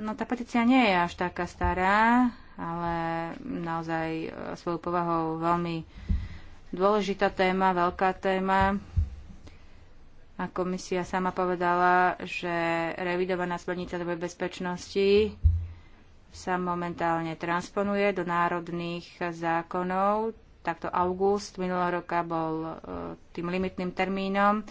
No tá petícia nie je až taká stará, ale naozaj e, svojou povahou veľmi dôležitá téma, veľká téma. A komisia sama povedala, že revidovaná smernica do bezpečnosti sa momentálne transponuje do národných zákonov. Takto august minulého roka bol e, tým limitným termínom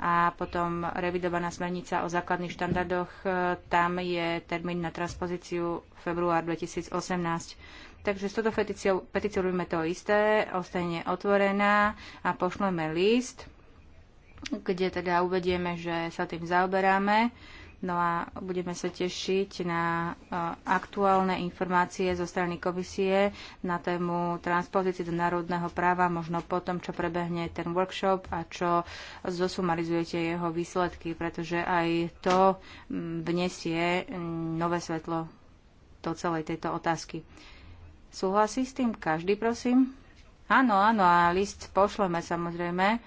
a potom revidovaná smernica o základných štandardoch, e, tam je termín na transpozíciu február 2018. Takže s touto petíciou, petíciou robíme to isté, ostane otvorená a pošleme list, kde teda uvedieme, že sa tým zaoberáme No a budeme sa tešiť na e, aktuálne informácie zo strany komisie na tému transpozície do národného práva, možno po tom, čo prebehne ten workshop a čo zosumarizujete jeho výsledky, pretože aj to vnesie nové svetlo do celej tejto otázky. Súhlasí s tým každý, prosím? Áno, áno, a list pošleme samozrejme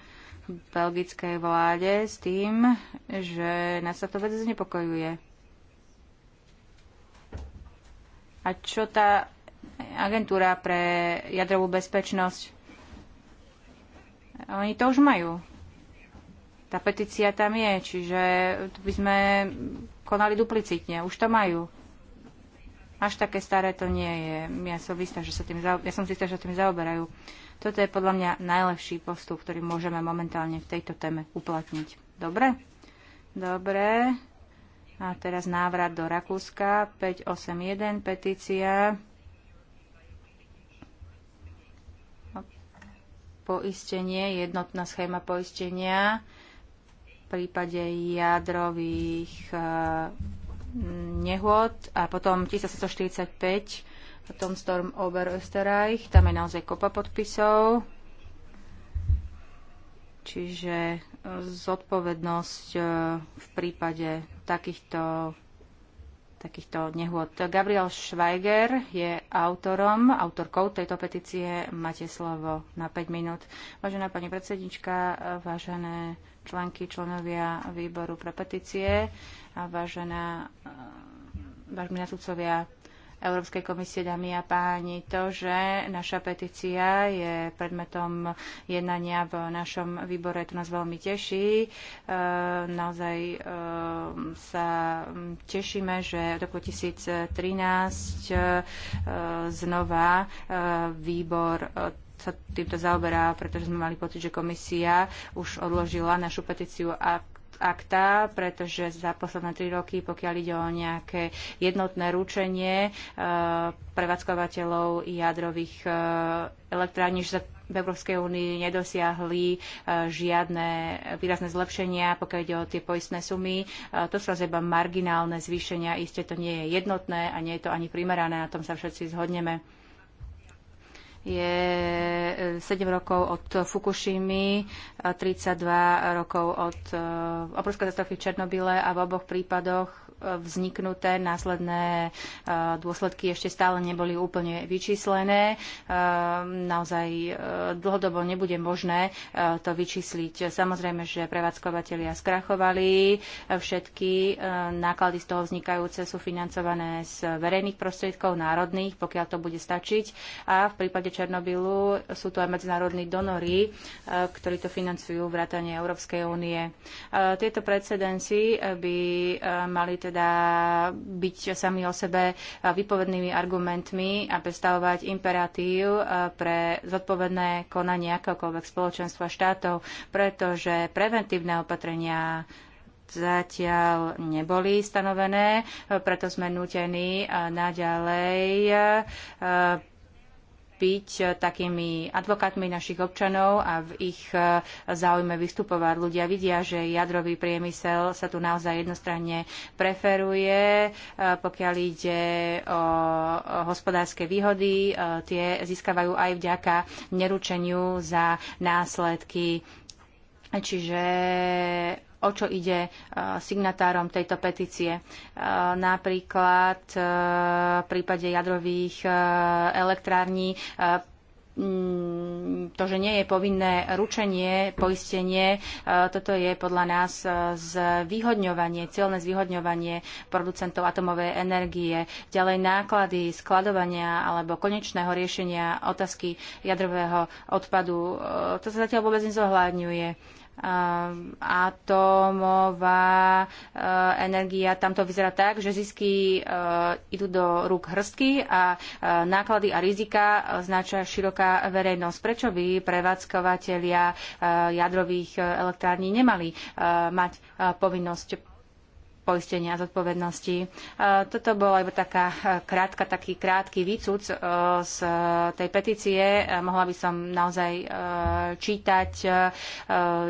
belgickej vláde s tým, že nás sa to vec znepokojuje. A čo tá agentúra pre jadrovú bezpečnosť? Oni to už majú. Tá petícia tam je, čiže by sme konali duplicitne. Už to majú. Až také staré to nie je. Ja som istá, že sa tým, ja som istá, že tým zaoberajú. Toto je podľa mňa najlepší postup, ktorý môžeme momentálne v tejto téme uplatniť. Dobre? Dobre. A teraz návrat do Rakúska. 581, petícia. Poistenie, jednotná schéma poistenia v prípade jadrových eh, nehôd a potom 1745 potom Storm Österreich, tam je naozaj kopa podpisov. Čiže zodpovednosť eh, v prípade takýchto takýchto nehôd. Gabriel Schweiger je autorom, autorkou tejto petície. Máte slovo na 5 minút. Vážená pani predsednička, vážené členky, členovia výboru pre petície a vážená vážení nasudcovia Európskej komisie, dámy a páni, to, že naša petícia je predmetom jednania v našom výbore, to nás veľmi teší. E, naozaj e, sa tešíme, že v roku 2013 e, znova výbor sa týmto zaoberá, pretože sme mali pocit, že komisia už odložila našu petíciu a akta, pretože za posledné tri roky, pokiaľ ide o nejaké jednotné ručenie e, prevádzkovateľov jadrových e, elektrární, že sa v Európskej únii nedosiahli e, žiadne výrazné zlepšenia, pokiaľ ide o tie poistné sumy. To sú iba marginálne zvýšenia, iste to nie je jednotné a nie je to ani primerané, na tom sa všetci zhodneme je 7 e, rokov od Fukushimy, 32 rokov od e, obrovskej katastrofy v Černobyle a v oboch prípadoch vzniknuté. Následné eh, dôsledky ešte stále neboli úplne vyčíslené. Eh, naozaj eh, dlhodobo nebude možné to vyčísliť. Samozrejme, že prevádzkovateľia skrachovali. Všetky náklady z toho vznikajúce sú financované z verejných prostriedkov, národných, pokiaľ to bude stačiť. A v prípade Černobylu sú tu aj medzinárodní donory, ktorí to financujú vrátanie Európskej únie. Tieto precedenci by mali teda teda byť sami o sebe vypovednými argumentmi a predstavovať imperatív eh, pre zodpovedné konanie akéhokoľvek spoločenstva štátov, pretože preventívne opatrenia zatiaľ neboli stanovené, eh, preto sme nutení eh, naďalej byť e, takými advokátmi našich občanov a v ich e, záujme vystupovať. Ľudia vidia, že jadrový priemysel sa tu naozaj jednostranne preferuje, e, pokiaľ ide o hospodárske výhody, tie získavajú aj vďaka neručeniu za následky. Čiže o čo ide e, signatárom tejto petície. E, napríklad e, v prípade jadrových elektrární to, že nie je povinné ručenie, poistenie, toto je podľa nás zvýhodňovanie, cieľné zvýhodňovanie producentov atomovej energie. Ďalej náklady skladovania alebo konečného riešenia otázky jadrového odpadu. To sa zatiaľ vôbec nezohľadňuje atómová e, energia, tam to vyzerá tak, že zisky e, idú do rúk hrstky a e, náklady a rizika značia široká verejnosť. Prečo by prevádzkovateľia jadrových elektrární nemali mať povinnosť poistenia a zodpovednosti. E, toto bola iba taká e, krátka, taký krátky výcud e, z tej petície. Mohla by som naozaj čítať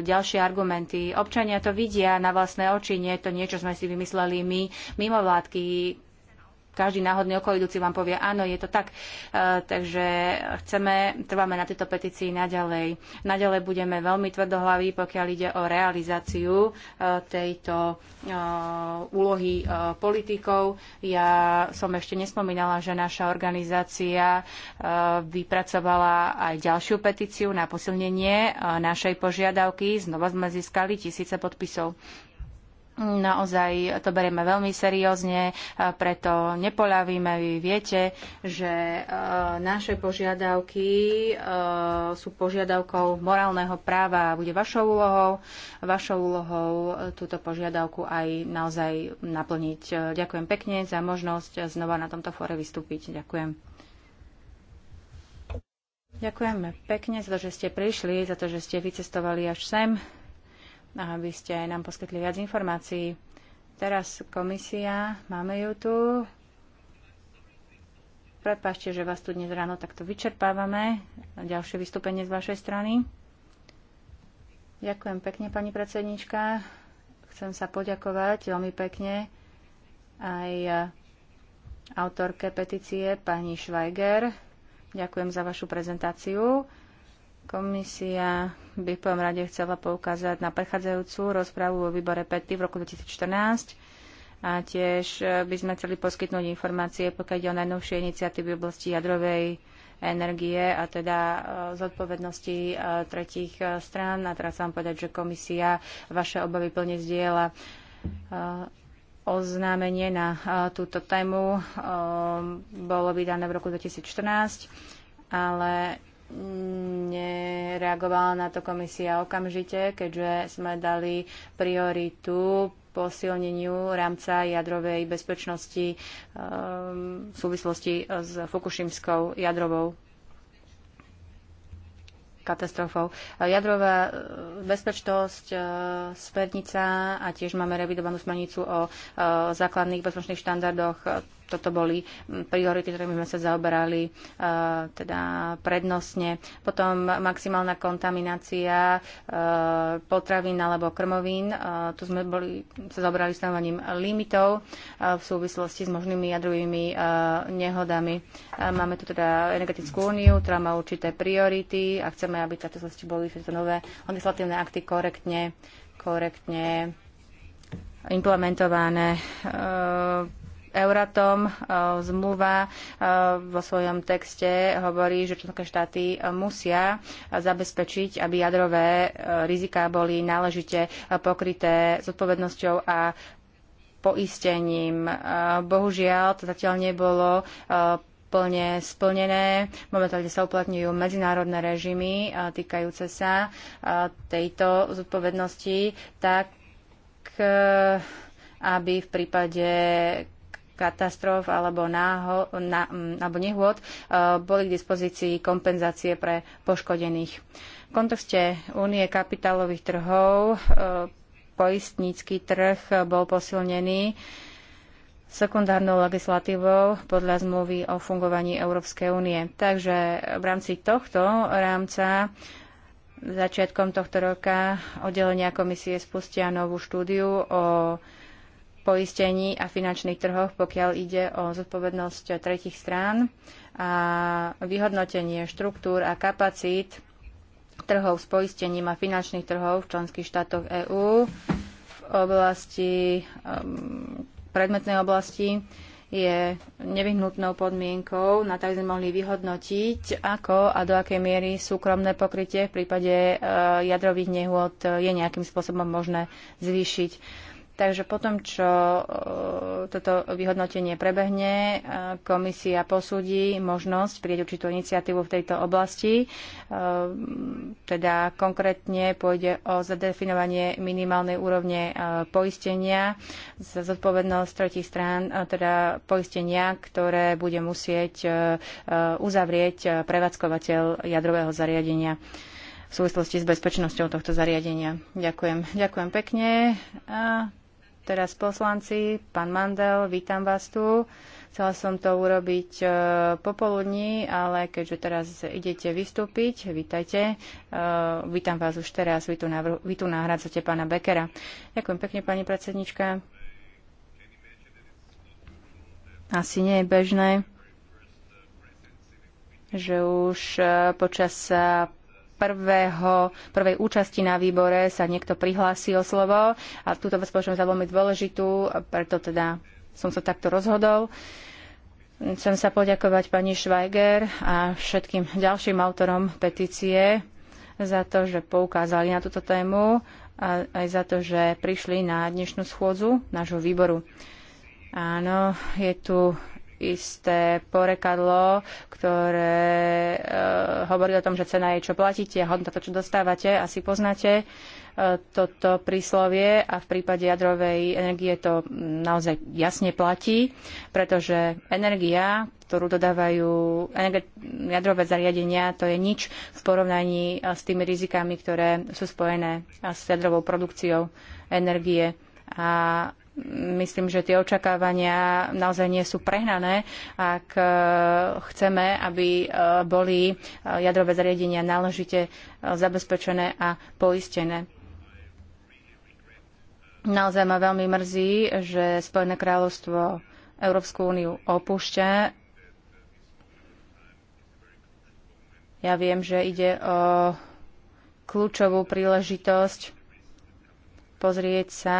ďalšie argumenty. Občania to vidia na vlastné oči, nie je to niečo, sme si vymysleli my, mimovládky, každý náhodný okolidúci vám povie, áno, je to tak. E, takže chceme, trváme na tejto petícii naďalej. Naďalej budeme veľmi tvrdohlaví, pokiaľ ide o realizáciu e, tejto e, úlohy politikov. Ja som ešte nespomínala, že naša organizácia vypracovala aj ďalšiu petíciu na posilnenie našej požiadavky. Znova sme získali tisíce podpisov. Naozaj to berieme veľmi seriózne, preto nepoľavíme. Vy viete, že e, naše požiadavky e, sú požiadavkou morálneho práva a bude vašou úlohou, vašou úlohou e, túto požiadavku aj naozaj naplniť. Ďakujem pekne za možnosť znova na tomto fóre vystúpiť. Ďakujem. Ďakujeme pekne za to, že ste prišli, za to, že ste vycestovali až sem. No, aby ste nám poskytli viac informácií. Teraz komisia, máme ju tu. Prepašte, že vás tu dnes ráno takto vyčerpávame. Ďalšie vystúpenie z vašej strany. Ďakujem pekne, pani predsednička. Chcem sa poďakovať veľmi pekne aj autorke petície, pani Švajger. Ďakujem za vašu prezentáciu. Komisia by v prvom rade chcela poukázať na prechádzajúcu rozpravu vo výbore PETY v roku 2014 a tiež e, by sme chceli poskytnúť informácie, pokiaľ ide o najnovšie iniciatívy v oblasti jadrovej energie a teda e, zodpovednosti e, tretích strán. A teraz vám povedať, že komisia vaše obavy plne zdieľa oznámenie na túto tému bolo vydané v roku 2014, ale Nereagovala na to komisia okamžite, keďže sme dali prioritu posilneniu rámca jadrovej bezpečnosti ehm, v súvislosti s Fukušimskou jadrovou katastrofou. Eh, jadrová eh, bezpečnosť, eh, smernica a tiež máme revidovanú smernicu o základných bezpečných štandardoch toto boli mm, priority, ktorými sme sa zaoberali e, teda prednostne. Potom maximálna kontaminácia e, potravín alebo krmovín. E, tu sme boli, sa zaoberali stanovaním limitov v súvislosti s možnými jadrovými nehodami. Máme tu teda energetickú úniu, ktorá má určité priority a chceme, aby táto súvislosti boli všetko nové legislatívne akty korektne korektne implementované. E, Euratom e, zmluva e, vo svojom texte hovorí, že členské štáty musia zabezpečiť, aby jadrové e, riziká boli náležite pokryté zodpovednosťou a poistením. Bohužiaľ, to zatiaľ nebolo plne splnené. Momentálne sa uplatňujú medzinárodné režimy týkajúce sa tejto zodpovednosti, tak aby v prípade katastrof alebo, náho, na, mm, alebo nehôd e, boli k dispozícii kompenzácie pre poškodených. V kontexte únie kapitálových trhov e, poistnícky trh bol posilnený sekundárnou legislatívou podľa zmluvy o fungovaní Európskej únie. Takže v rámci tohto rámca začiatkom tohto roka oddelenia komisie spustia novú štúdiu o poistení a finančných trhoch, pokiaľ ide o zodpovednosť tretich strán a vyhodnotenie štruktúr a kapacít trhov s poistením a finančných trhov v členských štátoch EÚ v oblasti um, predmetnej oblasti je nevyhnutnou podmienkou na tak sme mohli vyhodnotiť, ako a do akej miery súkromné pokrytie v prípade uh, jadrových nehôd je nejakým spôsobom možné zvýšiť. Takže potom, čo e, toto vyhodnotenie prebehne, e, komisia posúdi možnosť prieť určitú iniciatívu v tejto oblasti. E, teda konkrétne pôjde o zadefinovanie minimálnej úrovne poistenia za zodpovednosť tretich strán, teda poistenia, ktoré bude musieť uzavrieť prevádzkovateľ jadrového zariadenia v súvislosti s bezpečnosťou tohto zariadenia. Ďakujem. Ďakujem pekne. A teraz poslanci, pán Mandel, vítam vás tu. Chcela som to urobiť e, popoludní, ale keďže teraz idete vystúpiť, vítajte. E, vítam vás už teraz, vy tu, navr- vy tu nahradzate pána Bekera. Ďakujem pekne, pani predsednička. Asi nie je bežné, že už e, počas e, prvého, prvej účasti na výbore sa niekto prihlási o slovo a túto vec považujem za veľmi dôležitú, preto teda som sa takto rozhodol. Chcem sa poďakovať pani Schweiger a všetkým ďalším autorom petície za to, že poukázali na túto tému a aj za to, že prišli na dnešnú schôdzu nášho výboru. Áno, je tu isté porekadlo, ktoré uh, hovorí o tom, že cena je, čo platíte a hodnota to, čo dostávate, asi poznáte eh, toto príslovie a v prípade jadrovej energie to naozaj jasne platí, pretože energia, ktorú dodávajú jadrové zariadenia, to je nič v porovnaní eh, s tými rizikami, ktoré sú spojené s jadrovou produkciou energie. A myslím, že tie očakávania naozaj nie sú prehnané. Ak e, chceme, aby e, boli e, jadrové zariadenia náležite zabezpečené a poistené. Naozaj ma veľmi mrzí, že Spojené kráľovstvo Európsku úniu opúšťa. Ja viem, že ide o kľúčovú príležitosť pozrieť sa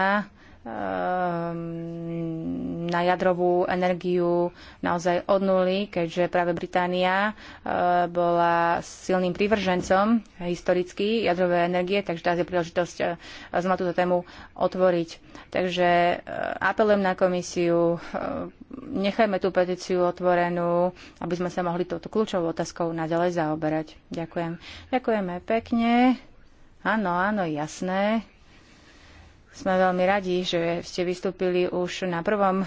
Ehm, na jadrovú energiu naozaj od nuly, keďže práve Británia eh, bola silným prívržencom historicky jadrovej energie, takže teraz je príležitosť eh, znova túto tému otvoriť. Takže eh, apelujem na komisiu, nechajme tú petíciu otvorenú, aby sme sa mohli touto kľúčovou otázkou naďalej zaoberať. Ďakujem. Ďakujeme pekne. Áno, áno, jasné. Sme veľmi radi, že ste vystúpili už na prvom e,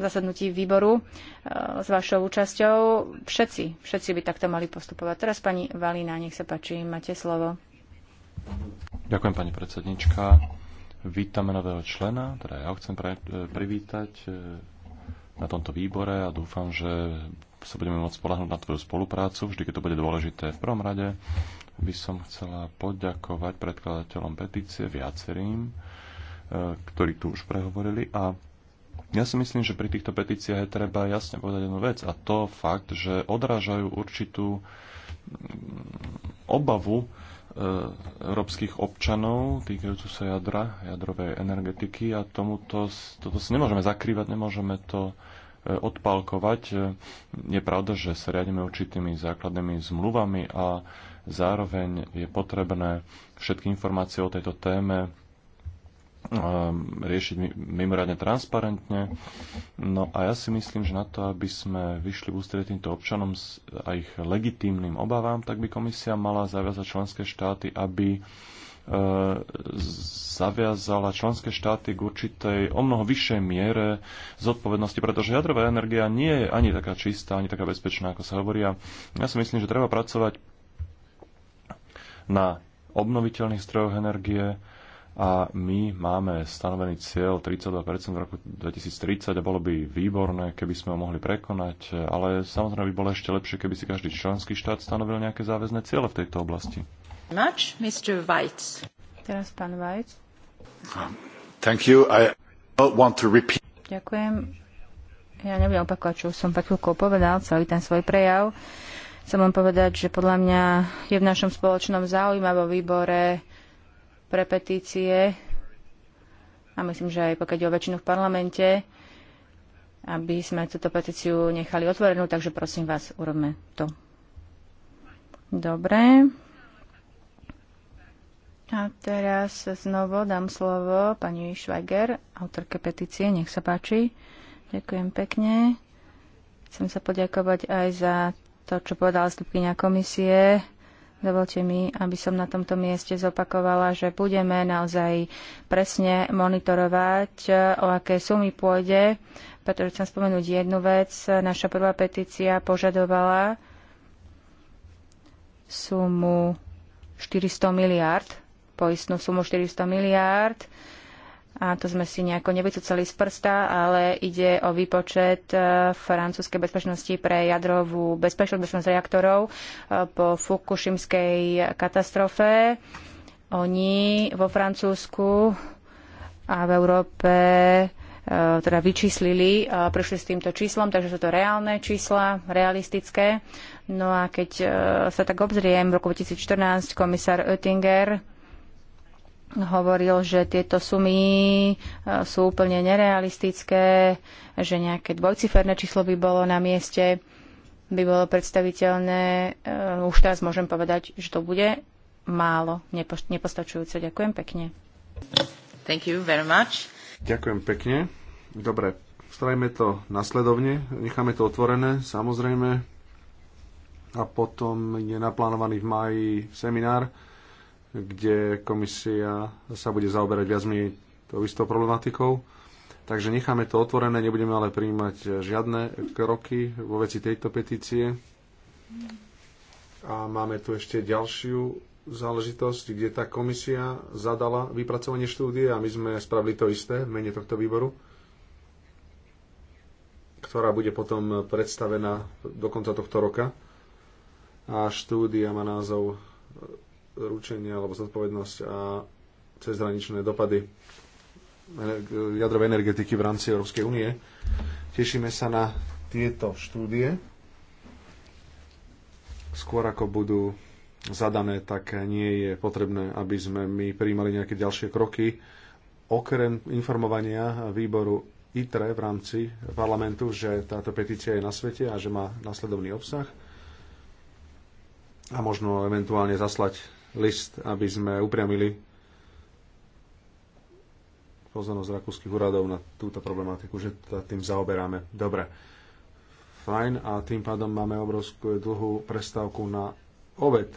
zasadnutí výboru e, s vašou účasťou. Všetci, všetci by takto mali postupovať. Teraz pani Valina, nech sa páči, máte slovo. Ďakujem, pani predsednička. Vítame nového člena, teda ja ho chcem pre, eh, privítať na tomto výbore a dúfam, že sa budeme môcť spolahnúť na tvoju spoluprácu, vždy keď to bude dôležité. V prvom rade by som chcela poďakovať predkladateľom petície viacerým, ktorí tu už prehovorili. A ja si myslím, že pri týchto petíciách je treba jasne povedať jednu vec a to fakt, že odrážajú určitú mm, obavu e, európskych občanov týkajúcu sa jadra, jadrovej energetiky a tomuto, toto si nemôžeme zakrývať, nemôžeme to e, odpálkovať. E, je pravda, že sa riadíme určitými základnými zmluvami a zároveň je potrebné všetky informácie o tejto téme riešiť mimoriadne transparentne. No a ja si myslím, že na to, aby sme vyšli v ústred týmto občanom a ich legitímnym obavám, tak by komisia mala zaviazať členské štáty, aby e, zaviazala členské štáty k určitej o mnoho vyššej miere zodpovednosti, pretože jadrová energia nie je ani taká čistá, ani taká bezpečná, ako sa hovorí. ja si myslím, že treba pracovať na obnoviteľných strojoch energie, a my máme stanovený cieľ 32% v roku 2030 a bolo by výborné, keby sme ho mohli prekonať, ale samozrejme by bolo ešte lepšie, keby si každý členský štát stanovil nejaké záväzné ciele v tejto oblasti. Much, Mr. Weitz. Teraz pán Weitz. Um, thank you. I don't want to repeat. Ďakujem. Ja nebudem opakovať, čo som pred chvíľkou povedal, celý ten svoj prejav. Chcem len povedať, že podľa mňa je v našom spoločnom záujme vo výbore pre petície a myslím, že aj pokiaľ o väčšinu v parlamente, aby sme túto petíciu nechali otvorenú, takže prosím vás, urobme to. Dobre. A teraz znovu dám slovo pani Švager, autorke petície, nech sa páči. Ďakujem pekne. Chcem sa poďakovať aj za to, čo povedala stupkynia komisie Dovolte mi, aby som na tomto mieste zopakovala, že budeme naozaj presne monitorovať, o aké sumy pôjde, pretože chcem spomenúť jednu vec. Naša prvá petícia požadovala sumu 400 miliárd, poistnú sumu 400 miliárd a to sme si nejako nevycúcali z prsta, ale ide o výpočet e, francúzskej bezpečnosti pre jadrovú bezpečnosť, bezpečnosť reaktorov e, po fukušimskej katastrofe. Oni vo Francúzsku a v Európe e, teda vyčíslili, prišli s týmto číslom, takže sú to reálne čísla, realistické. No a keď sa tak obzriem, v roku 2014 komisár Oettinger hovoril, že tieto sumy e, sú úplne nerealistické, že nejaké dvojciferné číslo by bolo na mieste, by bolo predstaviteľné. E, už teraz môžem povedať, že to bude málo, nepostačujúce. Ďakujem pekne. Thank you very much. Ďakujem pekne. Dobre, strajme to nasledovne, necháme to otvorené, samozrejme. A potom je naplánovaný v maji seminár kde komisia sa bude zaoberať viac menej tou istou problematikou. Takže necháme to otvorené, nebudeme ale príjmať žiadne kroky vo veci tejto petície. A máme tu ešte ďalšiu záležitosť, kde tá komisia zadala vypracovanie štúdie a my sme spravili to isté v mene tohto výboru, ktorá bude potom predstavená do konca tohto roka. A štúdia má názov ručenie alebo zodpovednosť a cezhraničné dopady jadrovej energetiky v rámci Európskej únie. Tešíme sa na tieto štúdie. Skôr ako budú zadané, tak nie je potrebné, aby sme my prijímali nejaké ďalšie kroky. Okrem informovania výboru ITRE v rámci parlamentu, že táto petícia je na svete a že má následovný obsah a možno eventuálne zaslať list, aby sme upriamili pozornosť rakúskych úradov na túto problematiku, že tým zaoberáme. Dobre. Fajn. A tým pádom máme obrovskú dlhú prestávku na obed.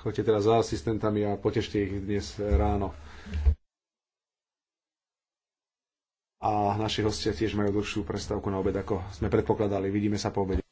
Choďte teraz za asistentami a potešte ich dnes ráno. A naši hostia tiež majú dlhšiu prestávku na obed, ako sme predpokladali. Vidíme sa po obede.